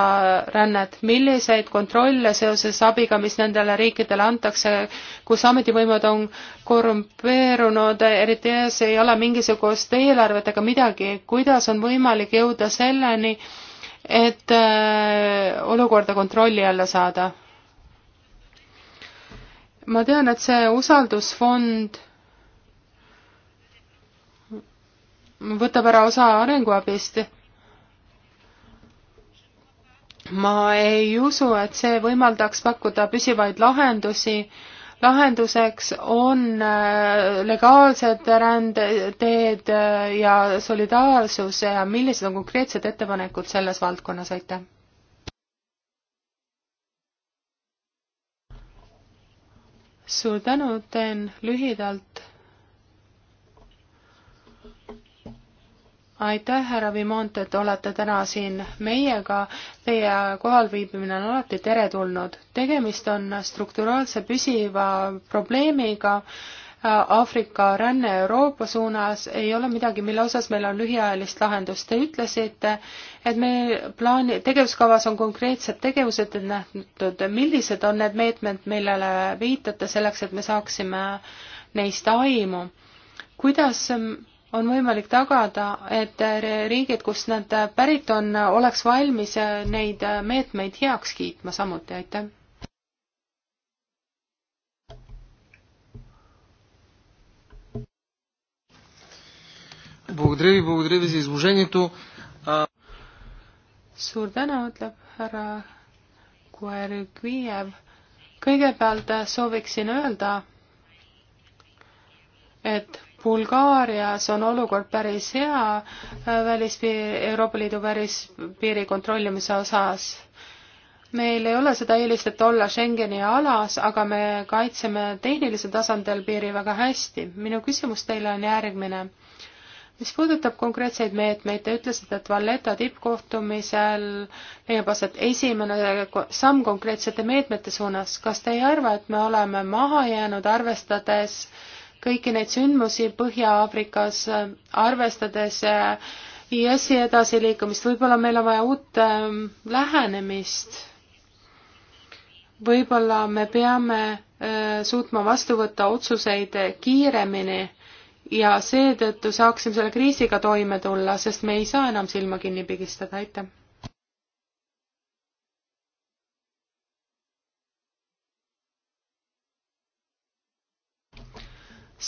rännet, milliseid kontrolle seoses abiga, mis nendele riikidele antakse, kus ametivõimud on korrumpeerunud, eriti ees ei ole mingisugust eelarvet ega midagi, kuidas on võimalik jõuda selleni, et äh, olukorda kontrolli alla saada. ma tean, et see usaldusfond võtab ära osa arenguabist. ma ei usu, et see võimaldaks pakkuda püsivaid lahendusi äh, lahenduseks on äh, legaalsed rändeteed äh, ja solidaarsus ja millised on konkreetsed ettepanekud selles valdkonnas, aitäh! suur tänu, teen lühidalt aitäh, härra Vimont, et olete täna siin meiega. Teie kohalviibimine on alati teretulnud. tegemist on strukturaalse püsiva probleemiga. Äh, Aafrika ränne Euroopa suunas ei ole midagi, mille osas meil on lühiajalist lahendust. Te ütlesite, et meil plaani, tegevuskavas on konkreetsed tegevused nähtud. millised on need meetmed, millele viitate selleks, et me saaksime neist aimu? kuidas on võimalik tagada, et riigid, kust nad pärit on, oleks valmis äh, neid äh, meetmeid heaks kiitma samuti, aitäh. Благодаря ви, благодаря ви за изложението. А... Suur tänu, ütleb härra Kuergviev. kõigepealt äh, sooviksin öelda, et Bulgaarias on olukord päris hea äh, välispiir, Euroopa Liidu välispiiri kontrollimise osas. meil ei ole seda eelist, et olla Schengeni alas, aga me kaitseme tehnilisel tasandil piiri väga hästi. minu küsimus teile on järgmine. mis puudutab konkreetseid meetmeid, te ütlesite, et Valletta tippkohtumisel leiab aset esimene samm konkreetsete meetmete suunas. kas te ei arva, et me oleme maha jäänud, arvestades äh, kõiki neid sündmusi Põhja-Aafrikas, äh, arvestades äh, IS-i edasiliikumist, võib-olla meil on vaja uut ähm, lähenemist. võib-olla me peame äh, suutma vastu võtta otsuseid kiiremini ja seetõttu saaksime selle kriisiga toime tulla, sest me ei saa enam silma kinni pigistada, aitäh!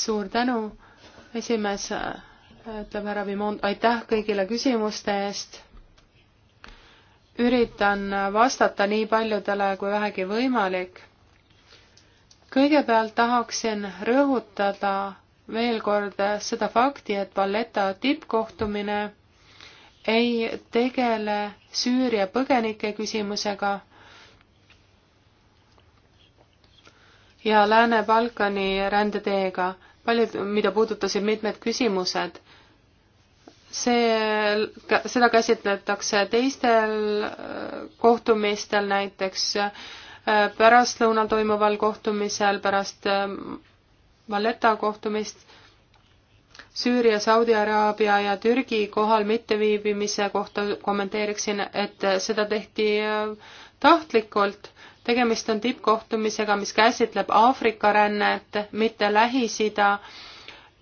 suur tänu, esimees, ütleb härra Vimond, aitäh kõigile küsimuste eest. üritan vastata nii paljudele kui vähegi võimalik. kõigepealt tahaksin rõhutada veel kord seda fakti, et Valletta tippkohtumine ei tegele Süüria põgenike küsimusega ja Lääne-Balkani rändeteega, paljud, mida puudutasid mitmed küsimused, see, seda käsitletakse teistel äh, kohtumistel, näiteks äh, pärastlõunal toimuval kohtumisel, pärast äh, Valletta kohtumist, Süüria, Saudi Araabia ja Türgi kohal mitteviibimise kohta kommenteeriksin, et seda tehti tahtlikult tegemist on tippkohtumisega, mis käsitleb Aafrika rännet, mitte Lähis-Ida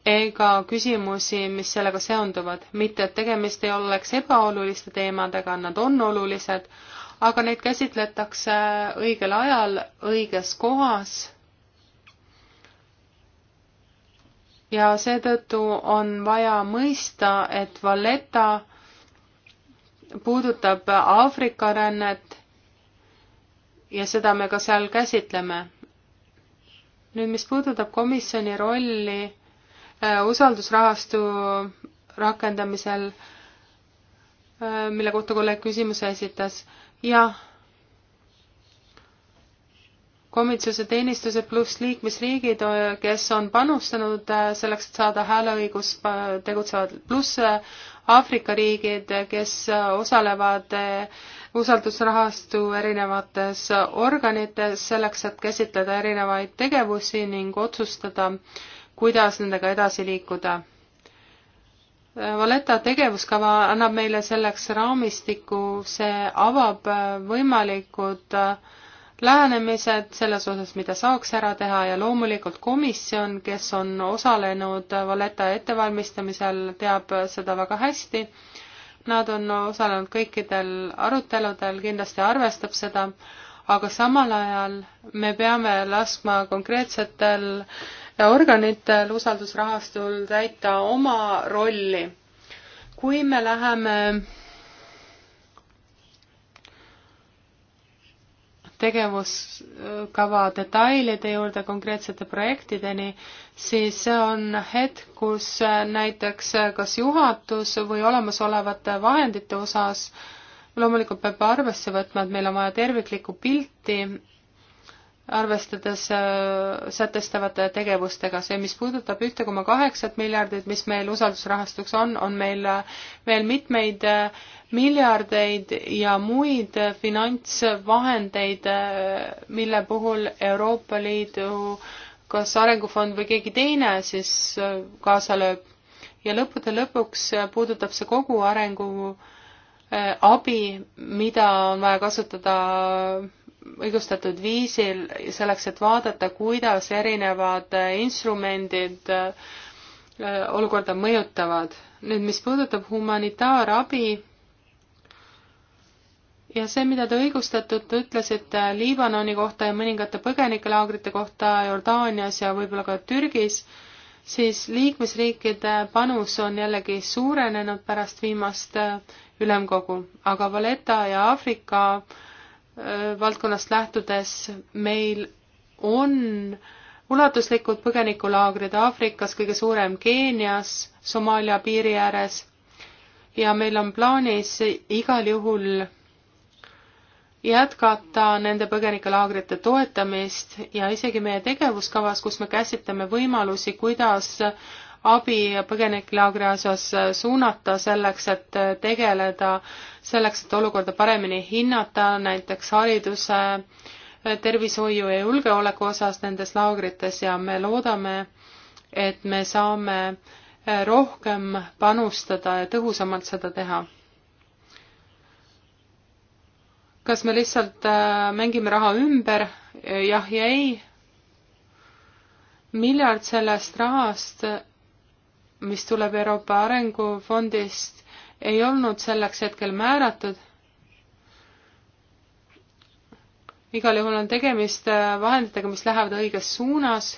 ega küsimusi, mis sellega seonduvad. mitte, et tegemist ei oleks ebaoluliste teemadega, nad on olulised, aga neid käsitletakse õigel ajal, õiges kohas. ja seetõttu on vaja mõista, et Valletta puudutab Aafrika rännet ja seda me ka seal käsitleme. nüüd, mis puudutab komisjoni rolli äh, usaldusrahastu rakendamisel äh,, mille kohta kolleeg küsimuse esitas, jah, komitsuse teenistused pluss liikmesriigid, äh, kes on panustanud äh, selleks, et saada hääleõigus, tegutsevad, pluss äh, Aafrika riigid, kes osalevad äh, usaldusrahastu erinevates organites selleks, et käsitleda erinevaid tegevusi ning otsustada, kuidas nendega edasi liikuda. Valeta tegevuskava annab meile selleks raamistiku, see avab võimalikud lähenemised selles osas, mida saaks ära teha ja loomulikult komisjon, kes on osalenud Valeta ettevalmistamisel, teab seda väga hästi Nad on osalenud kõikidel aruteludel, kindlasti arvestab seda, aga samal ajal me peame laskma konkreetsetel organitel usaldusrahastul täita oma rolli. kui me läheme tegevuskava detailide juurde konkreetsete projektideni, siis see on hetk, kus näiteks kas juhatus või olemasolevate vahendite osas loomulikult peab arvesse võtma, et meil on vaja terviklikku pilti, arvestades äh, sätestavate tegevustega. see, mis puudutab ühte koma kaheksat miljardit, mis meil usaldusrahastuks on, on meil äh, veel mitmeid äh, miljardeid ja muid finantsvahendeid, mille puhul Euroopa Liidu kas Arengufond või keegi teine siis kaasa lööb. ja lõppude lõpuks puudutab see kogu arengu eh, abi, mida on vaja kasutada õigustatud viisil selleks, et vaadata, kuidas erinevad instrumendid eh, olukorda mõjutavad. nüüd, mis puudutab humanitaarabi, ja see, mida te õigustatult ütlesite Liibanoni kohta ja mõningate põgenikelaagrite kohta Jordaanias ja võib-olla ka Türgis, siis liikmesriikide panus on jällegi suurenenud pärast viimast äh, ülemkogu, aga Valeta ja Aafrika äh, valdkonnast lähtudes meil on ulatuslikud põgenikulaagrid Aafrikas, kõige suurem Keenias, Somaalia piiri ääres ja meil on plaanis igal juhul jätkata nende põgenikelaagrite toetamist ja isegi meie tegevuskavas, kus me käsitleme võimalusi, kuidas abi põgenikelaagri osas suunata selleks, et tegeleda, selleks, et olukorda paremini hinnata, näiteks hariduse, tervishoiu ja julgeoleku osas nendes laagrites ja me loodame, et me saame rohkem panustada ja tõhusamalt seda teha kas me lihtsalt äh, mängime raha ümber, jah ja ei? miljard sellest rahast, mis tuleb Euroopa Arengufondist, ei olnud selleks hetkel määratud. igal juhul on tegemist äh, vahenditega, mis lähevad õiges suunas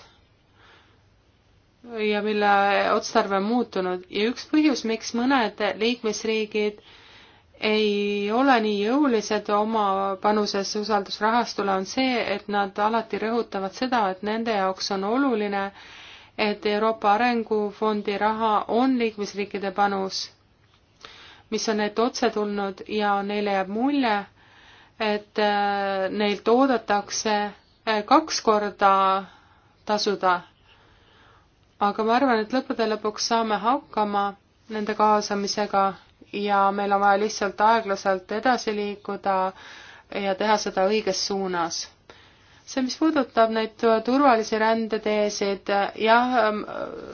ja mille otstarve on muutunud ja üks põhjus, miks mõned liikmesriigid äh, ei ole nii jõulised oma panuses usaldusrahastule, on see, et nad alati rõhutavad seda, et nende jaoks on oluline, et Euroopa Arengufondi raha on liikmesriikide panus, mis on neilt otse tulnud ja neile jääb mulje, et äh, neilt oodatakse äh, kaks korda tasuda. aga ma arvan, et lõppude lõpuks saame hakkama nende kaasamisega ja meil on vaja lihtsalt aeglaselt edasi liikuda ja teha seda õiges suunas. see, mis puudutab neid turvalisi rändeteesid, jah, ähm,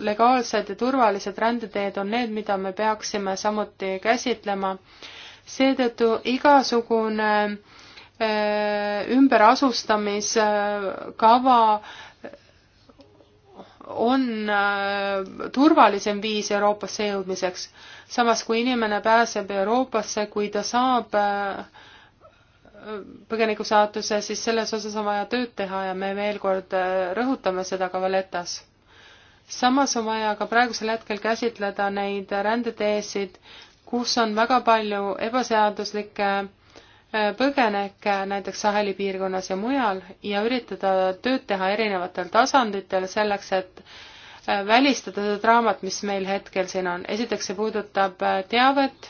legaalsed ja turvalised rändeteed on need, mida me peaksime samuti käsitlema. seetõttu igasugune äh, ümberasustamiskava äh, on äh, turvalisem viis Euroopasse jõudmiseks samas kui inimene pääseb Euroopasse, kui ta saab äh, põgeniku saatuse, siis selles osas on vaja tööd teha ja me veel kord äh, rõhutame seda ka Valetas. samas on vaja ka praegusel hetkel käsitleda neid rändeteesid, kus on väga palju ebaseaduslikke äh, põgenike näiteks Saheli piirkonnas ja mujal ja üritada tööd teha erinevatel tasanditel selleks, et Äh, välistada seda draamat, mis meil hetkel siin on. esiteks see puudutab äh, teavet.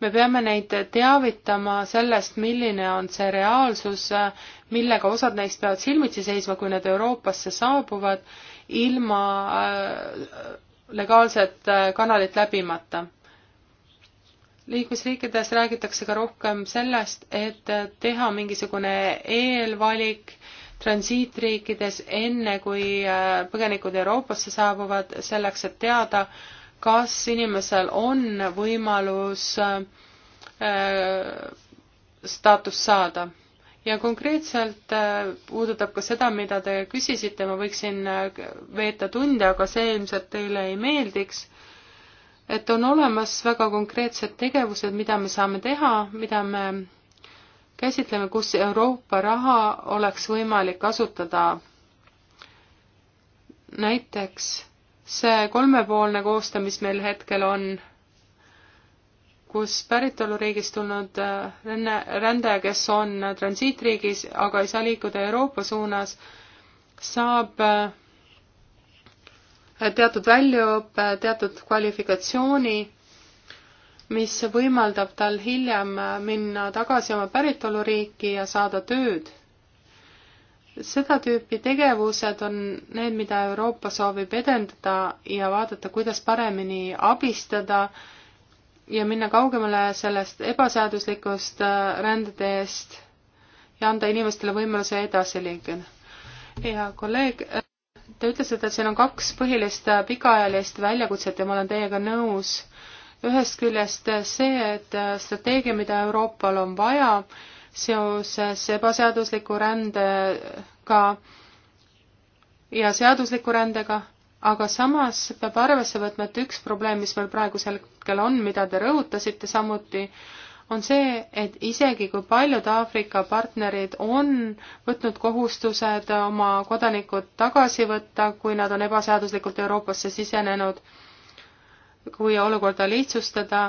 me peame neid teavitama sellest, milline on see reaalsus, äh, millega osad neist peavad silmitsi seisma, kui nad Euroopasse saabuvad, ilma legaalset kanalit läbimata liikmesriikides räägitakse ka rohkem sellest, et teha mingisugune eelvalik transiitriikides, enne kui äh, põgenikud Euroopasse saabuvad, selleks et teada, kas inimesel on võimalus äh, äh, staatust saada. ja konkreetselt puudutab ka seda, mida te küsisite, ma võiksin veeta tunde, aga see ilmselt teile ei meeldiks, et on olemas väga konkreetsed tegevused, mida me saame teha, mida me käsitleme, kus Euroopa raha oleks võimalik kasutada. näiteks see kolmepoolne koostöö, mis meil hetkel on, kus päritoluriigist tulnud äh, ränne, rändaja, kes on transiitriigis, aga ei saa liikuda Euroopa suunas, saab äh, teatud väljaõppe, teatud kvalifikatsiooni mis võimaldab tal hiljem minna tagasi oma päritoluriiki ja saada tööd. seda tüüpi tegevused on need, mida Euroopa soovib edendada ja vaadata, kuidas paremini abistada ja minna kaugemale sellest ebaseaduslikust äh, rändeteest ja anda inimestele võimaluse edasi liikuda. ja kolleeg, äh, te ütlesite, et siin on kaks põhilist äh, pikaajalist väljakutset ja ma olen teiega nõus ühest küljest see, et strateegia, mida Euroopal on vaja seoses ebaseadusliku rändega ja seadusliku rändega, aga samas peab arvesse võtma, et üks probleem, mis meil praegusel hetkel on, mida te rõhutasite samuti, on see, et isegi kui paljud Aafrika partnerid on võtnud kohustused oma kodanikud tagasi võtta, kui nad on ebaseaduslikult Euroopasse sisenenud, kui olukorda lihtsustada,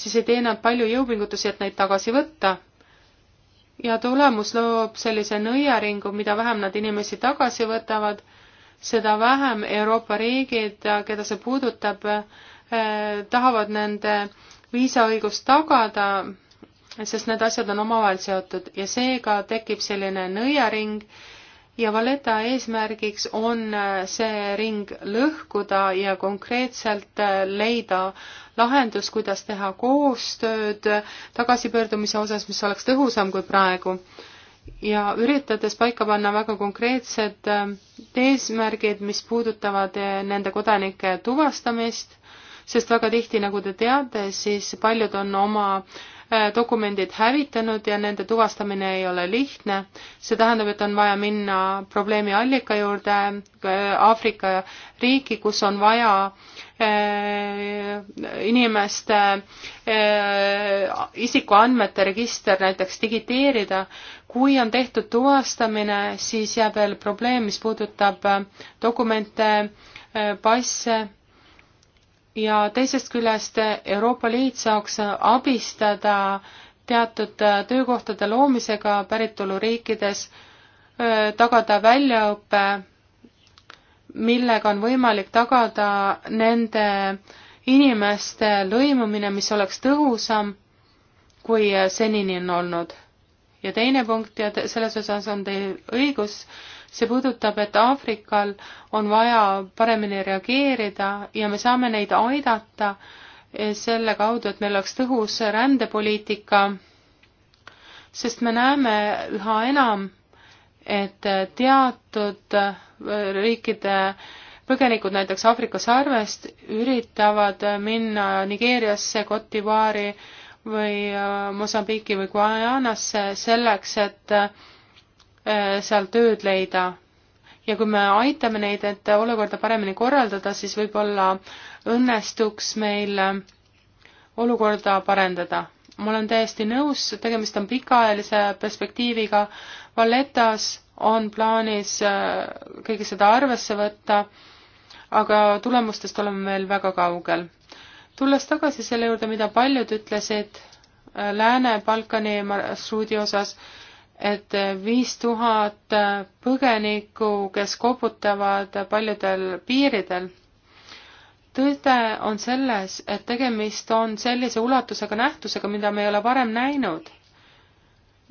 siis ei tee nad palju jõupingutusi, et neid tagasi võtta. ja tulemus loob sellise nõiaringu, mida vähem nad inimesi tagasi võtavad, seda vähem Euroopa riigid, keda see puudutab, eh, tahavad nende viisaõigust tagada, sest need asjad on omavahel seotud ja seega tekib selline nõiaring ja Valeta eesmärgiks on äh, see ring lõhkuda ja konkreetselt äh, leida lahendus, kuidas teha koostööd tagasipöördumise osas, mis oleks tõhusam kui praegu. ja üritades paika panna väga konkreetsed äh, eesmärgid, mis puudutavad nende kodanike tuvastamist, sest väga tihti, nagu te teate, siis paljud on oma äh, Äh, dokumendid hävitanud ja nende tuvastamine ei ole lihtne. see tähendab, et on vaja minna probleemi allika juurde, äh, Aafrika riiki, kus on vaja äh, inimeste isikuandmete register näiteks digiteerida. kui on tehtud tuvastamine, siis jääb veel probleem, mis puudutab dokumente, passe ja teisest küljest Euroopa Liit saaks abistada teatud äh, töökohtade loomisega päritoluriikides, äh, tagada väljaõpe, millega on võimalik tagada nende inimeste lõimumine, mis oleks tõhusam, kui senini on olnud. ja teine punkt ja selles osas on teil õigus, see puudutab, et Aafrikal on vaja paremini reageerida ja me saame neid aidata selle kaudu, et meil oleks tõhus rändepoliitika, sest me näeme üha enam, et teatud riikide põgenikud näiteks Aafrika sarvest üritavad minna Nigeeriasse, Cote d'Ivoire'i või äh, Mosambiiki või Guajanasse selleks, et Äh, seal tööd leida. ja kui me aitame neid, et olukorda paremini korraldada, siis võib-olla õnnestuks meil olukorda parendada. ma olen täiesti nõus, tegemist on pikaajalise perspektiiviga. Valletas on plaanis äh, kõige seda arvesse võtta, aga tulemustest oleme veel väga kaugel. tulles tagasi selle juurde, mida paljud ütlesid äh, Lääne-Balkani marsruudi osas, et viis tuhat põgenikku, kes koputavad paljudel piiridel. tõde on selles, et tegemist on sellise ulatusega nähtusega, mida me ei ole varem näinud.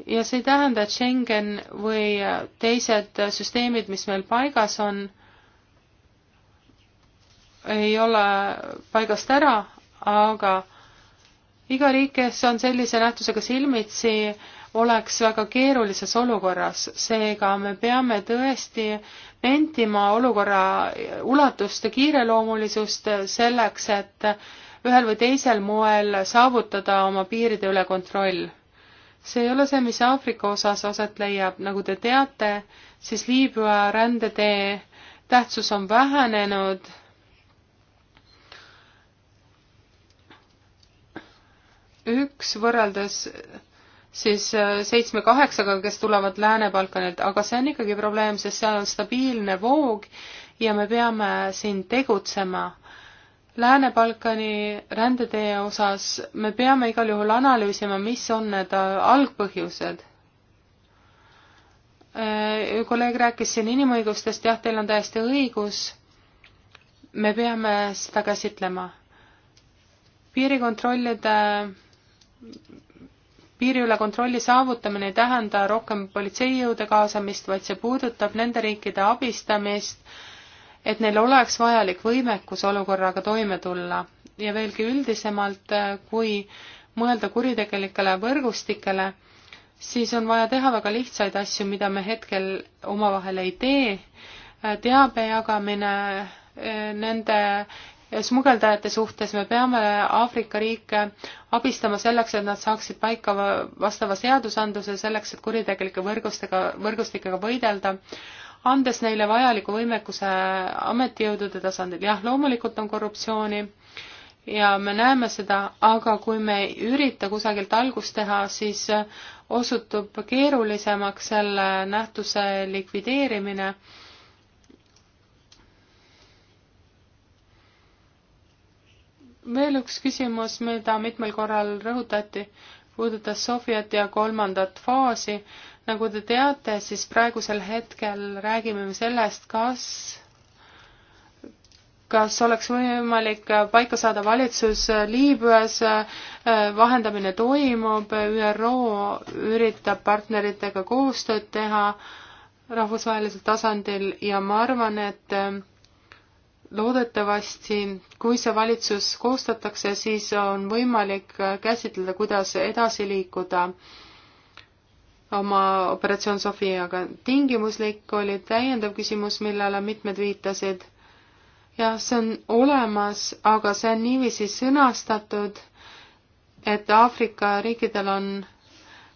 ja see ei tähenda, et Schengen või teised süsteemid, mis meil paigas on, ei ole paigast ära, aga iga riik, kes on sellise nähtusega silmitsi, oleks väga keerulises olukorras, seega me peame tõesti nentima olukorra ulatust ja kiireloomulisust selleks, et ühel või teisel moel saavutada oma piiride üle kontroll. see ei ole see, mis Aafrika osas aset leiab, nagu te teate, siis Liibüa rändetee tähtsus on vähenenud üks võrreldes siis äh, seitsme-kaheksaga, kes tulevad Lääne-Balkanilt, aga see on ikkagi probleem, sest seal on stabiilne voog ja me peame siin tegutsema. Lääne-Balkani rändetee osas me peame igal juhul analüüsima, mis on need äh, algpõhjused äh, kolleeg rääkis siin inimõigustest, jah, teil on täiesti õigus. me peame seda käsitlema. piirikontrollide piiriüle kontrolli saavutamine ei tähenda rohkem politseijõude kaasamist, vaid see puudutab nende riikide abistamist, et neil oleks vajalik võimekus olukorraga toime tulla ja veelgi üldisemalt, kui mõelda kuritegelikele võrgustikele, siis on vaja teha väga lihtsaid asju, mida me hetkel omavahel ei tee, teabe jagamine, eh, nende smugeldajate suhtes, me peame Aafrika riike abistama selleks, et nad saaksid paika vastava seadusandluse selleks, et kuritegelike võrgustega, võrgustikega võidelda, andes neile vajaliku võimekuse ametijõudude tasandil. jah, loomulikult on korruptsiooni ja me näeme seda, aga kui me ei ürita kusagilt algust teha, siis osutub keerulisemaks selle nähtuse likvideerimine veel üks küsimus, mida mitmel korral rõhutati, puudutas Sofiat ja kolmandat faasi. nagu te teate, siis praegusel hetkel räägime me sellest, kas, kas oleks võimalik paika saada valitsus Liibüas, vahendamine toimub, ÜRO üritab partneritega koostööd teha rahvusvahelisel tasandil ja ma arvan, et loodetavasti, kui see valitsus koostatakse, siis on võimalik käsitleda, kuidas edasi liikuda oma operatsioon Sofiaga. tingimuslik oli täiendav küsimus, millele mitmed viitasid. jah, see on olemas, aga see on niiviisi sõnastatud, et Aafrika riikidel on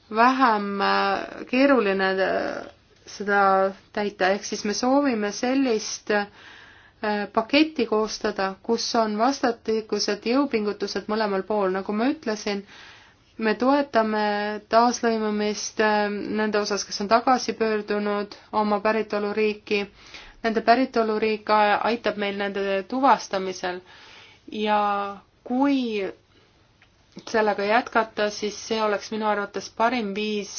vähem äh, keeruline äh, seda täita, ehk siis me soovime sellist äh, Äh, paketi koostada, kus on vastastikused jõupingutused mõlemal pool, nagu ma ütlesin, me toetame taaslõimumist äh, nende osas, kes on tagasi pöördunud oma päritoluriiki, nende päritoluriik aitab meil nende tuvastamisel ja kui sellega jätkata, siis see oleks minu arvates parim viis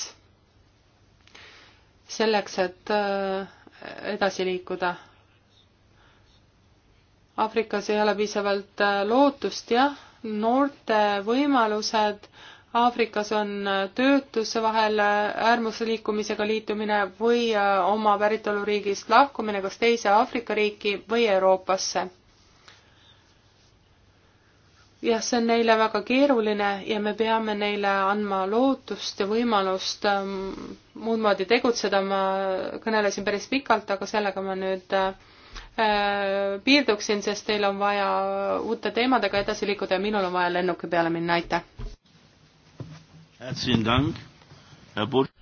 selleks, et äh, edasi liikuda Aafrikas ei ole piisavalt äh, lootust, jah, noorte võimalused Aafrikas on äh, töötuse vahel äh, äärmusliikumisega liitumine või oma päritoluriigist lahkumine kas teise Aafrika riiki või Euroopasse. jah, see on neile väga keeruline ja me peame neile andma lootust ja võimalust ähm, muud moodi tegutseda, ma kõnelesin päris pikalt, aga sellega ma nüüd äh, Äh, piirduksin, sest teil on vaja uute teemadega edasi liikuda ja minul on vaja lennuki peale minna, aitäh.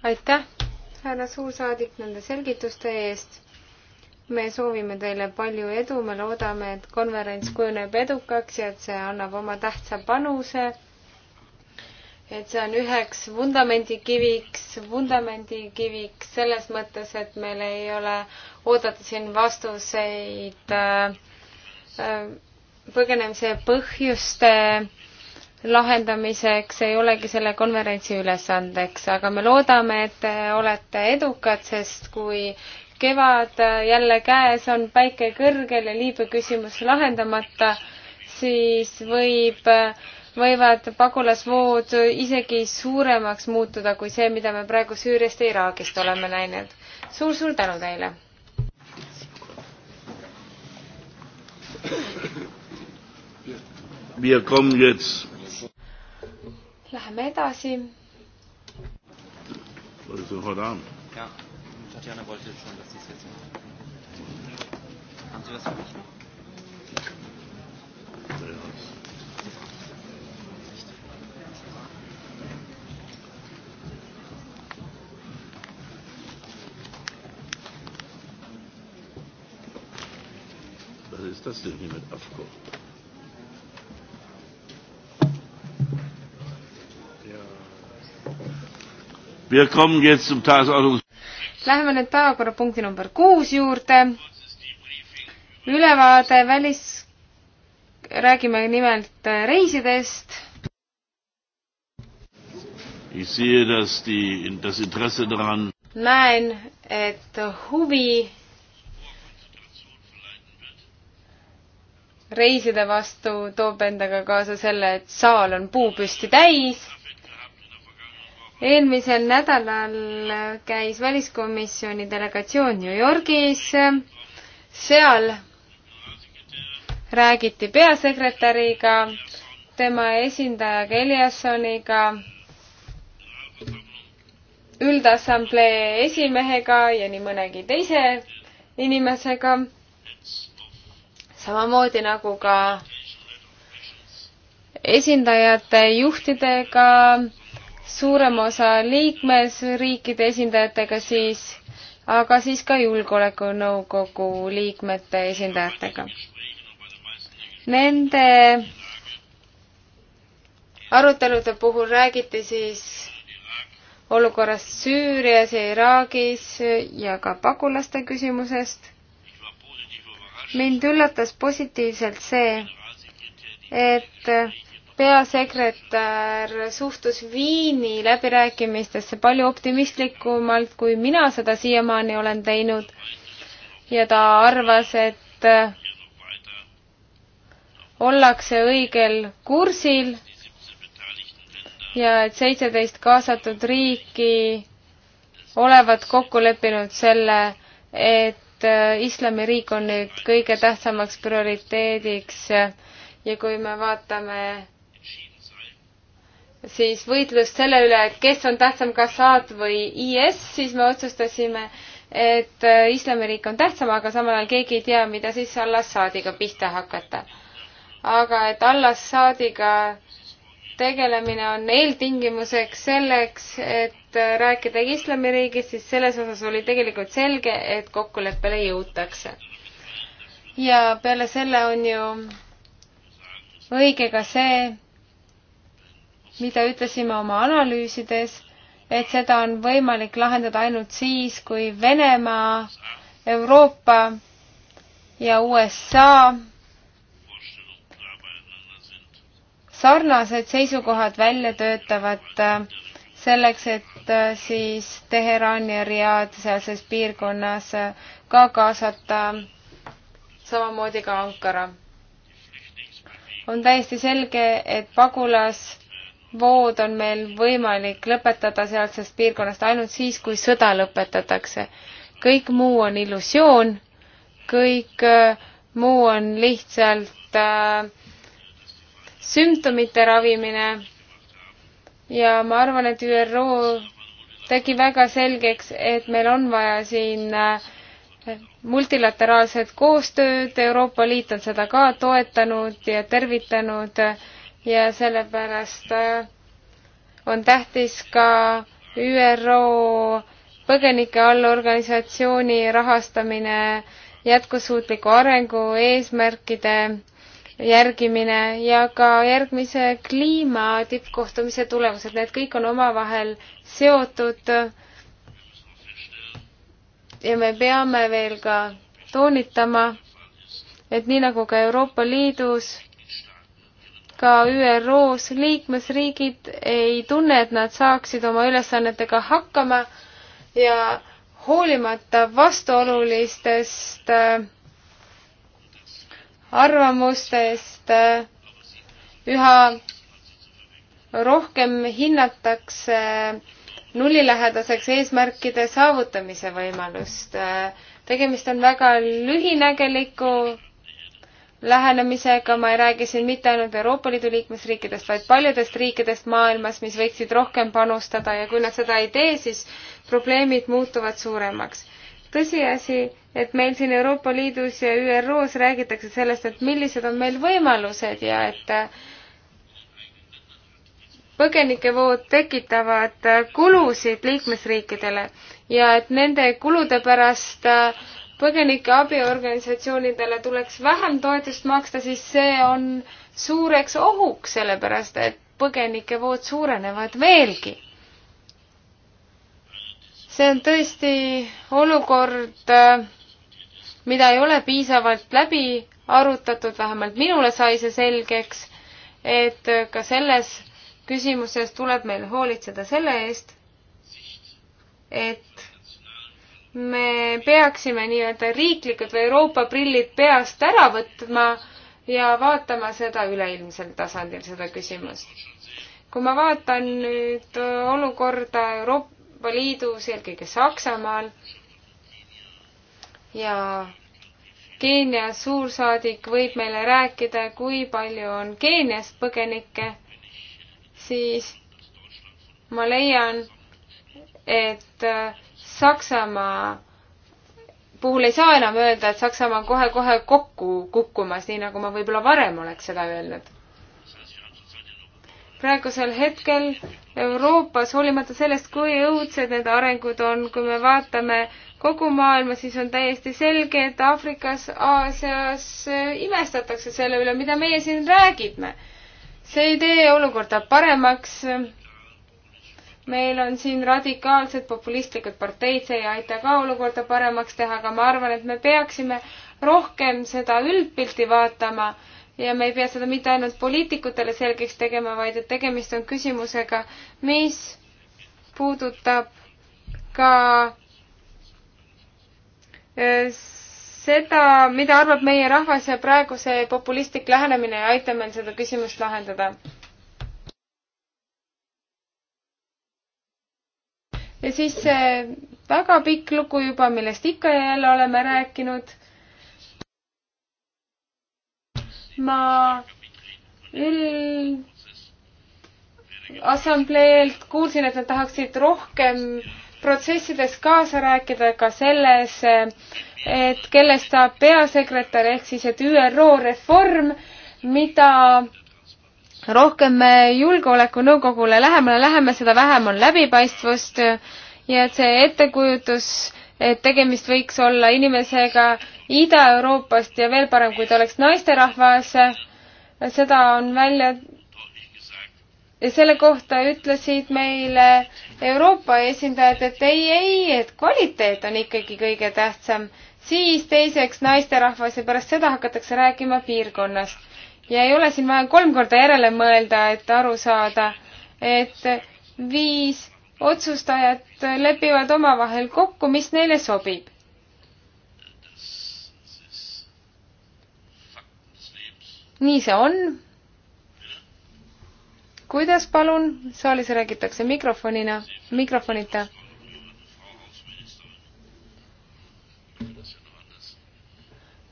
aitäh, härra suursaadik, nende selgituste eest. me soovime teile palju edu, me loodame, et konverents kujuneb edukaks ja et see annab oma tähtsa panuse et see on üheks vundamendikiviks, vundamendikiviks selles mõttes, et meil ei ole oodata siin vastuseid äh, äh, põgenemise põhjuste lahendamiseks ei olegi selle konverentsi ülesandeks, aga me loodame, et te olete edukad, sest kui kevad jälle käes on, päike kõrgel ja Liibüa küsimus lahendamata, siis võib äh, võivad pagulasvood isegi suuremaks muutuda kui see, mida me praegu Süüriast ja Iraagist oleme näinud suur,. suur-suur tänu teile! Läheme edasi. Ja, Tatjana wollte schon, dass Sie es jetzt machen. Haben Sie was für mich noch? Ja, ja. das denn hier mit AFCO? Wir kommen jetzt zum Tagesordnungs- Läheme nüüd päevakorrapunkti number kuus juurde. ülevaade välis, räägime nimelt äh, reisidest. näen, et huvi reiside vastu toob endaga kaasa selle, et saal on puupüsti täis. eelmisel nädalal käis väliskomisjoni delegatsioon New Yorgis. seal räägiti peasekretäriga, tema esindajaga Eliassoniga, üldassamblee esimehega ja nii mõnegi teise inimesega samamoodi nagu ka esindajate juhtidega, suurema osa liikmesriikide esindajatega siis, aga siis ka Julgeolekunõukogu liikmete esindajatega. Nende arutelude puhul räägiti siis olukorrast Süürias ja Iraagis ja ka pagulaste küsimusest mind üllatas positiivselt see, et peasekretär suhtus Viini läbirääkimistesse palju optimistlikumalt, kui mina seda siiamaani olen teinud. ja ta arvas, et ollakse õigel kursil ja et seitseteist kaasatud riiki olevat kokku leppinud selle, et et äh, islamiriik on nüüd kõige tähtsamaks prioriteediks ja kui me vaatame siis võitlust selle üle, et kes on tähtsam, kas Assad või IS, siis me otsustasime, et äh, islamiriik on tähtsam, aga samal ajal keegi ei tea, mida siis al-Assadiga pihta hakata. aga et al-Assadiga tegelemine on eeltingimuseks selleks, et rääkida islamiriigist, siis selles osas oli tegelikult selge, et kokkuleppele jõutakse. ja peale selle on ju õige ka see, mida ütlesime oma analüüsides, et seda on võimalik lahendada ainult siis, kui Venemaa, Euroopa ja USA sarnased seisukohad välja töötavad äh, selleks, et äh, siis Teheran ja Riad sealses piirkonnas äh, ka kaasata, samamoodi ka Ankara. on täiesti selge, et pagulasvood on meil võimalik lõpetada sealsest piirkonnast ainult siis, kui sõda lõpetatakse. kõik muu on illusioon, kõik muu on lihtsalt äh, sümptomite ravimine ja ma arvan, et ÜRO tegi väga selgeks, et meil on vaja siin äh, multilateraalset koostööd, Euroopa Liit on seda ka toetanud ja tervitanud ja sellepärast äh, on tähtis ka ÜRO põgenike allorganisatsiooni rahastamine jätkusuutliku arengu eesmärkide järgimine ja ka järgmise kliima tippkohtumise tulemused, need kõik on omavahel seotud. ja me peame veel ka toonitama, et nii nagu ka Euroopa Liidus, ka ÜRO-s liikmesriigid ei tunne, et nad saaksid oma ülesannetega hakkama ja hoolimata vastuolulistest äh, arvamustest äh, üha rohkem hinnatakse nullilähedaseks eesmärkide saavutamise võimalust. Äh, tegemist on väga lühinägeliku lähenemisega, ma ei räägi siin mitte ainult Euroopa Liidu liikmesriikidest, vaid paljudest riikidest maailmas, mis võiksid rohkem panustada ja kui nad seda ei tee, siis probleemid muutuvad suuremaks. tõsiasi, et meil siin Euroopa Liidus ja ÜRO-s räägitakse sellest, et millised on meil võimalused ja et äh, põgenikevood tekitavad äh, kulusid liikmesriikidele ja et nende kulude pärast äh, põgenike abiorganisatsioonidele tuleks vähem toetust maksta, siis see on suureks ohuks, sellepärast et põgenikevood suurenevad veelgi. see on tõesti olukord äh, mida ei ole piisavalt läbi arutatud, vähemalt minule sai see selgeks, et ka selles küsimuses tuleb meil hoolitseda selle eest, et me peaksime nii-öelda riiklikud või Euroopa prillid peast ära võtma ja vaatama seda üleilmsel tasandil, seda küsimust. kui ma vaatan nüüd olukorda Euroopa Liidus, eelkõige Saksamaal, ja Keenia suursaadik võib meile rääkida, kui palju on Keenias põgenikke, siis ma leian, et äh, Saksamaa puhul ei saa enam öelda, et Saksamaa on kohe-kohe kokku kukkumas, nii nagu ma võib-olla varem oleks seda öelnud. praegusel hetkel Euroopas, hoolimata sellest, kui õudsed need arengud on, kui me vaatame äh, kogu maailma, siis on täiesti selge, et Aafrikas, Aasias eh, imestatakse selle üle, mida meie siin räägime. see ei tee olukorda paremaks. meil on siin radikaalsed populistlikud parteid, see ei aita ka olukorda paremaks teha, aga ma arvan, et me peaksime rohkem seda üldpilti vaatama ja me ei pea seda mitte ainult poliitikutele selgeks tegema, vaid et tegemist on küsimusega, mis puudutab ka seda, mida arvab meie rahvas ja praegu see populistlik lähenemine ja aitab meil seda küsimust lahendada. ja siis see väga pikk lugu juba, millest ikka ja jälle oleme rääkinud. ma ül- assambleelt kuulsin, et nad tahaksid rohkem äh, protsessides kaasa rääkida ka selles, et kellest saab peasekretär ehk siis, et ÜRO reform, mida rohkem me Julgeolekunõukogule lähemale läheme, seda vähem on läbipaistvust ja et see ettekujutus, et tegemist võiks olla inimesega Ida-Euroopast ja veel parem, kui ta oleks naisterahvas, seda on välja ja selle kohta ütlesid meile Euroopa esindajad, et ei, ei, et kvaliteet on ikkagi kõige tähtsam, siis teiseks naisterahvas ja pärast seda hakatakse rääkima piirkonnast. ja ei ole siin vaja kolm korda järele mõelda, et aru saada, et viis otsustajat lepivad omavahel kokku, mis neile sobib. nii see on kuidas palun, saalis räägitakse mikrofonina, mikrofonita.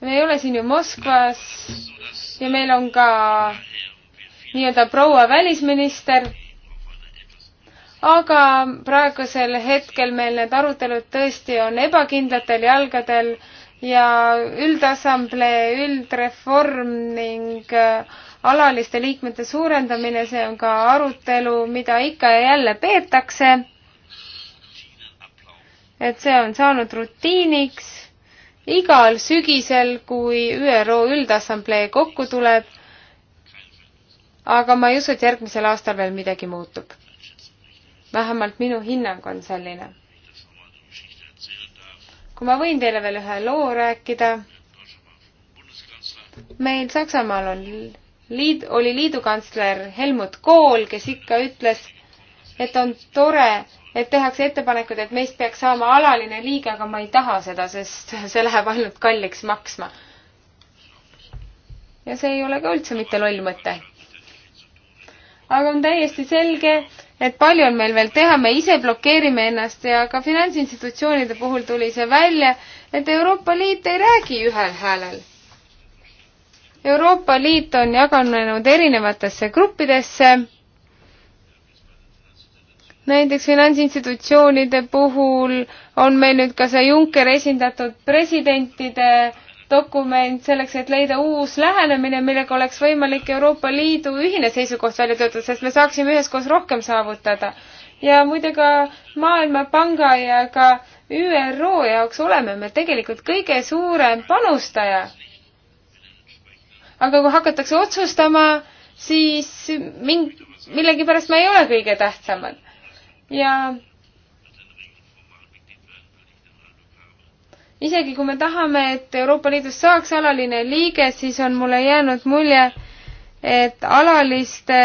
me ei ole siin ju Moskvas ja meil on ka nii-öelda proua välisminister. aga praegusel hetkel meil need arutelud tõesti on ebakindlatel jalgadel ja üldassamblee üldreform ning äh, alaliste liikmete suurendamine, see on ka arutelu, mida ikka ja jälle peetakse. et see on saanud rutiiniks igal sügisel, kui ÜRO Üldassamblee kokku tuleb. aga ma ei usu, et järgmisel aastal veel midagi muutub. vähemalt minu hinnang on selline. kui ma võin teile veel ühe loo rääkida meil Saksamaal on liid-, oli liidukantsler Helmut Kohl, kes ikka ütles, et on tore, et tehakse ettepanekud, et meist peaks saama alaline liige, aga ma ei taha seda, sest see läheb ainult kalliks maksma. ja see ei ole ka üldse mitte loll mõte. aga on täiesti selge, et palju on meil veel teha, me ise blokeerime ennast ja ka finantsinstitutsioonide puhul tuli see välja, et Euroopa Liit ei räägi ühel häälel Euroopa Liit on jaganenud erinevatesse gruppidesse, näiteks finantsinstitutsioonide puhul on meil nüüd ka see Junckeri esindatud presidentide dokument selleks, et leida uus lähenemine, millega oleks võimalik Euroopa Liidu ühine seisukoht välja töötada, sest me saaksime üheskoos rohkem saavutada. ja muide ka Maailmapanga ja ka ÜRO jaoks oleme me tegelikult kõige suurem panustaja aga kui hakatakse otsustama, siis ming-, millegipärast me ei ole kõige tähtsamad. ja isegi kui me tahame, et Euroopa Liidus saaks alaline liige, siis on mulle jäänud mulje, et alaliste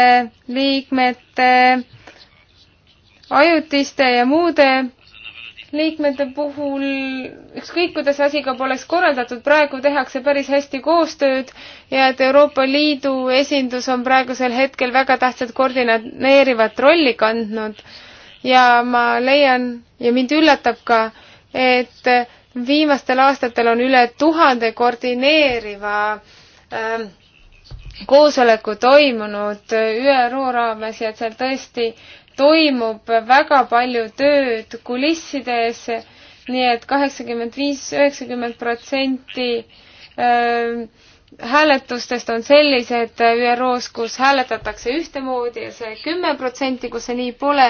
liikmete, ajutiste ja muude liikmete puhul, ükskõik kuidas asi ka poleks korraldatud, praegu tehakse päris hästi koostööd ja et Euroopa Liidu esindus on praegusel hetkel väga tähtsat koordineerivat rolli kandnud. ja ma leian ja mind üllatab ka, et viimastel aastatel on üle tuhande koordineeriva äh, koosoleku toimunud äh, ÜRO raames ja et seal tõesti äh, toimub väga palju tööd kulissides, nii et kaheksakümmend viis, üheksakümmend protsenti äh, hääletustest on sellised ÜRO-s, kus hääletatakse ühtemoodi ja see kümme protsenti, kus see nii pole,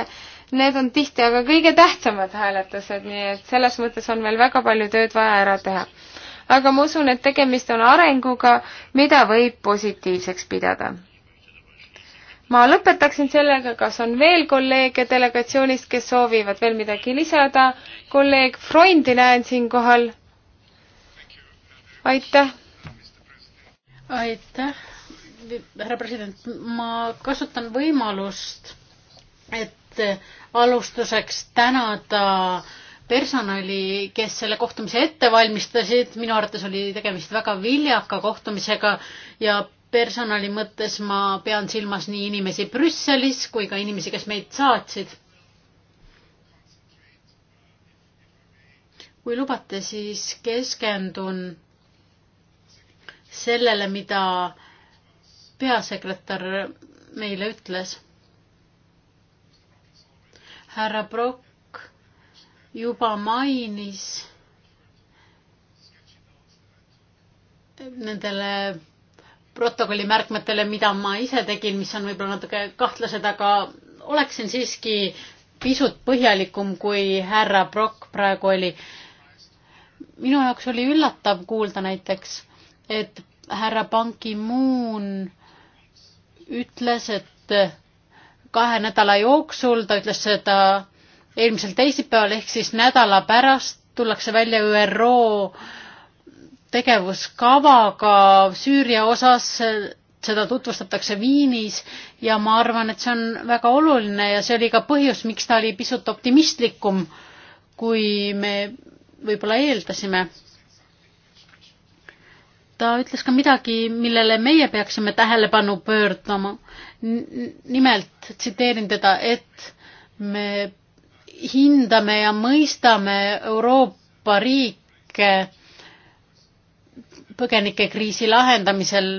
need on tihti aga kõige tähtsamad hääletused, nii et selles mõttes on veel väga palju tööd vaja ära teha. aga ma usun, et tegemist on arenguga, mida võib positiivseks pidada ma lõpetaksin sellega, kas on veel kolleege delegatsioonist, kes soovivad veel midagi lisada. kolleeg Freundi näen siinkohal. aitäh. aitäh, härra president, ma kasutan võimalust, et alustuseks tänada personali, kes selle kohtumise ette valmistasid, minu arvates oli tegemist väga viljaka kohtumisega ja personali mõttes ma pean silmas nii inimesi Brüsselis kui ka inimesi, kes meid saatsid. kui lubate, siis keskendun sellele, mida peasekretär meile ütles. härra Brock juba mainis nendele protokolli märkmetele, mida ma ise tegin, mis on võib-olla natuke kahtlased, aga oleksin siiski pisut põhjalikum, kui härra Brock praegu oli. minu jaoks oli üllatav kuulda näiteks, et härra Ban Ki-moon ütles, et kahe nädala jooksul, ta ütles seda eelmisel teisipäeval, ehk siis nädala pärast tullakse välja ÜRO äh, tegevuskavaga Süüria osas, seda tutvustatakse Viinis ja ma arvan, et see on väga oluline ja see oli ka põhjus, miks ta oli pisut optimistlikum, kui me võib-olla eeldasime. ta ütles ka midagi, millele meie peaksime tähelepanu pöörduma. nimelt tsiteerin teda, et me hindame ja mõistame Euroopa riike põgenikekriisi lahendamisel.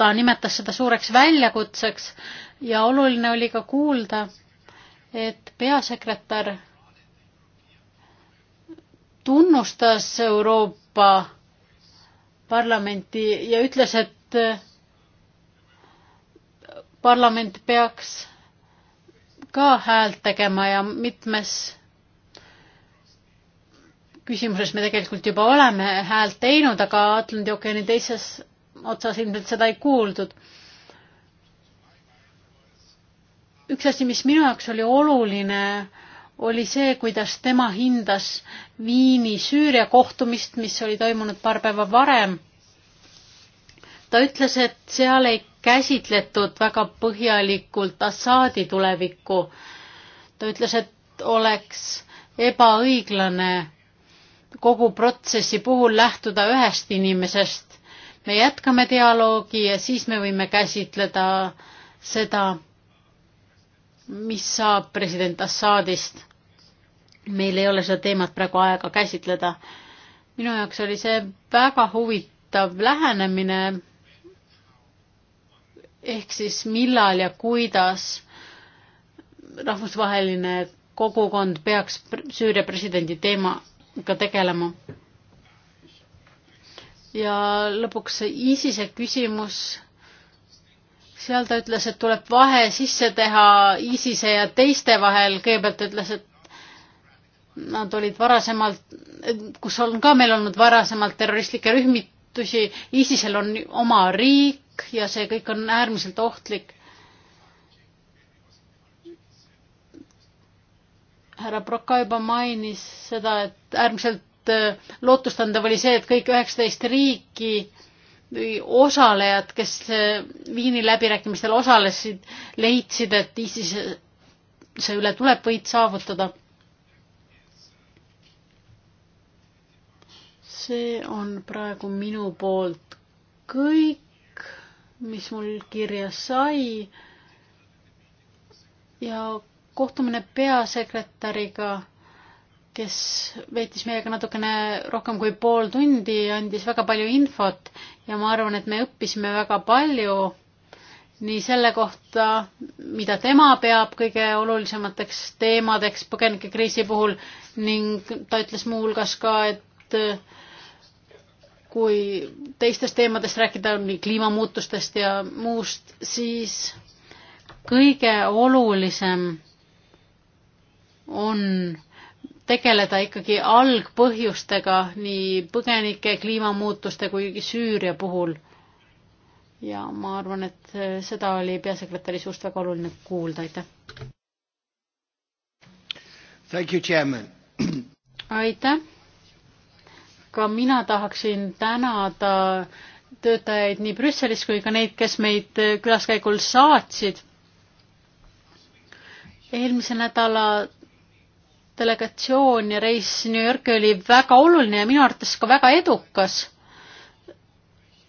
ta nimetas seda suureks väljakutseks ja oluline oli ka kuulda, et peasekretär tunnustas Euroopa Parlamenti ja ütles, et parlament peaks ka häält tegema ja mitmes küsimuses me tegelikult juba oleme häält teinud, aga Atlandi ookeani teises otsas ilmselt seda ei kuuldud. üks asi, mis minu jaoks oli oluline, oli see, kuidas tema hindas Viini Süüria kohtumist, mis oli toimunud paar päeva varem. ta ütles, et seal ei käsitletud väga põhjalikult Assaadi tulevikku. ta ütles, et oleks ebaõiglane kogu protsessi puhul lähtuda ühest inimesest. me jätkame dialoogi ja siis me võime käsitleda seda, mis saab president Assadist. meil ei ole seda teemat praegu aega käsitleda. minu jaoks oli see väga huvitav lähenemine. ehk siis millal ja kuidas rahvusvaheline kogukond peaks Süüria presidendi teema ka tegelema. ja lõpuks see ISISe küsimus, seal ta ütles, et tuleb vahe sisse teha ISISe ja teiste vahel, kõigepealt ütles, et nad olid varasemalt, kus on ka meil olnud varasemalt terroristlikke rühmitusi, ISISel on oma riik ja see kõik on äärmiselt ohtlik. härra Proka juba mainis seda, et äärmiselt äh, lootustandev oli see, et kõik üheksateist riiki või osalejad, kes äh, Viini läbirääkimistel osalesid, leidsid, et ISISe üle tuleb võit saavutada. see on praegu minu poolt kõik, mis mul kirja sai. ja kohtumine peasekretäriga, kes veetis meiega natukene rohkem kui pool tundi ja andis väga palju infot ja ma arvan, et me õppisime väga palju nii selle kohta, mida tema peab kõige olulisemateks teemadeks põgenikekriisi puhul ning ta ütles muuhulgas ka, et kui teistest teemadest rääkida, nii kliimamuutustest ja muust, siis kõige olulisem on tegeleda ikkagi algpõhjustega nii põgenike, kliimamuutuste kui Süüria puhul. ja ma arvan, et seda oli peasekretäri suust väga oluline kuulda, aitäh. aitäh. ka mina tahaksin tänada töötajaid nii Brüsselis kui ka neid, kes meid külaskäigul saatsid. eelmise nädala delegatsioon ja reis New Yorki oli väga oluline ja minu arvates ka väga edukas.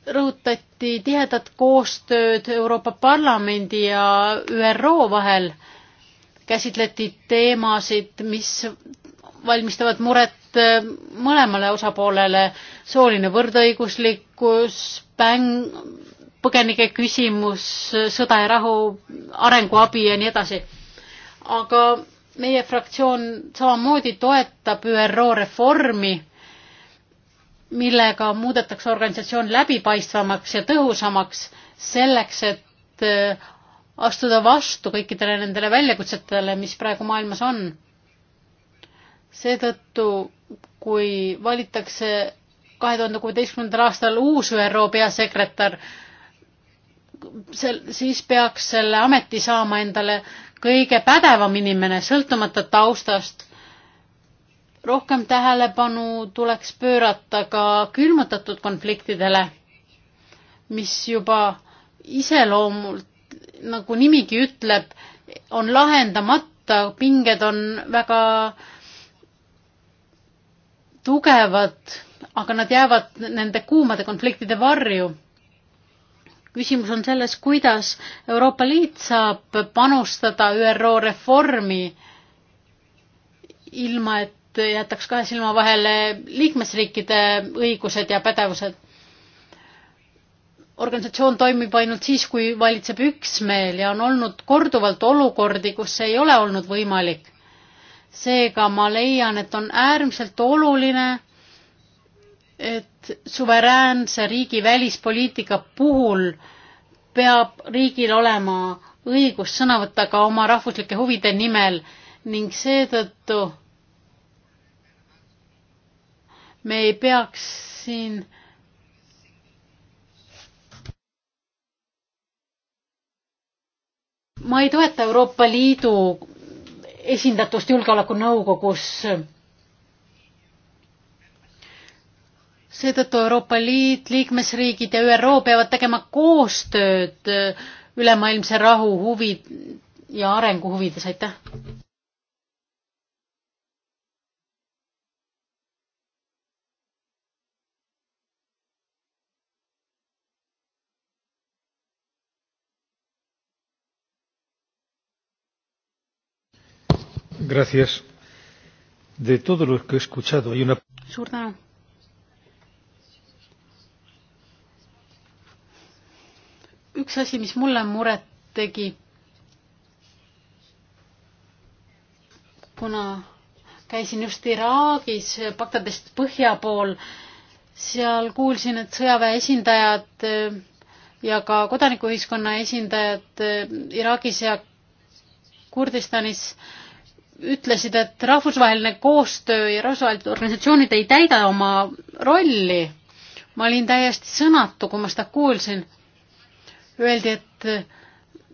rõhutati tihedat koostööd Euroopa Parlamendi ja ÜRO vahel, käsitleti teemasid, mis valmistavad muret äh, mõlemale osapoolele, sooline võrdõiguslikkus, päng, põgenike küsimus, sõda ja rahu, arenguabi ja nii edasi. aga meie fraktsioon samamoodi toetab ÜRO reformi, millega muudetakse organisatsioon läbipaistvamaks ja tõhusamaks selleks, et äh, astuda vastu kõikidele nendele väljakutsetele, mis praegu maailmas on. seetõttu, kui valitakse kahe tuhande kuueteistkümnendal aastal uus ÜRO peasekretär, sel, siis peaks selle ameti saama endale äh, kõige pädevam inimene, sõltumata taustast. rohkem tähelepanu tuleks pöörata ka külmutatud konfliktidele, mis juba iseloomult, nagu nimigi ütleb, on lahendamata, pinged on väga tugevad, aga nad jäävad nende kuumade konfliktide varju küsimus on selles, kuidas Euroopa Liit saab panustada ÜRO reformi ilma, et jätaks kahe silma vahele liikmesriikide õigused ja pädevused. organisatsioon toimib ainult siis, kui valitseb üksmeel ja on olnud korduvalt olukordi, kus see ei ole olnud võimalik. seega ma leian, et on äärmiselt oluline et suveräänse riigi välispoliitika puhul peab riigil olema õigus sõna võtta ka oma rahvuslike huvide nimel ning seetõttu me ei peaks siin ma ei toeta Euroopa Liidu esindatust Julgeolekunõukogus seetõttu Euroopa Liit, liikmesriigid ja ÜRO peavad tegema koostööd äh, ülemaailmse rahu huvi ja arengu huvides, aitäh. Gracias. De todo lo que he escuchado hay una. Suur tänu üks asi, mis mulle muret tegi. kuna käisin just Iraagis, Bagdadist põhja pool, seal kuulsin, et sõjaväe esindajad äh, ja ka kodanikuühiskonna esindajad äh, Iraagis ja Kurdistanis ütlesid, et rahvusvaheline koostöö ja rahvusvahelised organisatsioonid ei täida oma rolli. ma olin täiesti sõnatu, kui ma seda kuulsin öeldi, et äh,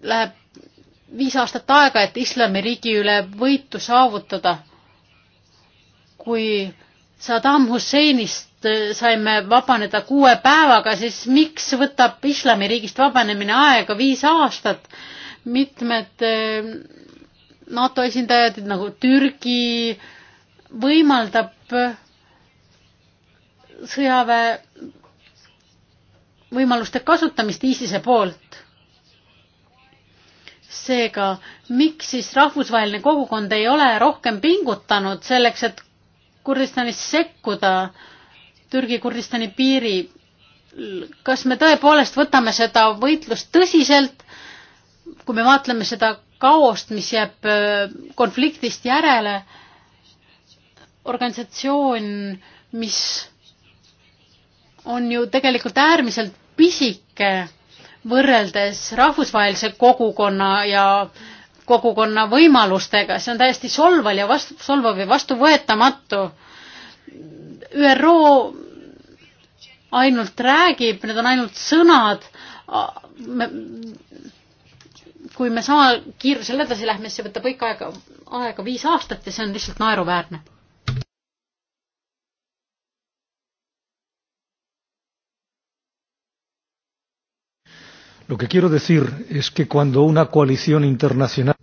läheb viis aastat aega, et islamiriigi üle võitu saavutada. kui Saddam Husseinist äh, saime vabaneda kuue päevaga, siis miks võtab islamiriigist vabanemine aega viis aastat? mitmed äh, NATO esindajad nagu Türgi võimaldab sõjaväe võimaluste kasutamist ISISe poolt. seega, miks siis rahvusvaheline kogukond ei ole rohkem pingutanud selleks, et Kurdistanis sekkuda Türgi-Kurdistani piiri? kas me tõepoolest võtame seda võitlust tõsiselt, kui me vaatleme seda kaost, mis jääb konfliktist järele? organisatsioon, mis on ju tegelikult äärmiselt pisike võrreldes rahvusvahelise kogukonna ja kogukonna võimalustega, see on täiesti solval ja vastu, solvav ja vastuvõetamatu. ÜRO ainult räägib, need on ainult sõnad. kui me sama kiirusel edasi lähme, siis see võtab ikka aega, aega viis aastat ja see on lihtsalt naeruväärne Lo que quiero decir es que cuando una coalición internacional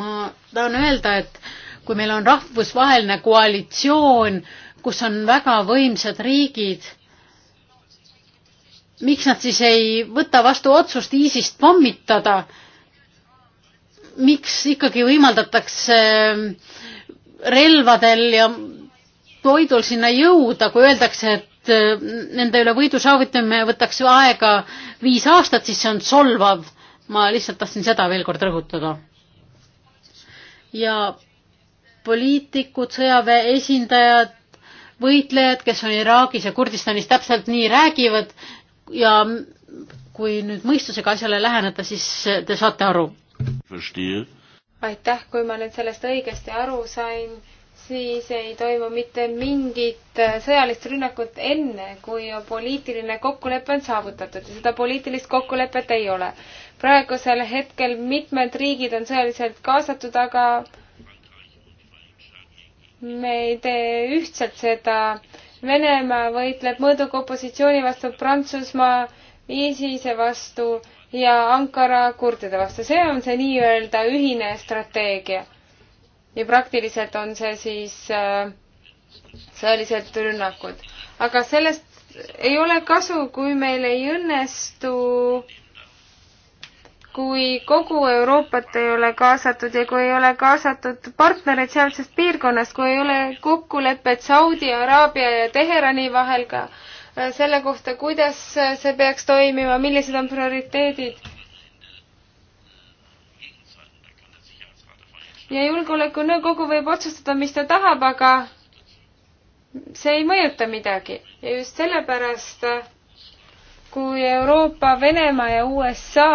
ma tahan öelda, et kui meil on rahvusvaheline koalitsioon, kus on väga võimsad riigid, miks nad siis ei võta vastu otsust ISIS-t pommitada? miks ikkagi võimaldatakse ähm, relvadel ja toidul sinna jõuda, kui öeldakse, et et äh, nende üle võidu saavutamine võtaks ju aega viis aastat, siis see on solvav. ma lihtsalt tahtsin seda veel kord rõhutada. ja poliitikud, sõjaväe esindajad, võitlejad, kes on Iraagis ja Kurdistanis, täpselt nii räägivad ja kui nüüd mõistusega asjale läheneda, siis te saate aru. aitäh, kui ma nüüd sellest õigesti aru sain siis ei toimu mitte mingit äh, sõjalist rünnakut enne, kui poliitiline kokkulepe on saavutatud ja seda poliitilist kokkulepet ei ole. praegusel hetkel mitmed riigid on sõjaliselt kaasatud, aga me ei tee ühtselt seda. Venemaa võitleb mõõduka opositsiooni vastu, Prantsusmaa ISISe vastu ja Ankara kurdide vastu. see on see nii-öelda ühine strateegia ja praktiliselt on see siis äh, sõjalised rünnakud. aga sellest ei ole kasu, kui meil ei õnnestu, kui kogu Euroopat ei ole kaasatud ja kui ei ole kaasatud partnereid sealsest piirkonnast, kui ei ole kokkulepet Saudi Araabia ja Teherani vahel ka äh, selle kohta, kuidas äh, see peaks toimima, millised on prioriteedid ja Julgeolekunõukogu võib otsustada, mis ta tahab, aga see ei mõjuta midagi ja just sellepärast, kui Euroopa, Venemaa ja USA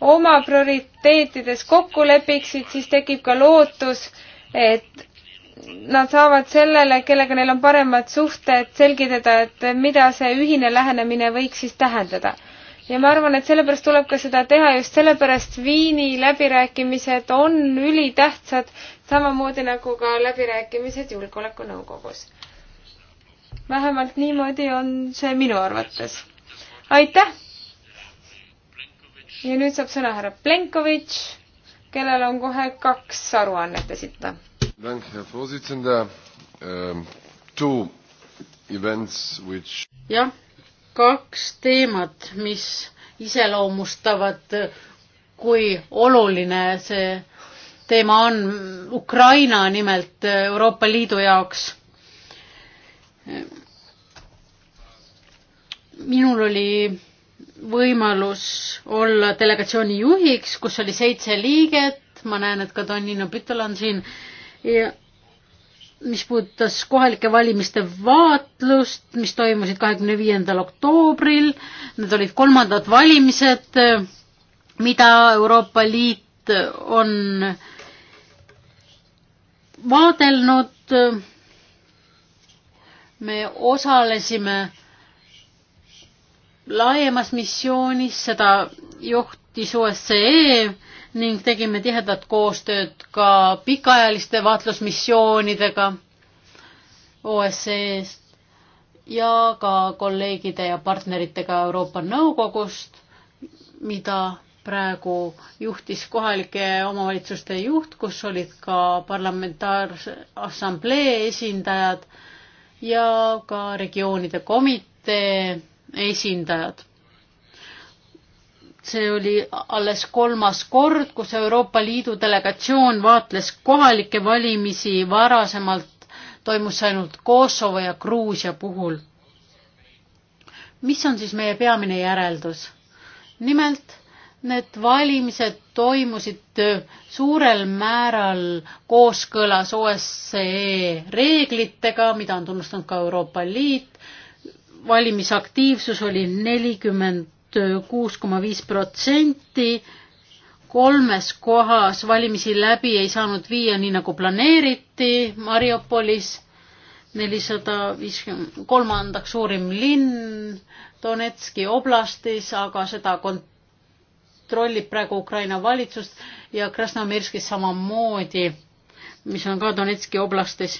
oma prioriteetides kokku lepiksid, siis tekib ka lootus, et nad saavad sellele, kellega neil on paremad suhted, selgitada, et mida see ühine lähenemine võiks siis tähendada ja ma arvan, et sellepärast tuleb ka seda teha, just sellepärast Viini läbirääkimised on ülitähtsad, samamoodi nagu ka läbirääkimised Julgeolekunõukogus. vähemalt niimoodi on see minu arvates. aitäh! ja nüüd saab sõna härra Plenkovitš, kellel on kohe kaks aruannet esitada. Ähm, jah kaks teemat, mis iseloomustavad, kui oluline see teema on Ukraina nimelt Euroopa Liidu jaoks. minul oli võimalus olla delegatsiooni juhiks, kus oli seitse liiget, ma näen, et ka Donino Pütel on siin ja mis puudutas kohalike valimiste vaatlust, mis toimusid kahekümne viiendal oktoobril. Need olid kolmandad valimised, mida Euroopa Liit on vaadelnud. me osalesime laiemas missioonis, seda juhtis OSCE ning tegime tihedat koostööd ka pikaajaliste vaatlusmissioonidega OSCE-st ja ka kolleegide ja partneritega Euroopa Nõukogust, mida praegu juhtis kohalike omavalitsuste juht, kus olid ka parlamentaarse assamblee esindajad ja ka regioonide komitee esindajad see oli alles kolmas kord, kus Euroopa Liidu delegatsioon vaatles kohalikke valimisi, varasemalt toimus see ainult Kosovo ja Gruusia puhul. mis on siis meie peamine järeldus? nimelt, need valimised toimusid suurel määral kooskõlas OSCE reeglitega, mida on tunnustanud ka Euroopa Liit, valimisaktiivsus oli nelikümmend kuus koma viis protsenti. kolmes kohas valimisi läbi ei saanud viia nii nagu planeeriti Mariupolis, nelisada viiskümmend, kolmandaks suurim linn Donetski oblastis, aga seda kontrollib praegu Ukraina valitsus ja Krasnomirskis samamoodi, mis on ka Donetski oblastis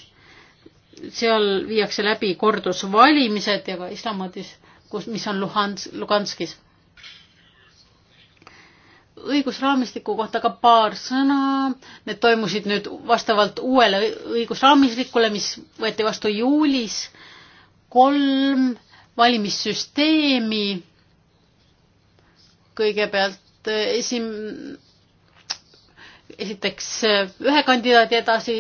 seal viiakse läbi kordusvalimised ja ka Islamodis, kus, mis on Luhans-, Luganskis õigusraamistiku kohta ka paar sõna. Need toimusid nüüd vastavalt uuele õigusraamistikule, mis võeti vastu juulis. kolm valimissüsteemi. kõigepealt eh, esim-, esiteks eh, ühe kandidaadi edasi,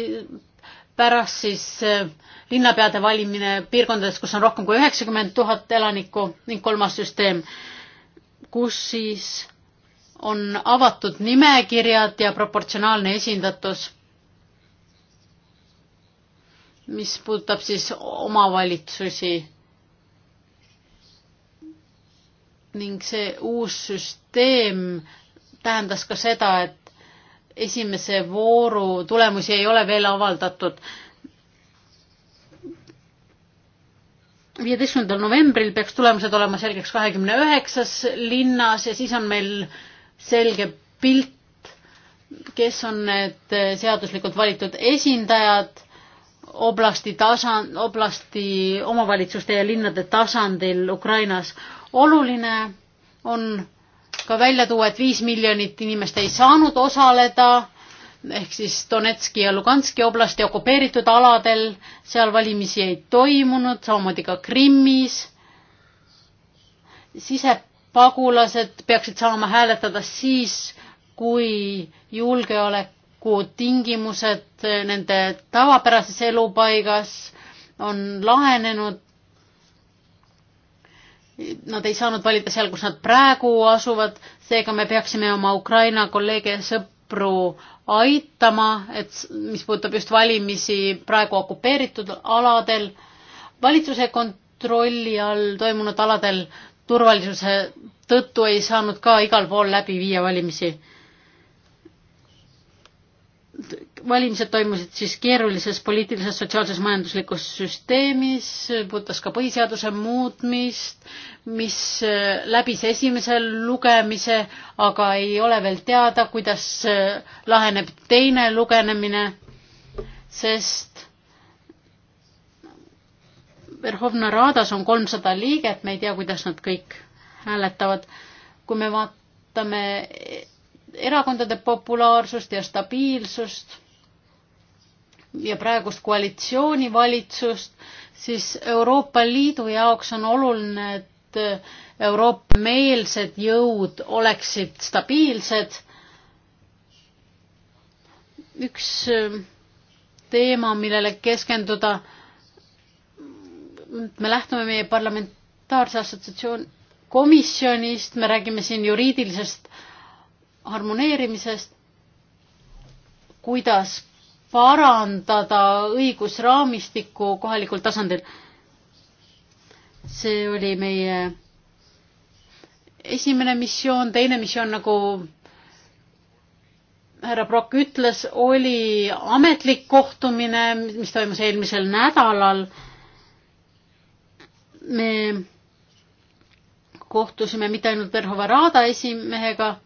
pärast siis eh, linnapeade valimine piirkondades, kus on rohkem kui üheksakümmend tuhat elanikku ning kolmas süsteem, kus siis on avatud nimekirjad ja proportsionaalne esindatus, mis puudutab siis omavalitsusi. ning see uus süsteem tähendas ka seda, et esimese vooru tulemusi ei ole veel avaldatud viieteistkümnendal novembril peaks tulemused olema selgeks kahekümne üheksas linnas ja siis on meil selge pilt, kes on need eh, seaduslikult valitud esindajad oblasti tasand, oblasti omavalitsuste ja linnade tasandil Ukrainas. oluline on ka välja tuua, et viis miljonit inimest ei saanud osaleda ehk siis Donetski ja Luganski oblasti okupeeritud aladel, seal valimisi ei toimunud, samamoodi ka Krimmis. sise pagulased peaksid saama hääletada siis, kui julgeoleku tingimused nende tavapärases elupaigas on lahenenud. Nad ei saanud valida seal, kus nad praegu asuvad, seega me peaksime oma Ukraina kolleege ja sõpru aitama, et mis puudutab just valimisi praegu okupeeritud aladel, valitsuse kontrolli all toimunud aladel turvalisuse tõttu ei saanud ka igal pool läbi viia valimisi. valimised toimusid siis keerulises poliitilises, sotsiaalses, majanduslikus süsteemis, puudutas ka põhiseaduse muutmist, mis läbis esimese lugemise, aga ei ole veel teada, kuidas laheneb teine lugenemine, sest Verhovna Radas on kolmsada liiget, me ei tea, kuidas nad kõik hääletavad. kui me vaatame erakondade populaarsust ja stabiilsust ja praegust koalitsioonivalitsust, siis Euroopa Liidu jaoks on oluline, et Euroopa-meelsed jõud oleksid stabiilsed. üks teema, millele keskenduda me lähtume meie parlamentaarse assotsiatsioon komisjonist, me räägime siin juriidilisest harmoneerimisest, kuidas parandada õigusraamistikku kohalikul tasandil. see oli meie esimene missioon, teine missioon, nagu härra Brock ütles, oli ametlik kohtumine, mis toimus eelmisel nädalal me kohtusime mitte ainult Verhova Raada esimehega,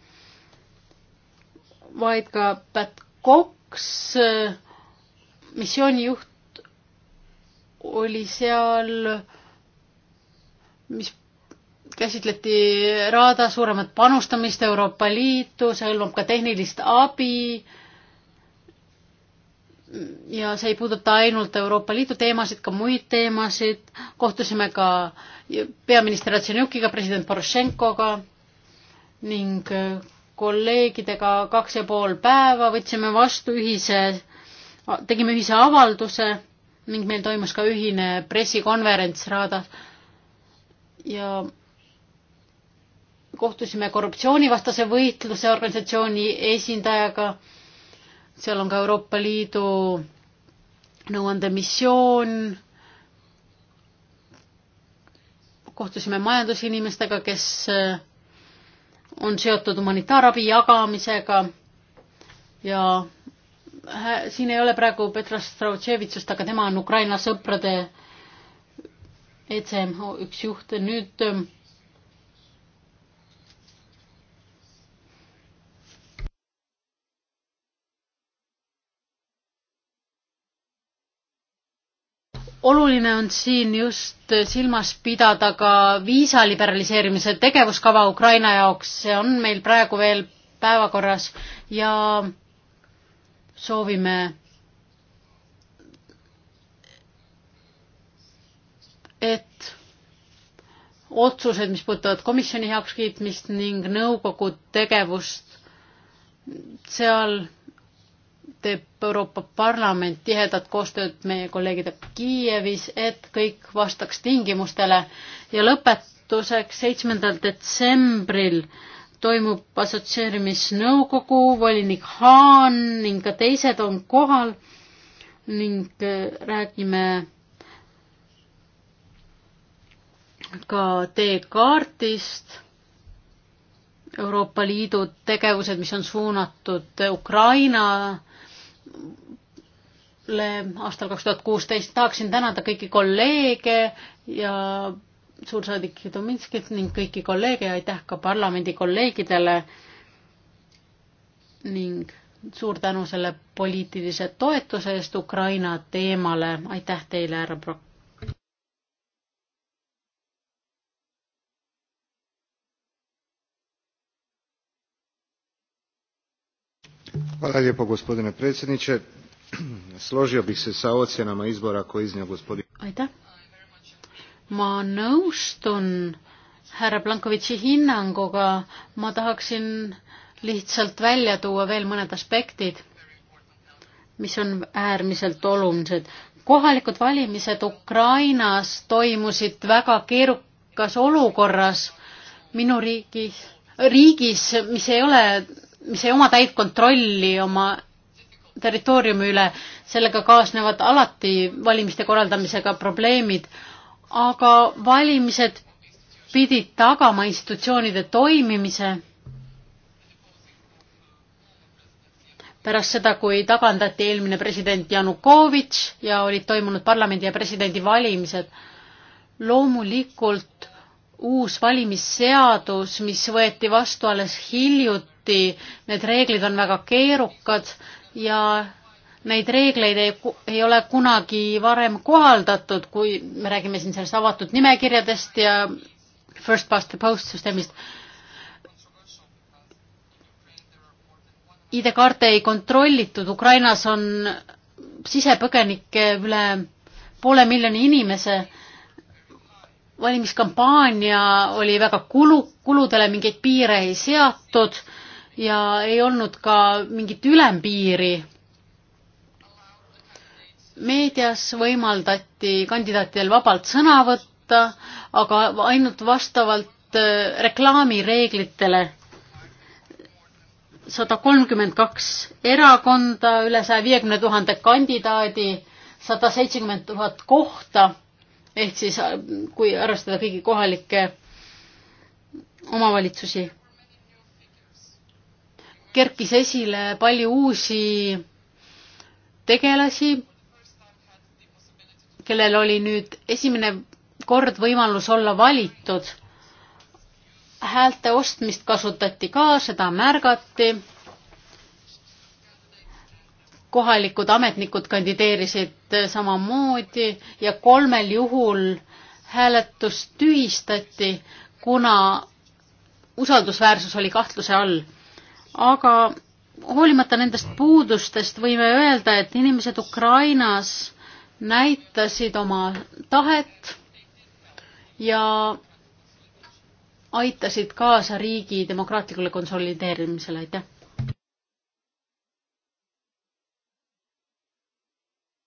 vaid ka Pat Cox, missioonijuht oli seal, mis käsitleti Raada suuremat panustamist Euroopa Liitu, see hõlmab ka tehnilist abi äh, ja see ei puuduta ainult Euroopa Liidu teemasid, ka muid teemasid. kohtusime ka peaminister Ratsenjukiga, president Porošenkoga ning äh, kolleegidega kaks ja pool päeva, võtsime vastu ühise, tegime ühise avalduse ning meil toimus ka ühine pressikonverents Raadas. ja kohtusime korruptsioonivastase võitluse organisatsiooni esindajaga seal on ka Euroopa Liidu nõuandemissioon. kohtusime majandusinimestega, kes eh, on seotud humanitaarabi jagamisega ja siin ei ole praegu Petras Strautševitsust, aga tema on Ukraina sõprade ECMO üks juht. nüüd eh, oluline on siin just silmas pidada ka viisa liberaliseerimise tegevuskava Ukraina jaoks, see on meil praegu veel päevakorras ja soovime, et otsused, mis puudutavad komisjoni heakskiitmist ning nõukogu tegevust, seal teeb Euroopa Parlament tihedat koostööd meie kolleegidega Kiievis, et kõik vastaks tingimustele ja lõpetuseks seitsmendal detsembril toimub assotsieerimisnõukogu, volinik Haan ning ka teised on kohal ning äh, räägime ka teekaardist Euroopa Liidu tegevused, mis on suunatud Ukraina aastal kaks tuhat kuusteist. tahaksin tänada kõiki kolleege ja suursaadik Dominskit ning kõiki kolleege ja aitäh ka parlamendi kolleegidele ning suur tänu selle poliitilise toetuse eest Ukraina teemale. aitäh teile, härra Brock. Hvala lijepo gospodine predsjedniče. Složio bih se sa ocjenama izbora koje iznio gospodin. aitäh. ma nõustun härra Plankovitši hinnanguga, ma tahaksin lihtsalt välja tuua veel mõned aspektid, mis on äärmiselt olulised. kohalikud valimised Ukrainas toimusid väga keerukas olukorras minu riigis, riigis, mis ei ole mis ei oma täit kontrolli oma territooriumi üle, sellega kaasnevad alati valimiste korraldamisega probleemid, aga valimised pidid tagama institutsioonide toimimise pärast seda, kui tagandati eelmine president Janukovitš ja olid toimunud parlamendi ja presidendi valimised. loomulikult uus valimisseadus, mis võeti vastu alles hiljuti, lahti, need reeglid on väga keerukad ja neid reegleid ei, ei ole kunagi varem kohaldatud, kui me räägime siin sellest avatud nimekirjadest ja first past the post süsteemist. ID-kaarte ei kontrollitud, Ukrainas on sisepõgenikke üle poole miljoni inimese. valimiskampaania oli väga kulu, kuludele mingeid piire ei seatud ja ei olnud ka mingit ülempiiri. meedias võimaldati kandidaatidel vabalt sõna võtta, aga ainult vastavalt äh, reklaamireeglitele. sada kolmkümmend kaks erakonda, üle saja viiekümne tuhande kandidaadi, sada seitsekümmend tuhat kohta ehk siis äh, kui arvestada kõigi kohalikke omavalitsusi kerkis esile palju uusi tegelasi, kellel oli nüüd esimene kord võimalus olla valitud. häälte ostmist kasutati ka, seda märgati. kohalikud ametnikud kandideerisid samamoodi ja kolmel juhul hääletus tühistati, kuna usaldusväärsus oli kahtluse all aga hoolimata nendest puudustest võime öelda, et inimesed Ukrainas näitasid oma tahet ja aitasid kaasa riigi demokraatlikule konsolideerimisele, aitäh!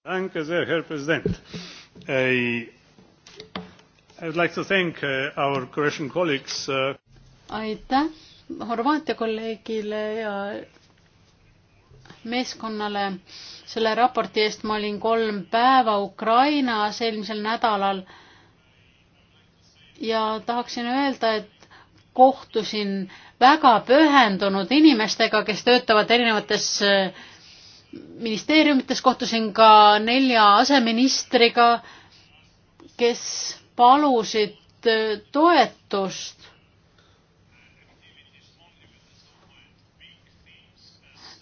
Danke sehr, Herr Präsident. Äh, I would like to thank uh, our Croatian colleagues. Uh... Aitäh! Horvaatia kolleegile ja meeskonnale selle raporti eest. ma olin kolm päeva Ukrainas eelmisel nädalal ja tahaksin öelda, et kohtusin väga pühendunud inimestega, kes töötavad erinevates eh, ministeeriumites, kohtusin ka nelja aseministriga, kes palusid eh, toetust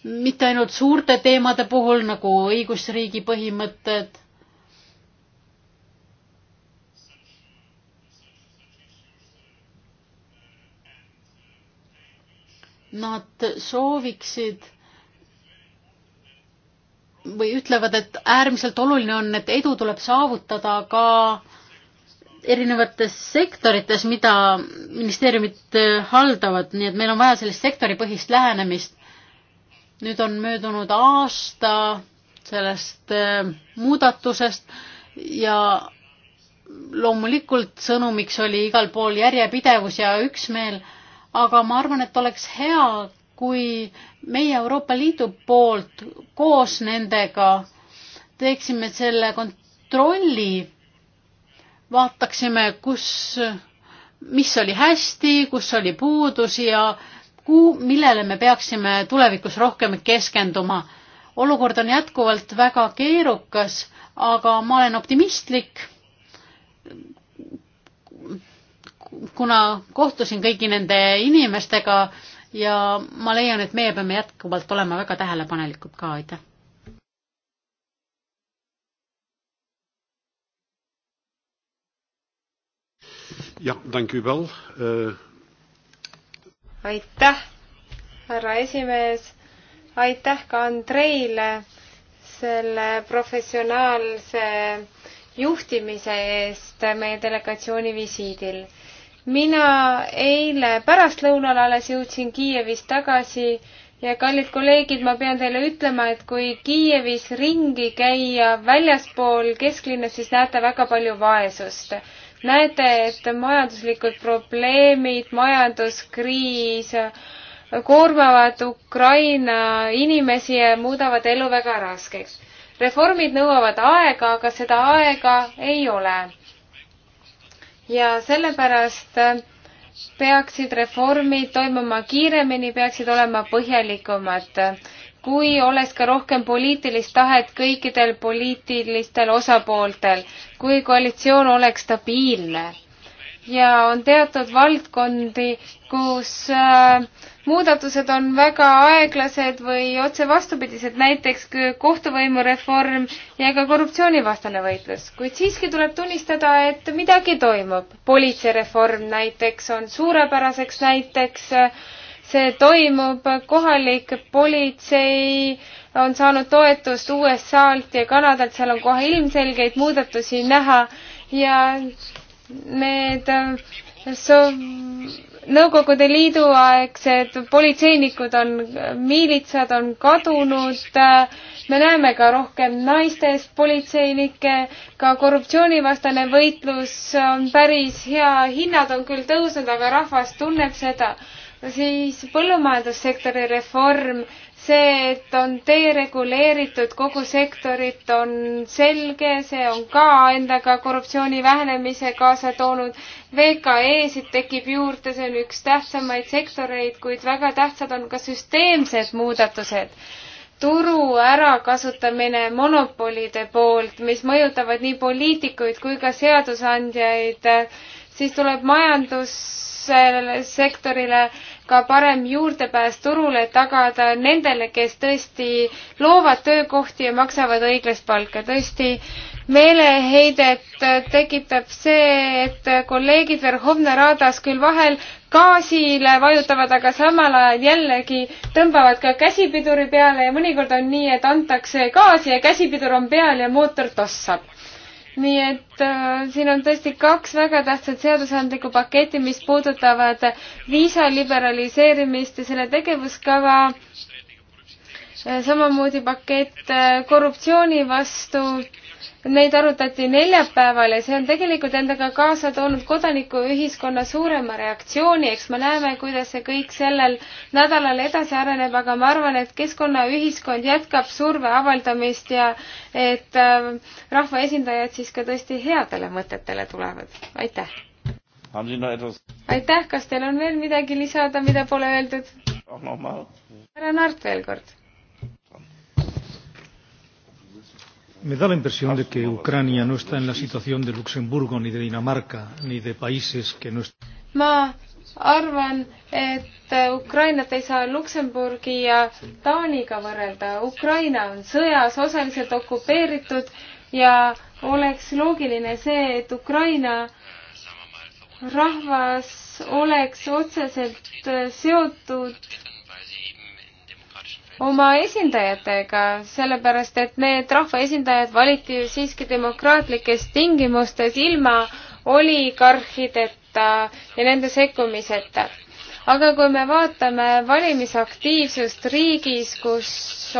mitte ainult suurte teemade puhul nagu õigusriigi põhimõtted, nad sooviksid või ütlevad, et äärmiselt oluline on, et edu tuleb saavutada ka erinevates sektorites, mida ministeeriumid haldavad, nii et meil on vaja sellist sektoripõhist lähenemist nüüd on möödunud aasta sellest äh, muudatusest ja loomulikult sõnumiks oli igal pool järjepidevus ja üksmeel, aga ma arvan, et oleks hea, kui meie Euroopa Liidu poolt koos nendega teeksime selle kontrolli, vaataksime, kus, mis oli hästi, kus oli puudusi ja äh, kuhu, millele me peaksime tulevikus rohkem keskenduma? olukord on jätkuvalt väga keerukas, aga ma olen optimistlik. kuna kohtusin kõigi nende inimestega ja ma leian, et meie peame jätkuvalt olema väga tähelepanelikud ka, aitäh. ja, tänku veel uh eh, aitäh, härra esimees, aitäh ka Andreile selle professionaalse juhtimise eest meie delegatsiooni visiidil. mina eile pärastlõunal alles jõudsin Kiievist tagasi ja kallid kolleegid, ma pean teile ütlema, et kui Kiievis ringi käia väljaspool kesklinna, siis näete väga palju vaesust näete, et majanduslikud probleemid, majanduskriis koormavad Ukraina inimesi ja muudavad elu väga raskeks. reformid nõuavad aega, aga seda aega ei ole. ja sellepärast peaksid reformid toimuma kiiremini, peaksid olema põhjalikumad kui oleks ka rohkem poliitilist tahet kõikidel poliitilistel osapooltel, kui koalitsioon oleks stabiilne. ja on teatud valdkondi, kus äh, muudatused on väga aeglased või otse vastupidised, näiteks kohtuvõimu reform ja ka korruptsioonivastane võitlus. kuid siiski tuleb tunnistada, et midagi toimub. politseireform näiteks on suurepäraseks näiteks äh, see toimub, kohalik politsei on saanud toetust USA-lt ja Kanadalt, seal on kohe ilmselgeid muudatusi näha ja need äh, sov-, Nõukogude Liidu aegsed politseinikud on, miilitsad on kadunud, me näeme ka rohkem naistest politseinikke, ka korruptsioonivastane võitlus on päris hea, hinnad on küll tõusnud, aga rahvas tunneb seda siis põllumajandussektori reform, see, et on dereguleeritud kogu sektorit, on selge, see on ka endaga korruptsiooni vähenemise kaasa toonud. VKE-sid tekib juurde, see on üks tähtsamaid sektoreid, kuid väga tähtsad on ka süsteemsed muudatused. turu ärakasutamine monopolide poolt, mis mõjutavad nii poliitikuid kui ka seadusandjaid, siis tuleb majandus sektorile ka parem juurdepääs turule tagada nendele, kes tõesti loovad töökohti ja maksavad õiglast palka. tõesti, meeleheidet tekitab see, et kolleegid Verhovna Radas küll vahel gaasile vajutavad, aga samal ajal jällegi tõmbavad ka käsipiduri peale ja mõnikord on nii, et antakse gaasi ja käsipidur on peal ja mootor tossab nii et äh, siin on tõesti kaks väga tähtsat seadusandlikku paketti, mis puudutavad viisa liberaliseerimist ja selle tegevuskava äh,, samamoodi pakett äh, korruptsiooni vastu äh, Neid arutati neljapäeval ja see on tegelikult endaga kaasa toonud kodanikuühiskonna suurema reaktsiooni, eks me näeme, kuidas see kõik sellel nädalal edasi areneb, aga ma arvan, et keskkonnaühiskond jätkab surve avaldamist ja et äh, rahvaesindajad siis ka tõesti headele mõtetele tulevad. aitäh! aitäh, kas teil on veel midagi lisada, mida pole öeldud? härra Naart veel kord Me da la impresión de que Ucrania no está en la situación de Luxemburgo, ni de Dinamarca, ni de países que no están. Ma arvan, et äh, Ukrainat ei saa Luksemburgi ja Taaniga võrrelda. Ukraina on sõjas osaliselt okupeeritud ja oleks loogiline see, et Ukraina rahvas oleks otseselt äh, seotud oma esindajatega, sellepärast et need rahvaesindajad valiti siiski demokraatlikes tingimustes ilma oligarhideta ja nende sekkumiseta. aga kui me vaatame valimisaktiivsust riigis, kus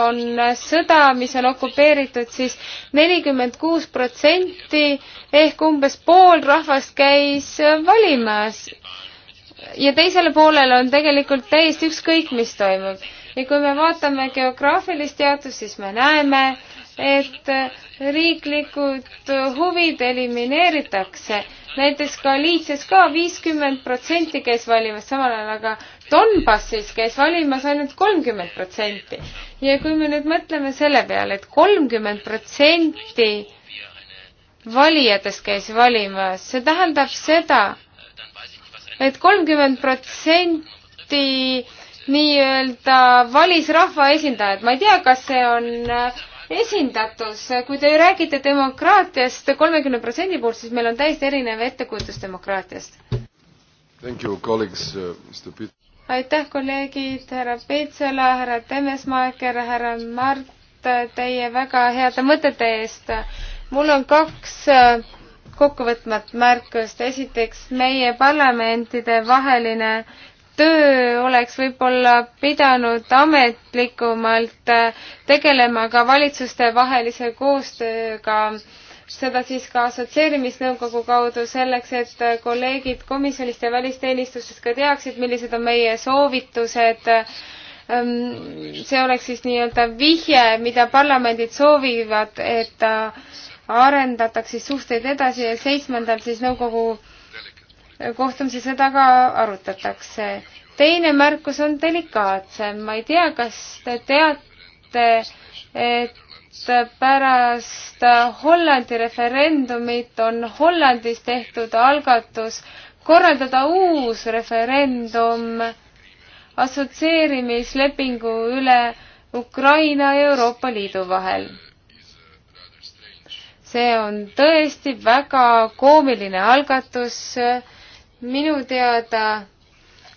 on sõda, mis on okupeeritud, siis nelikümmend kuus protsenti ehk umbes pool rahvast käis valimas ja teisel poolel on tegelikult täiesti ükskõik, mis toimub ja kui me vaatame geograafilist jaotust, siis me näeme, et riiklikud huvid elimineeritakse. näiteks Galiitsias ka viiskümmend protsenti käis valimas samal ajal, aga Donbassis käis valimas ainult kolmkümmend protsenti. ja kui me nüüd mõtleme selle peale et, et kolmkümmend protsenti valijatest käis valimas, see tähendab seda et, et kolmkümmend protsenti nii-öelda valis rahvaesindajad, ma ei tea, kas see on äh, esindatus, kui te räägite demokraatiast kolmekümne protsendi puhul, siis meil on täiesti erinev ettekujutus demokraatiast. Uh, aitäh, kolleegid, härra Peitsala, härra Temesmaeker, härra Mart, teie väga heade mõtete eest. mul on kaks äh, kokkuvõtmat märkust. esiteks, meie parlamentide vaheline äh, töö oleks võib-olla pidanud ametlikumalt äh, tegelema ka valitsustevahelise koostööga, seda siis ka assotsieerimisnõukogu kaudu, selleks et äh, kolleegid komisjonist ja välisteenistusest ka teaksid, millised on meie soovitused. Ähm, see oleks siis nii-öelda vihje, mida parlamendid soovivad, et äh, arendataks siis suhteid edasi ja seitsmendal siis nõukogu kohtumise seda ka arutatakse. teine märkus on delikaatsem, ma ei tea, kas te teate, et pärast Hollandi referendumit on Hollandis tehtud algatus korraldada uus referendum assotsieerimislepingu üle Ukraina ja Euroopa Liidu vahel. see on tõesti väga koomiline algatus minu teada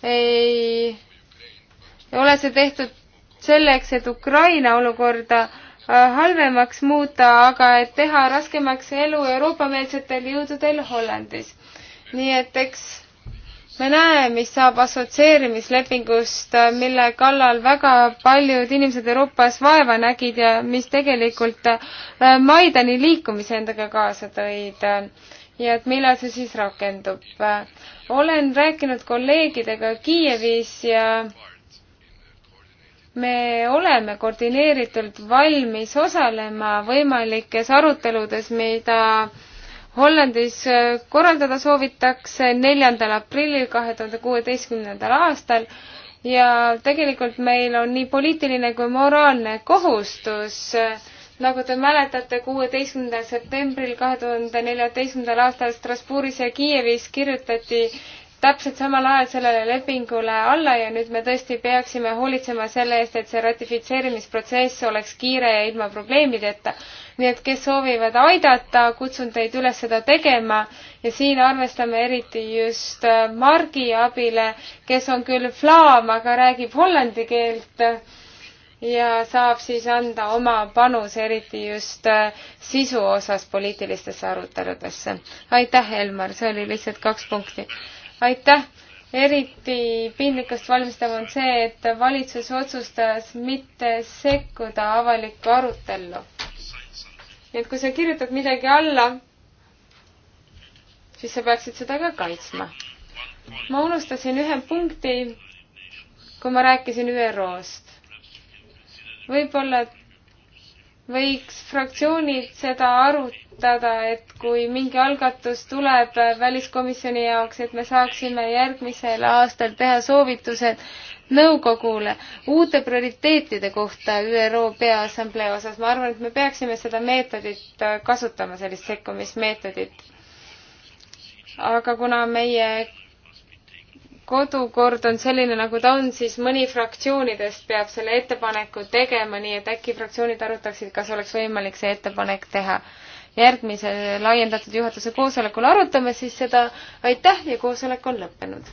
ei ole see tehtud selleks, et Ukraina olukorda äh, halvemaks muuta, aga et teha raskemaks elu Euroopa-meelsetel jõududel Hollandis. nii et eks me näe, mis saab assotsieerimislepingust, äh, mille kallal väga paljud inimesed Euroopas vaeva nägid ja mis tegelikult äh, Maidani liikumise endaga kaasa tõid ja et millal see siis rakendub. olen rääkinud kolleegidega Kiievis ja me oleme koordineeritult valmis osalema võimalikes aruteludes, mida Hollandis korraldada soovitakse neljandal aprillil kahe tuhande kuueteistkümnendal aastal ja tegelikult meil on nii poliitiline kui moraalne kohustus äh, nagu te mäletate, kuueteistkümnendal septembril kahe tuhande neljateistkümnendal aastal Strasbourgis ja Kiievis kirjutati täpselt samal ajal sellele lepingule alla ja nüüd me tõesti peaksime hoolitsema selle eest, et see ratifitseerimisprotsess oleks kiire ja ilma probleemideta. nii et kes soovivad aidata, kutsun teid üles seda tegema ja siin arvestame eriti just äh, Margi abile, kes on küll flaam, aga räägib hollandi keelt ja saab siis anda oma panuse, eriti just äh, sisu osas poliitilistesse aruteludesse. aitäh, Elmar, see oli lihtsalt kaks punkti. aitäh! eriti piinlikkust valmistav on see, et valitsus otsustas mitte sekkuda avalikku arutellu. nii et kui sa kirjutad midagi alla, siis sa peaksid seda ka kaitsma. ma unustasin ühe punkti, kui ma rääkisin ÜRO-st võib-olla võiks fraktsioonid seda arutada, et kui mingi algatus tuleb väliskomisjoni jaoks, et me saaksime järgmisel aastal teha soovitused nõukogule uute prioriteetide kohta ÜRO Peaassamblee osas. ma arvan, et me peaksime seda meetodit kasutama, sellist sekkumismeetodit. aga kuna meie kodukord on selline, nagu ta on, siis mõni fraktsioonidest peab selle ettepaneku tegema, nii et äkki fraktsioonid arutaksid, kas oleks võimalik see ettepanek teha. järgmise laiendatud juhatuse koosolekul arutame siis seda. aitäh ja koosolek on lõppenud.